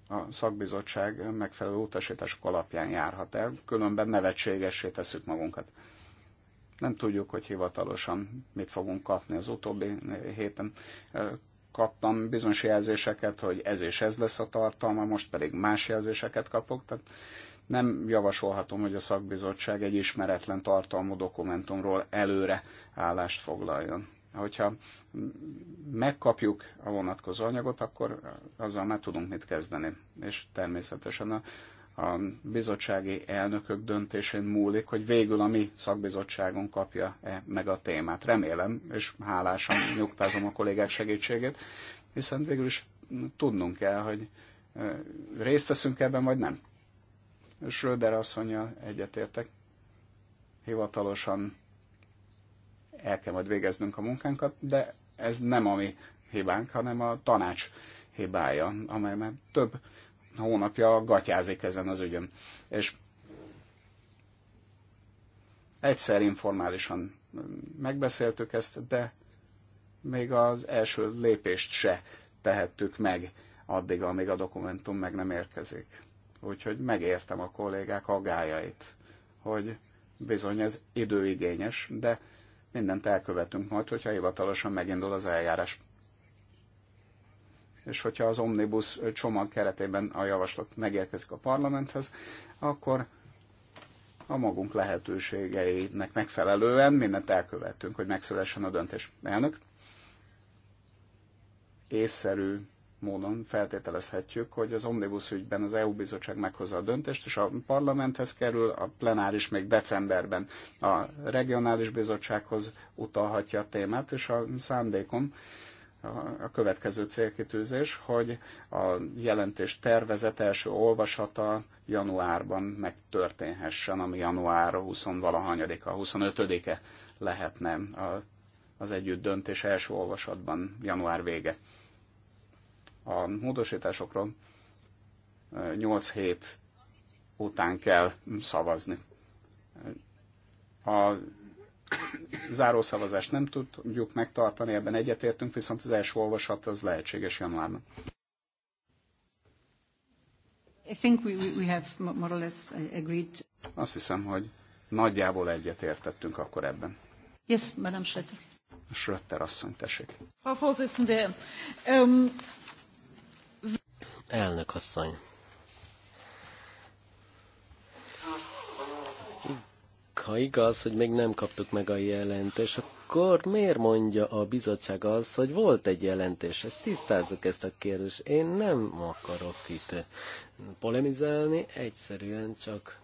A szakbizottság megfelelő utasítások alapján járhat el, különben nevetségessé tesszük magunkat. Nem tudjuk, hogy hivatalosan mit fogunk kapni az utóbbi héten. Kaptam bizonyos jelzéseket, hogy ez és ez lesz a tartalma, most pedig más jelzéseket kapok. Tehát nem javasolhatom, hogy a szakbizottság egy ismeretlen tartalmú dokumentumról előre állást foglaljon. Hogyha megkapjuk a vonatkozó anyagot, akkor azzal már tudunk mit kezdeni. És természetesen a a bizottsági elnökök döntésén múlik, hogy végül a mi szakbizottságon kapja -e meg a témát. Remélem, és hálásan nyugtázom a kollégák segítségét, hiszen végül is tudnunk kell, hogy e, részt veszünk ebben, vagy nem. Schröder asszonya egyetértek. Hivatalosan el kell majd végeznünk a munkánkat, de ez nem a mi hibánk, hanem a tanács hibája, amely már több hónapja gatyázik ezen az ügyön. És egyszer informálisan megbeszéltük ezt, de még az első lépést se tehettük meg addig, amíg a dokumentum meg nem érkezik. Úgyhogy megértem a kollégák aggájait, hogy bizony ez időigényes, de mindent elkövetünk majd, hogyha hivatalosan megindul az eljárás és hogyha az omnibus csomag keretében a javaslat megérkezik a parlamenthez, akkor a magunk lehetőségeinek megfelelően mindent elkövettünk, hogy megszülessen a döntés. Elnök, észszerű módon feltételezhetjük, hogy az omnibus ügyben az EU bizottság meghozza a döntést, és a parlamenthez kerül, a plenáris még decemberben a regionális bizottsághoz utalhatja a témát, és a szándékom a következő célkitűzés, hogy a jelentés tervezet első olvasata januárban megtörténhessen, ami január 20-valahanyadika, 25-e lehetne a, az együtt döntés első olvasatban január vége. A módosításokról 8 hét után kell szavazni. A zárószavazást nem tudjuk megtartani, ebben egyetértünk, viszont az első olvasat az lehetséges januárban. I think we, we have more or less uh, agreed. Azt hiszem, hogy nagyjából egyetértettünk akkor ebben. Yes, Madam Schröter. Schröter asszony, tessék. Frau Vorsitzende, um... Elnök asszony, ha igaz, hogy még nem kaptuk meg a jelentés, akkor miért mondja a bizottság az, hogy volt egy jelentés? Ezt tisztázzuk ezt a kérdést. Én nem akarok itt polemizálni, egyszerűen csak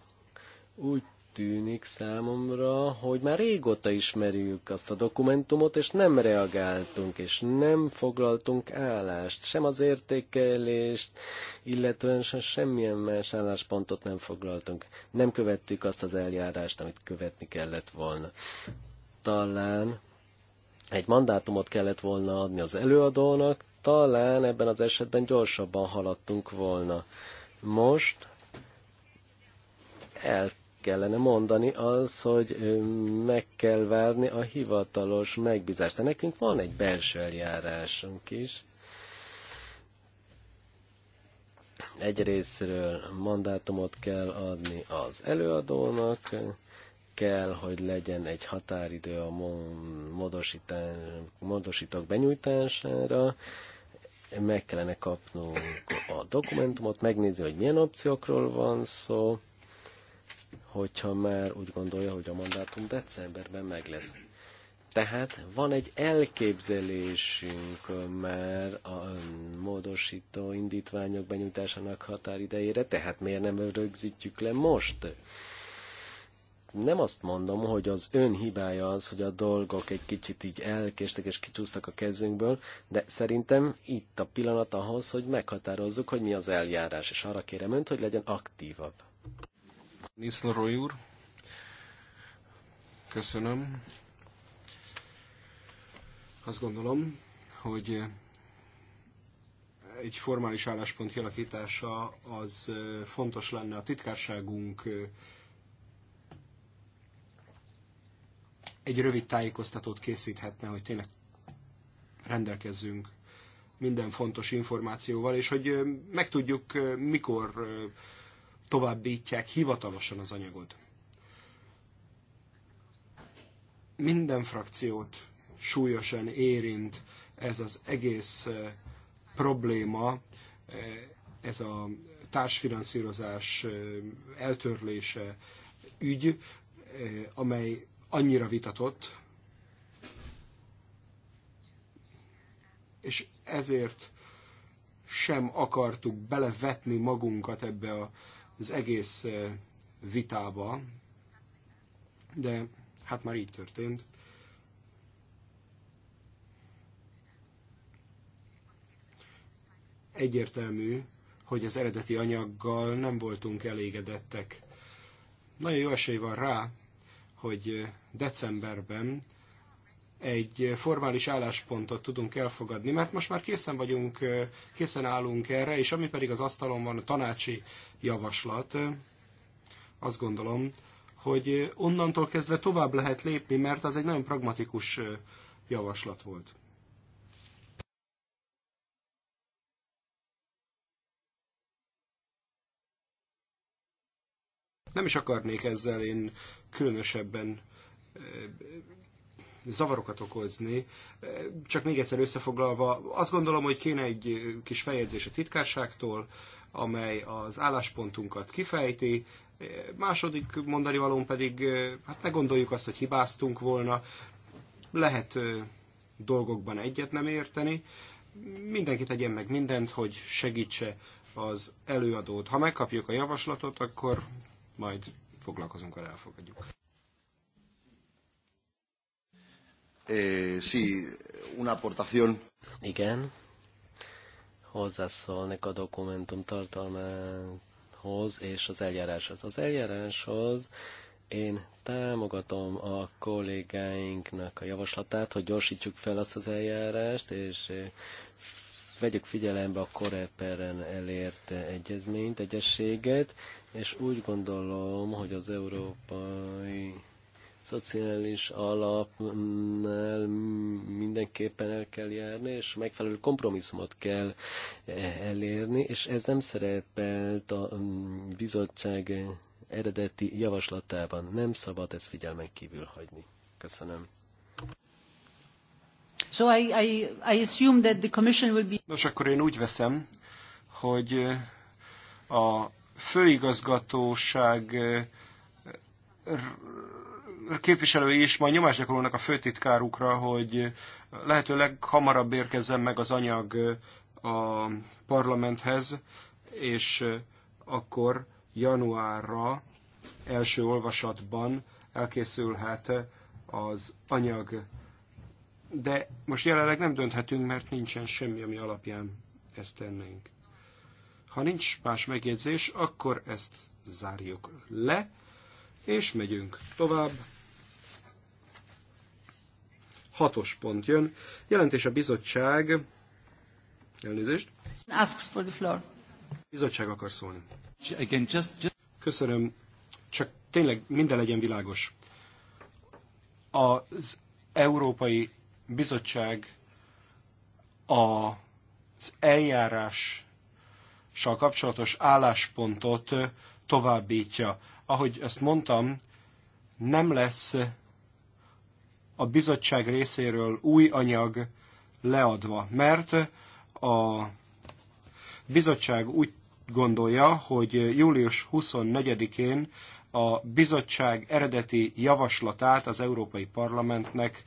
úgy tűnik számomra, hogy már régóta ismerjük azt a dokumentumot, és nem reagáltunk, és nem foglaltunk állást, sem az értékelést, illetően sem semmilyen más álláspontot nem foglaltunk. Nem követtük azt az eljárást, amit követni kellett volna. Talán egy mandátumot kellett volna adni az előadónak, talán ebben az esetben gyorsabban haladtunk volna. Most el kellene mondani, az, hogy meg kell várni a hivatalos megbízást. De nekünk van egy belső eljárásunk is. Egyrésztről mandátumot kell adni az előadónak, kell, hogy legyen egy határidő a módosítók benyújtására, meg kellene kapnunk a dokumentumot, megnézni, hogy milyen opciókról van szó, hogyha már úgy gondolja, hogy a mandátum decemberben meg lesz. Tehát van egy elképzelésünk már a módosító indítványok benyújtásának határidejére, tehát miért nem rögzítjük le most? Nem azt mondom, hogy az ön hibája az, hogy a dolgok egy kicsit így elkéstek és kicsúsztak a kezünkből, de szerintem itt a pillanat ahhoz, hogy meghatározzuk, hogy mi az eljárás, és arra kérem önt, hogy legyen aktívabb. Niszleroy úr. Köszönöm. Azt gondolom, hogy egy formális álláspont kialakítása az fontos lenne a titkárságunk egy rövid tájékoztatót készíthetne, hogy tényleg rendelkezzünk minden fontos információval, és hogy megtudjuk, mikor továbbítják hivatalosan az anyagot. Minden frakciót súlyosan érint ez az egész eh, probléma, eh, ez a társfinanszírozás eh, eltörlése ügy, amely annyira vitatott, és ezért sem akartuk belevetni magunkat ebbe a az egész vitába, de hát már így történt. Egyértelmű, hogy az eredeti anyaggal nem voltunk elégedettek. Nagyon jó esély van rá, hogy decemberben egy formális álláspontot tudunk elfogadni, mert most már készen vagyunk, készen állunk erre, és ami pedig az asztalon van, a tanácsi javaslat, azt gondolom, hogy onnantól kezdve tovább lehet lépni, mert az egy nagyon pragmatikus javaslat volt. Nem is akarnék ezzel én különösebben zavarokat okozni. Csak még egyszer összefoglalva, azt gondolom, hogy kéne egy kis feljegyzés a titkárságtól, amely az álláspontunkat kifejti, második mondani valón pedig, hát ne gondoljuk azt, hogy hibáztunk volna, lehet dolgokban egyet nem érteni, mindenki tegyen meg mindent, hogy segítse az előadót. Ha megkapjuk a javaslatot, akkor majd foglalkozunk vele, elfogadjuk. Eh, sí, una aportación. Igen. Hozzászólnék a dokumentum tartalmához és az eljáráshoz. Az eljáráshoz én támogatom a kollégáinknak a javaslatát, hogy gyorsítsuk fel azt az eljárást, és eh, vegyük figyelembe a Koreperen elért egyezményt, egyességet, és úgy gondolom, hogy az európai szociális alapnál mindenképpen el kell járni, és megfelelő kompromisszumot kell elérni, és ez nem szerepelt a mm, bizottság eredeti javaslatában. Nem szabad ezt figyelmen kívül hagyni. Köszönöm. So I, I, I assume that the commission will be... Nos, akkor én úgy veszem, hogy eh, a főigazgatóság eh, képviselői is majd nyomást gyakorolnak a főtitkárukra, hogy lehetőleg hamarabb érkezzen meg az anyag a parlamenthez, és akkor januárra első olvasatban elkészülhet az anyag. De most jelenleg nem dönthetünk, mert nincsen semmi, ami alapján ezt tennénk. Ha nincs más megjegyzés, akkor ezt zárjuk le. És megyünk tovább. Hatos pont jön. Jelentés a bizottság. Elnézést. Ask for the floor. Bizottság akar szólni. Again, just, just... Köszönöm. Csak tényleg minden legyen világos. Az Európai Bizottság az eljárással kapcsolatos álláspontot továbbítja ahogy ezt mondtam, nem lesz a bizottság részéről új anyag leadva, mert a bizottság úgy gondolja, hogy július 24-én a bizottság eredeti javaslatát az Európai Parlamentnek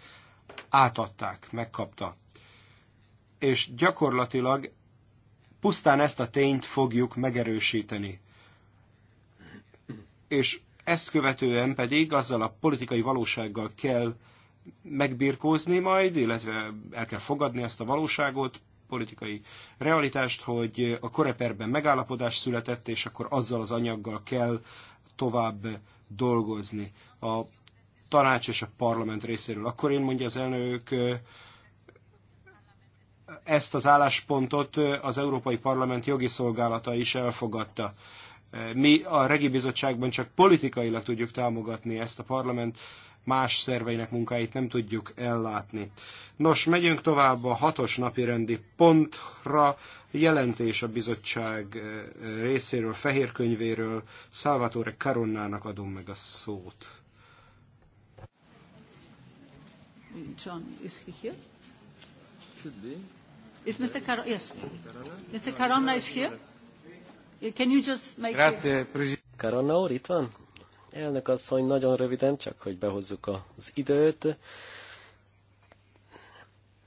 átadták, megkapta. És gyakorlatilag pusztán ezt a tényt fogjuk megerősíteni és ezt követően pedig azzal a politikai valósággal kell megbirkózni majd, illetve el kell fogadni ezt a valóságot, politikai realitást, hogy a koreperben megállapodás született, és akkor azzal az anyaggal kell tovább dolgozni a tanács és a parlament részéről. Akkor én mondja az elnök, ezt az álláspontot az Európai Parlament jogi szolgálata is elfogadta. Mi a Regi Bizottságban csak politikailag tudjuk támogatni ezt a parlament, más szerveinek munkáit nem tudjuk ellátni. Nos, megyünk tovább a hatos napi rendi pontra. Jelentés a bizottság eh, részéről, fehér könyvéről. Salvatore Karonnának adom meg a szót. John, is he here? Should be. Is Mr. Caronna, yes. Mr. Caronna is here? Can úr, itt van? Elnök asszony, nagyon röviden, csak hogy behozzuk az időt.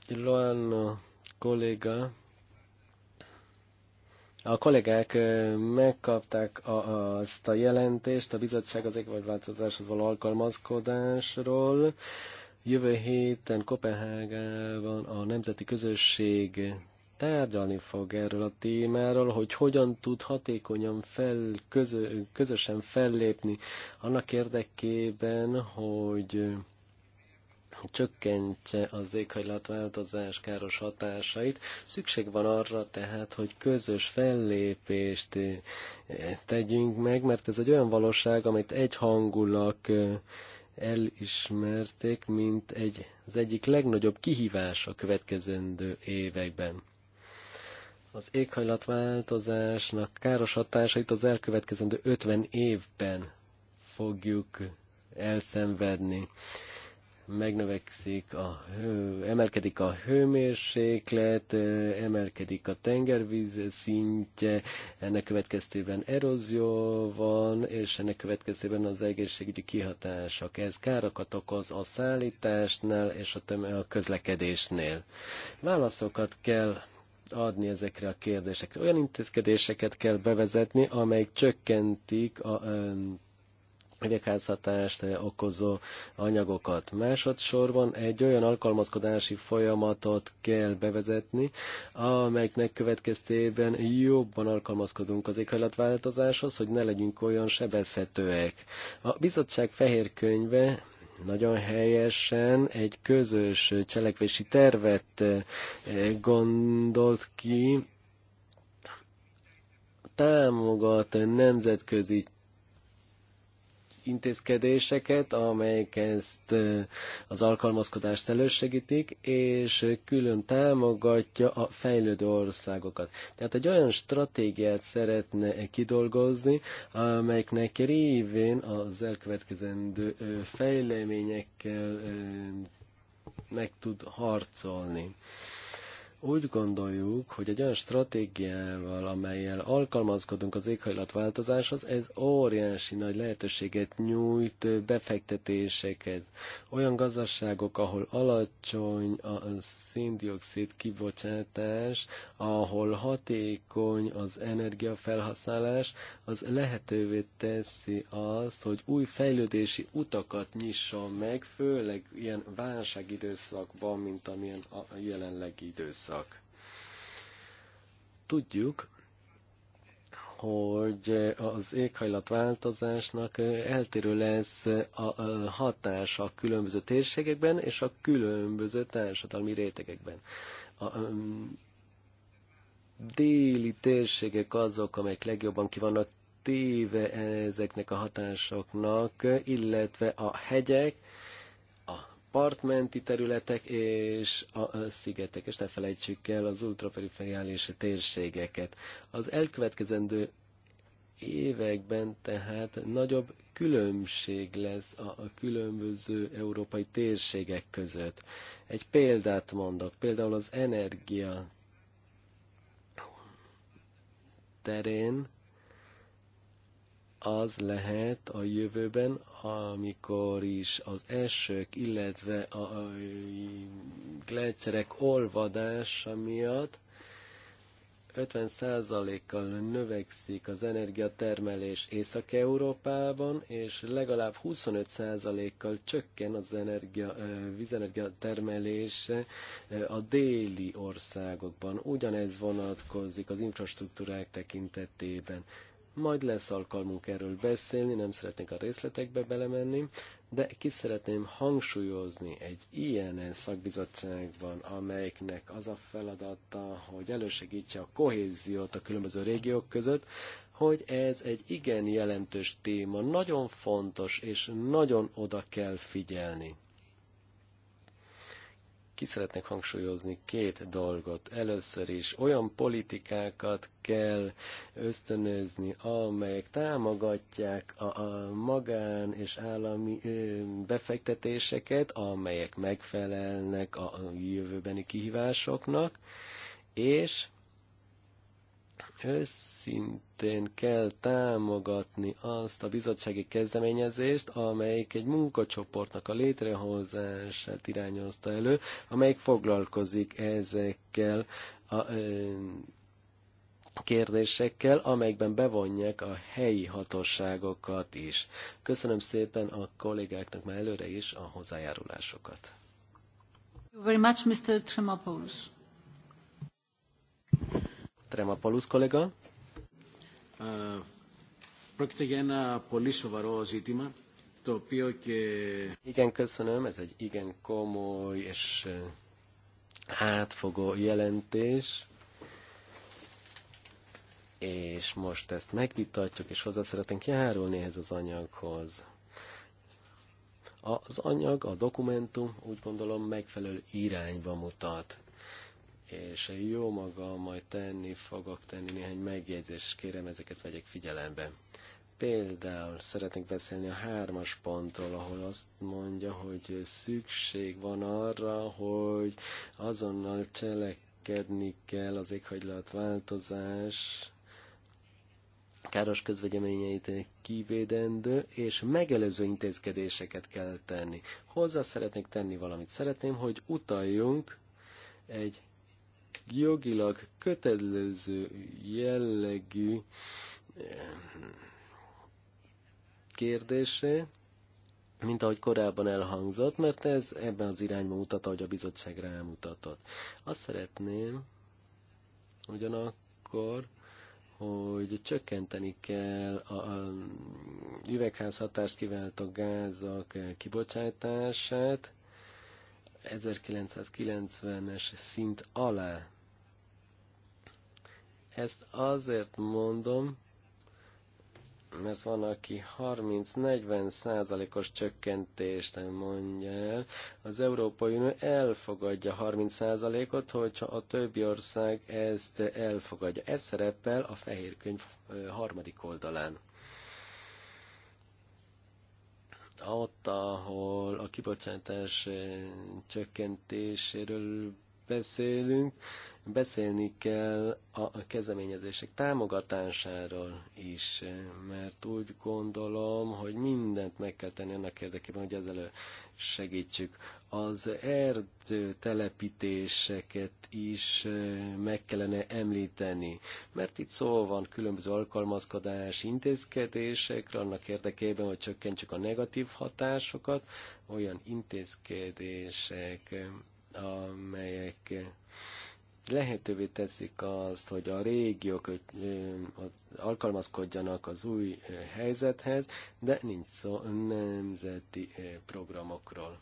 Loan kolléga, a kollégák megkapták a, azt a jelentést a bizottság az éghajlatváltozáshoz való alkalmazkodásról. Jövő héten Kopenhágában a Nemzeti Közösség tárgyalni fog erről a témáról, hogy hogyan tud hatékonyan fel, közö, közösen fellépni annak érdekében, hogy csökkentse az éghajlatváltozás káros hatásait. Szükség van arra tehát, hogy közös fellépést eh, tegyünk meg, mert ez egy olyan valóság, amit egyhangulak eh, elismerték, mint egy, az egyik legnagyobb kihívás a következendő években az éghajlatváltozásnak káros hatásait az elkövetkezendő 50 évben fogjuk elszenvedni. Megnövekszik a hő, emelkedik a hőmérséklet, emelkedik a tengervíz szintje, ennek következtében erózió van, és ennek következtében az egészségügyi kihatások. Ez károkat okoz a szállításnál és a, töm- a közlekedésnél. Válaszokat kell adni ezekre a kérdésekre. Olyan intézkedéseket kell bevezetni, amelyek csökkentik a egyekházhatást okozó anyagokat. Másodszorban egy olyan alkalmazkodási folyamatot kell bevezetni, amelynek következtében jobban alkalmazkodunk az éghajlatváltozáshoz, hogy ne legyünk olyan sebezhetőek. A bizottság fehér könyve nagyon helyesen egy közös cselekvési tervet eh, gondolt ki, támogat nemzetközi intézkedéseket, amelyek ezt az alkalmazkodást elősegítik, és külön támogatja a fejlődő országokat. Tehát egy olyan stratégiát szeretne kidolgozni, amelyeknek révén az elkövetkezendő fejleményekkel meg tud harcolni. Úgy gondoljuk, hogy egy olyan stratégiával, amelyel alkalmazkodunk az éghajlatváltozáshoz, ez óriási nagy lehetőséget nyújt befektetésekhez. Olyan gazdaságok, ahol alacsony a széndiokszid kibocsátás, ahol hatékony az energiafelhasználás, az lehetővé teszi azt, hogy új fejlődési utakat nyisson meg, főleg ilyen válságidőszakban, mint amilyen a jelenlegi időszak időszak. Tudjuk, hogy az éghajlatváltozásnak eltérő lesz a hatása a különböző térségekben és a különböző társadalmi rétegekben. A déli térségek azok, amelyek legjobban ki vannak téve ezeknek a hatásoknak, illetve a hegyek, partmenti területek és a szigetek, és ne felejtsük el az ultraperiferiális térségeket. Az elkövetkezendő években tehát nagyobb különbség lesz a, különböző európai térségek között. Egy példát mondok, például az energia terén az lehet a jövőben, amikor is az esők, illetve a gletszerek olvadása miatt 50%-kal növekszik az energiatermelés Észak-Európában, és legalább 25%-kal csökken az energia, vízenergia termelése a déli országokban. Ugyanez vonatkozik az infrastruktúrák tekintetében. Majd lesz alkalmunk erről beszélni, nem szeretnék a részletekbe belemenni, de ki szeretném hangsúlyozni egy ilyen szakbizottságban, amelyiknek az a feladata, hogy elősegítse a kohéziót a különböző régiók között, hogy ez egy igen jelentős téma, nagyon fontos, és nagyon oda kell figyelni ki szeretnék hangsúlyozni két dolgot. Először is olyan politikákat kell ösztönözni, amelyek támogatják a, a magán és állami ö, befektetéseket, amelyek megfelelnek a jövőbeni kihívásoknak, és őszintén kell támogatni azt a bizottsági kezdeményezést, amelyik egy munkacsoportnak a létrehozását irányozta elő, amelyik foglalkozik ezekkel a ö, kérdésekkel, amelyekben bevonják a helyi hatóságokat is. Köszönöm szépen a kollégáknak már előre is a hozzájárulásokat. Thank you very much, Mr. Tremopoulos. Τρεμαπολούς κολέγα. Πρόκειται για ένα πολύ σοβαρό ζήτημα, το οποίο και... Igen, köszönöm, ez egy igen komoly és átfogó jelentés, és most ezt megvitatjuk, és hozzá szeretnénk járulni ehhez az anyaghoz. Az anyag, a dokumentum úgy gondolom megfelelő irányba mutat és jó magam majd tenni fogok tenni néhány megjegyzést, kérem ezeket vegyek figyelembe. Például szeretnék beszélni a hármas pontról, ahol azt mondja, hogy szükség van arra, hogy azonnal cselekedni kell az változás. káros közvegyeményeit kivédendő, és megelőző intézkedéseket kell tenni. Hozzá szeretnék tenni valamit. Szeretném, hogy utaljunk egy jogilag kötelező jellegű eh, kérdése, mint ahogy korábban elhangzott, mert ez ebben az irányba mutat, ahogy a bizottság rámutatott. Azt szeretném ugyanakkor, hogy csökkenteni kell a, a üvegházhatást kiváltó gázok eh, kibocsátását, 1990-es szint alá. Ezt azért mondom, mert van, aki 30-40 százalékos csökkentést mondja el. Az Európai Unió elfogadja 30 százalékot, hogyha a többi ország ezt elfogadja. Ez szerepel a fehér könyv harmadik oldalán. ott, ahol a kibocsátás eh, csökkentéséről beszélünk, beszélni kell a kezdeményezések támogatásáról is, mert úgy gondolom, hogy mindent meg kell tenni annak érdekében, hogy ezzel segítsük. Az erdő telepítéseket is meg kellene említeni, mert itt szó van különböző alkalmazkodás intézkedésekre, annak érdekében, hogy csökkentsük a negatív hatásokat, olyan intézkedések, amelyek lehetővé teszik azt, hogy a régiók alkalmazkodjanak az új helyzethez, de nincs szó nemzeti programokról.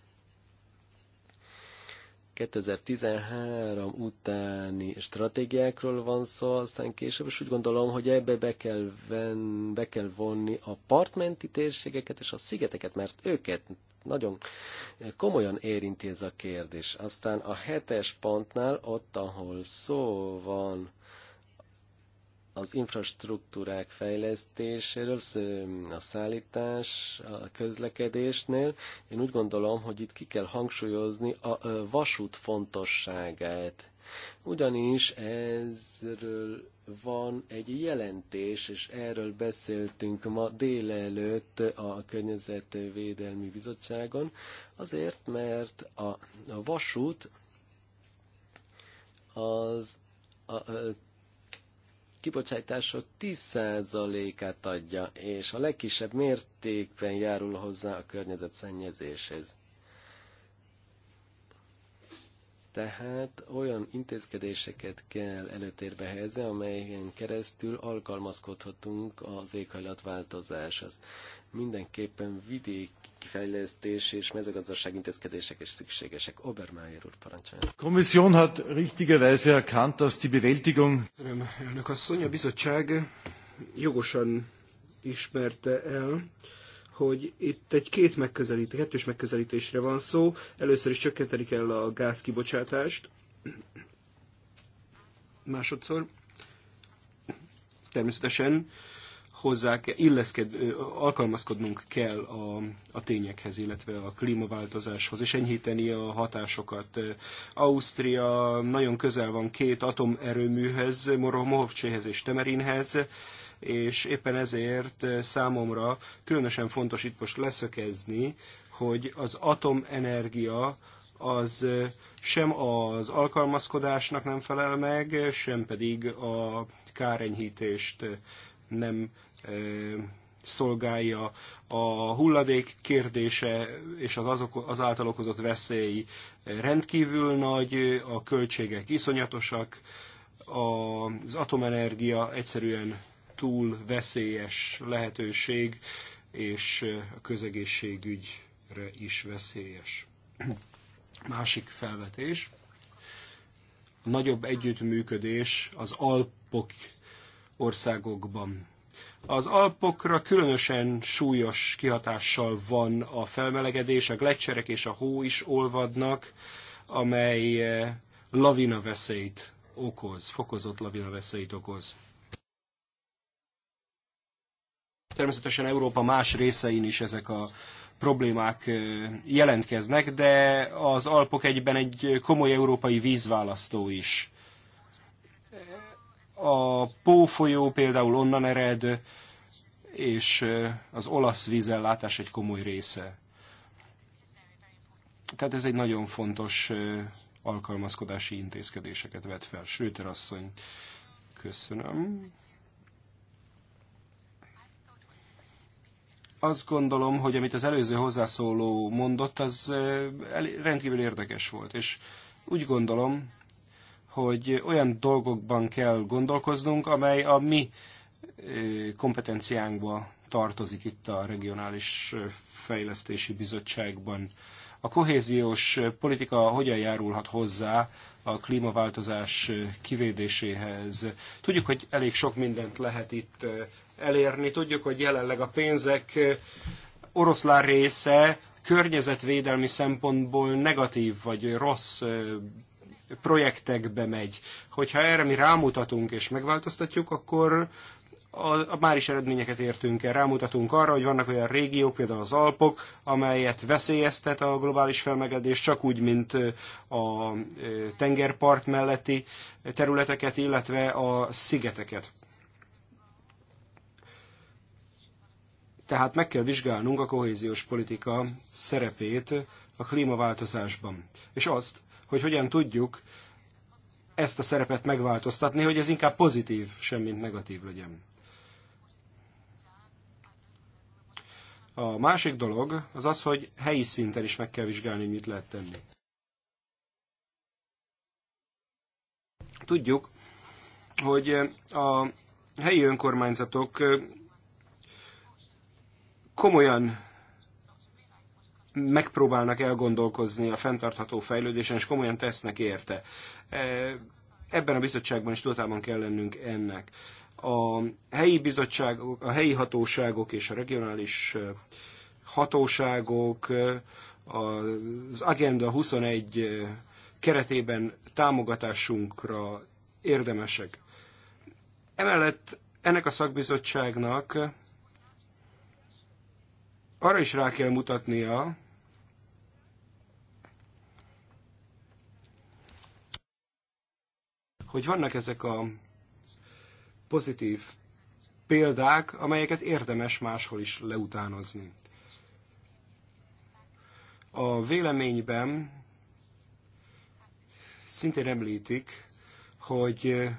2013 utáni stratégiákról van szó, aztán később, és úgy gondolom, hogy ebbe be kell, ven, be kell vonni a partmenti térségeket és a szigeteket, mert őket nagyon komolyan érinti ez a kérdés. Aztán a hetes pontnál, ott, ahol szó van az infrastruktúrák fejlesztéséről, a szállítás, a közlekedésnél. Én úgy gondolom, hogy itt ki kell hangsúlyozni a vasút fontosságát. Ugyanis ezről van egy jelentés, és erről beszéltünk ma délelőtt a Környezetvédelmi Bizottságon, azért, mert a, a vasút az a, a kibocsátások 10%-át adja, és a legkisebb mértékben járul hozzá a környezet szennyezéshez. Tehát olyan intézkedéseket kell előtérbe helyezni, amelyen keresztül alkalmazkodhatunk az éghajlatváltozáshoz. Mindenképpen vidék és mezőgazdaság intézkedések is szükségesek. Obermeier úr parancsolja. Kommission hat richtigerweise erkannt, dass die Bewältigung... Elnök asszony, a bizottság jogosan ismerte el, hogy itt egy két megközelítés, kettős megközelítésre van szó. Először is csökkenteni kell a gázkibocsátást. Másodszor természetesen hozzá kell, illeszked, alkalmazkodnunk kell a, a tényekhez, illetve a klímaváltozáshoz, és enyhíteni a hatásokat. Ausztria nagyon közel van két atomerőműhez, Mohovcséhez és Temerinhez, és éppen ezért számomra különösen fontos itt most leszökezni, hogy az atomenergia az sem az alkalmazkodásnak nem felel meg, sem pedig a kárenyhítést nem szolgálja a hulladék kérdése és az, azok, az által okozott veszély rendkívül nagy, a költségek iszonyatosak, az atomenergia egyszerűen túl veszélyes lehetőség, és a közegészségügyre is veszélyes. Másik felvetés. A nagyobb együttműködés az Alpok országokban az Alpokra különösen súlyos kihatással van a felmelegedés, a gletszerek és a hó is olvadnak, amely eh, lavina veszélyt okoz, fokozott lavina veszélyt okoz. Természetesen Európa más részein is ezek a problémák eh, jelentkeznek, de az Alpok egyben egy komoly európai vízválasztó is. A Pó folyó például onnan ered, és az olasz vízellátás egy komoly része. Tehát ez egy nagyon fontos alkalmazkodási intézkedéseket vet fel. Sőter asszony, köszönöm. Azt gondolom, hogy amit az előző hozzászóló mondott, az rendkívül érdekes volt, és úgy gondolom, hogy olyan dolgokban kell gondolkoznunk, amely a mi kompetenciánkba tartozik itt a Regionális Fejlesztési Bizottságban. A kohéziós politika hogyan járulhat hozzá a klímaváltozás kivédéséhez? Tudjuk, hogy elég sok mindent lehet itt elérni. Tudjuk, hogy jelenleg a pénzek oroszlán része környezetvédelmi szempontból negatív vagy rossz projektekbe megy. Hogyha erre mi rámutatunk és megváltoztatjuk, akkor a, a, már is eredményeket értünk el. Rámutatunk arra, hogy vannak olyan régiók, például az Alpok, amelyet veszélyeztet a globális felmegedés, csak úgy, mint a tengerpart melletti területeket, illetve a szigeteket. Tehát meg kell vizsgálnunk a kohéziós politika szerepét a klímaváltozásban. És azt, hogy hogyan tudjuk ezt a szerepet megváltoztatni, hogy ez inkább pozitív, semmint negatív legyen. A másik dolog az az, hogy helyi szinten is meg kell vizsgálni, hogy mit lehet tenni. Tudjuk, hogy a helyi önkormányzatok komolyan megpróbálnak elgondolkozni a fenntartható fejlődésen, és komolyan tesznek érte. E, ebben a bizottságban is tudatában kell lennünk ennek. A helyi bizottságok, a helyi hatóságok és a regionális e, hatóságok e, az Agenda 21 keretében támogatásunkra érdemesek. Emellett ennek a szakbizottságnak arra is rá kell mutatnia, hogy vannak ezek a pozitív példák, amelyeket érdemes máshol is leutánozni. A véleményben szintén említik, hogy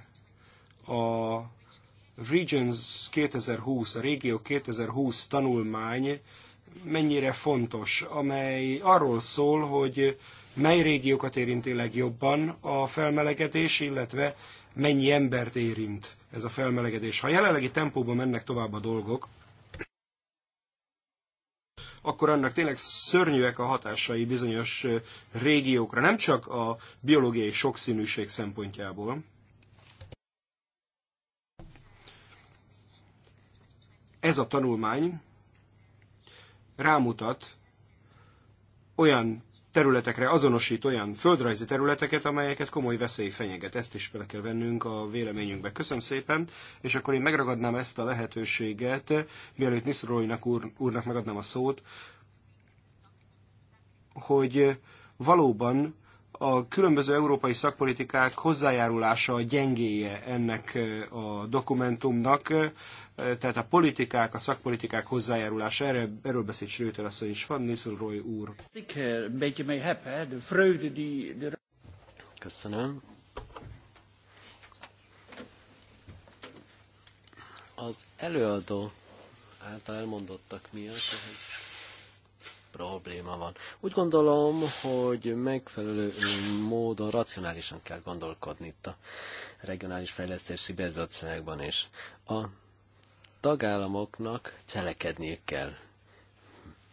a Regions 2020, a Régió 2020 tanulmány mennyire fontos, amely arról szól, hogy mely régiókat érinti legjobban a felmelegedés, illetve mennyi embert érint ez a felmelegedés. Ha a jelenlegi tempóban mennek tovább a dolgok, akkor annak tényleg szörnyűek a hatásai bizonyos régiókra, nem csak a biológiai sokszínűség szempontjából. Ez a tanulmány rámutat olyan területekre, azonosít olyan földrajzi területeket, amelyeket komoly veszély fenyeget. Ezt is bele kell vennünk a véleményünkbe. Köszönöm szépen, és akkor én megragadnám ezt a lehetőséget, mielőtt Nisztorolinak úr, úrnak megadnám a szót, hogy valóban a különböző európai szakpolitikák hozzájárulása a gyengéje ennek a dokumentumnak, tehát a politikák, a szakpolitikák hozzájárulása, erre, erről beszélt Schröter asszony is, Van Nisselrooy úr. Köszönöm. Az előadó által elmondottak miatt, tehát probléma van. Úgy gondolom, hogy megfelelő módon racionálisan kell gondolkodni itt a regionális fejlesztési bizottságban és A tagállamoknak cselekedniük kell.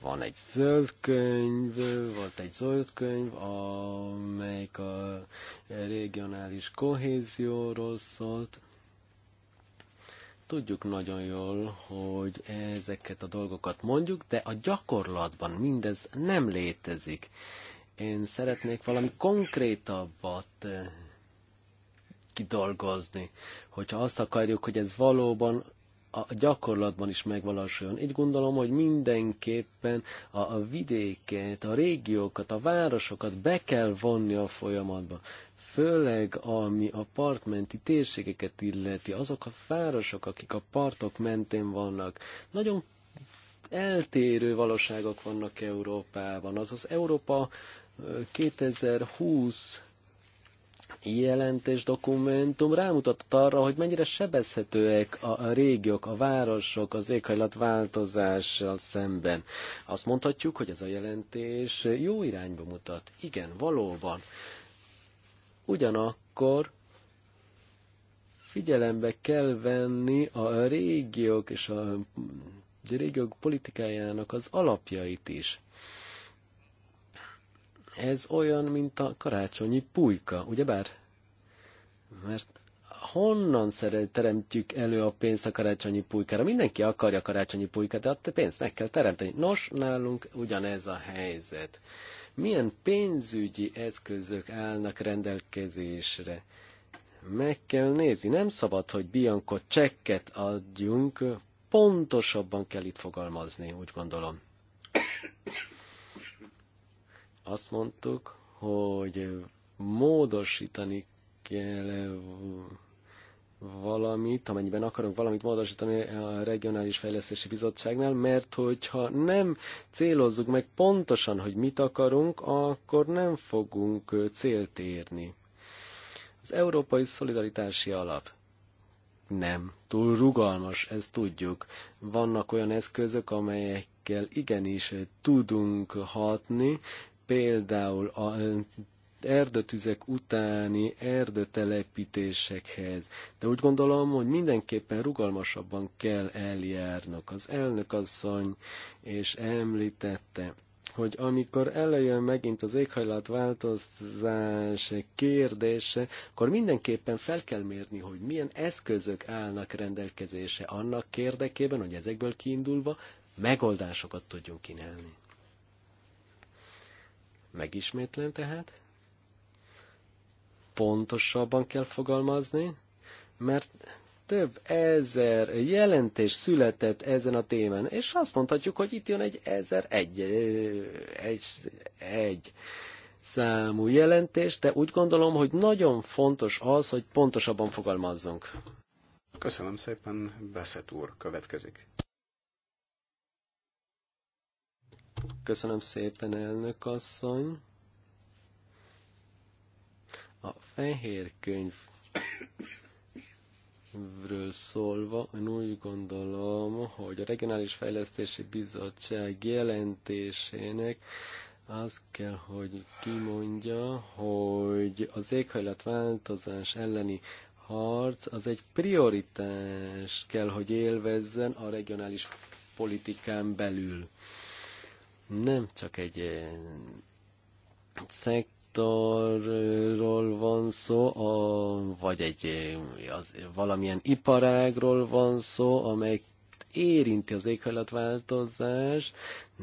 Van egy zöld könyv, volt egy zöld könyv, amelyik a regionális kohézióról szólt, Tudjuk nagyon jól, hogy ezeket a dolgokat mondjuk, de a gyakorlatban mindez nem létezik. Én szeretnék valami konkrétabbat eh, kidolgozni, hogyha azt akarjuk, hogy ez valóban a gyakorlatban is megvalósuljon. Így gondolom, hogy mindenképpen a, a vidéket, a régiókat, a városokat be kell vonni a folyamatba főleg ami a partmenti térségeket illeti, azok a városok, akik a partok mentén vannak, nagyon eltérő valóságok vannak Európában. Azaz Európa 2020 jelentés dokumentum rámutatott arra, hogy mennyire sebezhetőek a, régiók, a városok az éghajlatváltozással szemben. Azt mondhatjuk, hogy ez a jelentés jó irányba mutat. Igen, valóban. Ugyanakkor figyelembe kell venni a régiók és a régiók politikájának az alapjait is. Ez olyan, mint a karácsonyi pulyka, ugyebár? Mert honnan teremtjük elő a pénzt a karácsonyi pulykára? Mindenki akarja a karácsonyi pulykát, de a pénzt meg kell teremteni. Nos, nálunk ugyanez a helyzet. Milyen pénzügyi eszközök állnak rendelkezésre? Meg kell nézni, nem szabad, hogy Bianco csekket adjunk, pontosabban kell itt fogalmazni, úgy gondolom. Azt mondtuk, hogy módosítani kell valamit, amennyiben akarunk valamit módosítani a Regionális Fejlesztési Bizottságnál, mert hogyha nem célozzuk meg pontosan, hogy mit akarunk, akkor nem fogunk célt érni. Az Európai Szolidaritási Alap nem túl rugalmas, ezt tudjuk. Vannak olyan eszközök, amelyekkel igenis tudunk hatni, például a erdőtüzek utáni erdőtelepítésekhez. De úgy gondolom, hogy mindenképpen rugalmasabban kell eljárnak. Az elnök asszony és említette, hogy amikor előjön megint az éghajlatváltozás kérdése, akkor mindenképpen fel kell mérni, hogy milyen eszközök állnak rendelkezése annak érdekében, hogy ezekből kiindulva megoldásokat tudjunk kínálni. Megismétlen tehát, pontosabban kell fogalmazni, mert több ezer jelentés született ezen a témán, és azt mondhatjuk, hogy itt jön egy ezer egy, egy, egy számú jelentés, de úgy gondolom, hogy nagyon fontos az, hogy pontosabban fogalmazzunk. Köszönöm szépen, Beszet úr, következik. Köszönöm szépen, elnök asszony. A fehér könyvről szólva, én úgy gondolom, hogy a Regionális Fejlesztési Bizottság jelentésének az kell, hogy kimondja, hogy az éghajlatváltozás elleni harc az egy prioritás kell, hogy élvezzen a regionális politikán belül. Nem csak egy eh, szek szektorról van szó, a, vagy egy az, valamilyen iparágról van szó, amely érinti az éghajlatváltozás,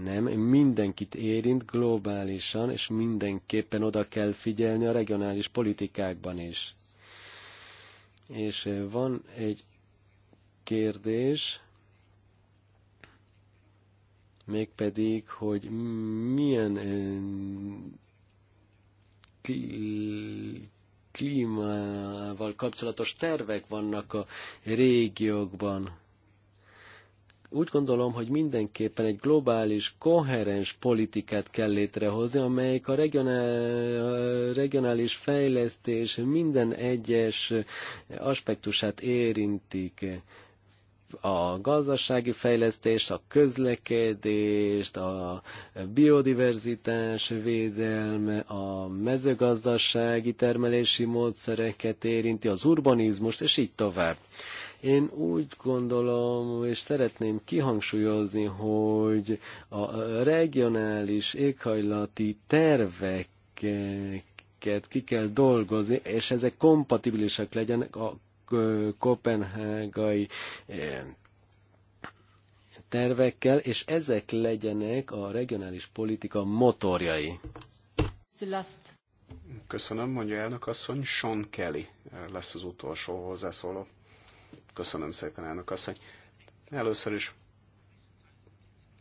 nem mindenkit érint globálisan, és mindenképpen oda kell figyelni a regionális politikákban is. És eh, van egy kérdés, mégpedig, hogy milyen eh, klímával kapcsolatos tervek vannak a régiókban. Úgy gondolom, hogy mindenképpen egy globális, koherens politikát kell létrehozni, amelyik a regionális fejlesztés minden egyes aspektusát érintik a gazdasági fejlesztést, a közlekedést, a biodiverzitás védelme, a mezőgazdasági termelési módszereket érinti, az urbanizmust, és így tovább. Én úgy gondolom, és szeretném kihangsúlyozni, hogy a regionális éghajlati tervek ki kell dolgozni, és ezek kompatibilisek legyenek a kopenhágai eh, tervekkel, és ezek legyenek a regionális politika motorjai. Köszönöm, mondja elnök asszony. Sean Kelly eh, lesz az utolsó hozzászóló. Köszönöm szépen, elnök asszony. Először is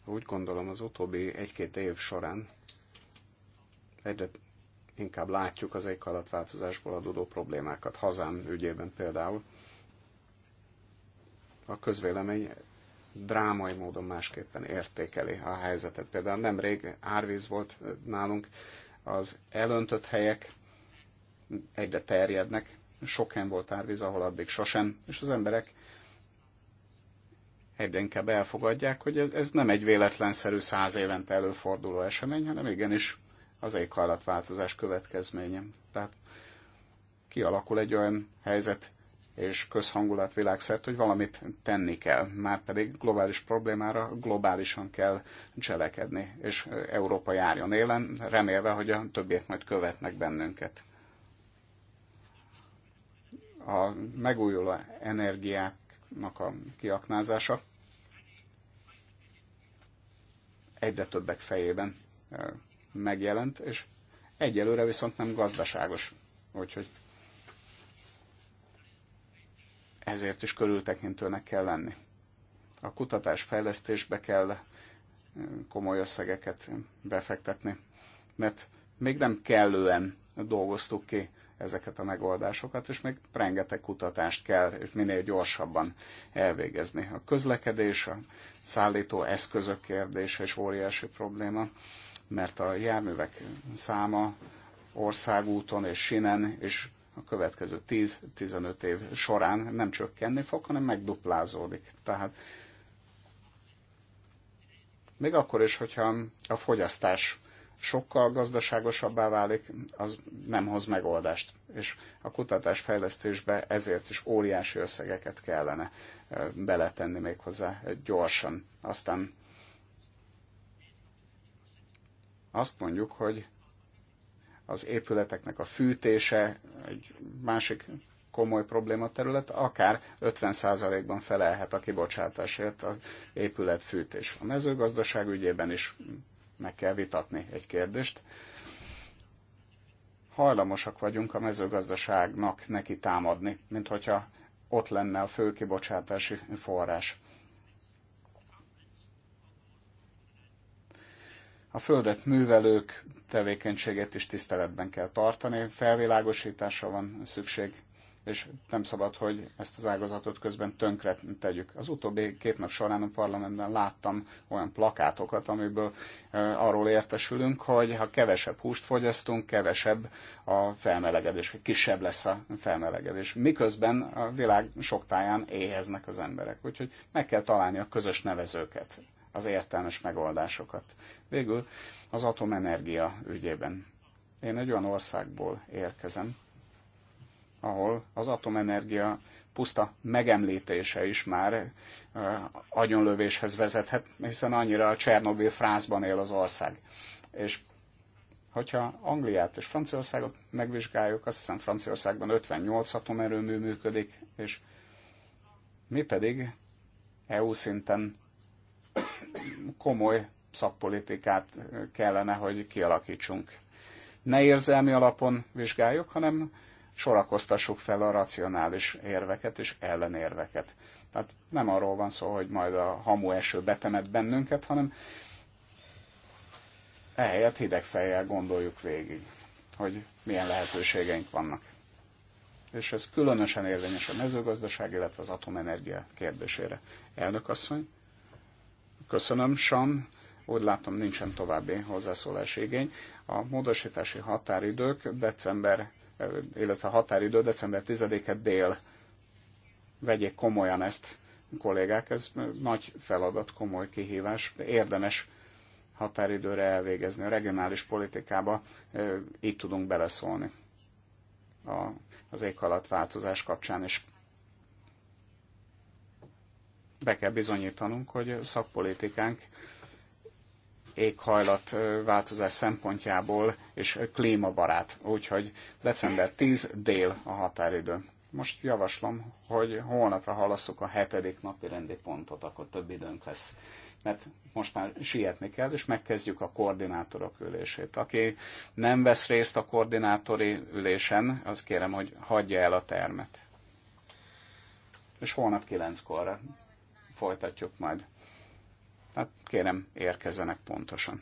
úgy gondolom az utóbbi egy-két év során egyre inkább látjuk az éghajlatváltozásból adódó problémákat. Hazám ügyében például a közvélemény drámai módon másképpen értékeli a helyzetet. Például nemrég árvíz volt nálunk, az elöntött helyek egyre terjednek, sok helyen volt árvíz, ahol addig sosem, és az emberek egyre inkább elfogadják, hogy ez, ez nem egy véletlenszerű száz évente előforduló esemény, hanem igenis az éghajlatváltozás következménye. Tehát kialakul egy olyan helyzet és közhangulat világszert, hogy valamit tenni kell, már pedig globális problémára globálisan kell cselekedni, és Európa járjon élen, remélve, hogy a többiek majd követnek bennünket. A megújuló energiáknak a kiaknázása egyre többek fejében megjelent, és egyelőre viszont nem gazdaságos. Úgyhogy ezért is körültekintőnek kell lenni. A kutatás fejlesztésbe kell eh, komoly összegeket befektetni, mert még nem kellően dolgoztuk ki ezeket a megoldásokat, és még rengeteg kutatást kell, és minél gyorsabban elvégezni. A közlekedés, a szállító eszközök kérdése is óriási probléma, mert a járművek száma országúton és sinen és a következő 10-15 év során nem csökkenni fog, hanem megduplázódik. Tehát még akkor is, hogyha a fogyasztás sokkal gazdaságosabbá válik, az nem hoz megoldást. És a kutatás fejlesztésbe ezért is óriási összegeket kellene eh, beletenni még hozzá gyorsan. Aztán Azt mondjuk, hogy az épületeknek a fűtése egy másik komoly probléma terület, akár 50%-ban felelhet a kibocsátásért az épület fűtés. A mezőgazdaság ügyében is meg kell vitatni egy kérdést. Hajlamosak vagyunk a mezőgazdaságnak neki támadni, mint hogyha ott lenne a fő kibocsátási forrás. A földet művelők tevékenységét is tiszteletben kell tartani, felvilágosításra van szükség, és nem szabad, hogy ezt az ágazatot közben tönkre tegyük. Az utóbbi két nap során a parlamentben láttam olyan plakátokat, amiből arról értesülünk, hogy ha kevesebb húst fogyasztunk, kevesebb a felmelegedés, vagy kisebb lesz a felmelegedés. Miközben a világ sok táján éheznek az emberek. Úgyhogy meg kell találni a közös nevezőket az értelmes megoldásokat. Végül az atomenergia ügyében. Én egy olyan országból érkezem, ahol az atomenergia puszta megemlítése is már eh, agyonlövéshez vezethet, hiszen annyira a Csernobil frázban él az ország. És hogyha Angliát és Franciaországot megvizsgáljuk, azt hiszem Franciaországban 58 atomerőmű működik, és mi pedig EU szinten komoly szakpolitikát kellene, hogy kialakítsunk. Ne érzelmi alapon vizsgáljuk, hanem sorakoztassuk fel a racionális érveket és ellenérveket. Tehát nem arról van szó, hogy majd a hamu eső betemet bennünket, hanem ehelyett hideg fejjel gondoljuk végig, hogy milyen lehetőségeink vannak. És ez különösen érvényes a mezőgazdaság, illetve az atomenergia kérdésére. Elnök asszony! Köszönöm, Sam. Úgy látom, nincsen további hozzászólási igény. A módosítási határidők december, illetve határidő december 10-e dél. Vegyék komolyan ezt, kollégák, ez nagy feladat, komoly kihívás. Érdemes határidőre elvégezni. A regionális politikába így tudunk beleszólni a, az változás kapcsán, és be kell bizonyítanunk, hogy szakpolitikánk éghajlatváltozás szempontjából és klímabarát. Úgyhogy december 10 dél a határidő. Most javaslom, hogy holnapra halasszuk a hetedik napi rendi pontot, akkor több időnk lesz. Mert most már sietni kell, és megkezdjük a koordinátorok ülését. Aki nem vesz részt a koordinátori ülésen, az kérem, hogy hagyja el a termet. És holnap kilenckorra folytatjuk majd. Hát kérem, érkezzenek pontosan.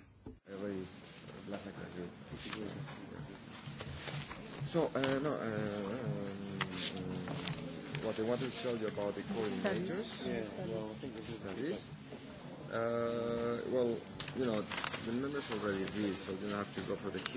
So, uh, no, uh, um, what I wanted to tell you about the coordinators, yeah, well, studies. Uh, well, you know, the members already agree, so you don't have to go for the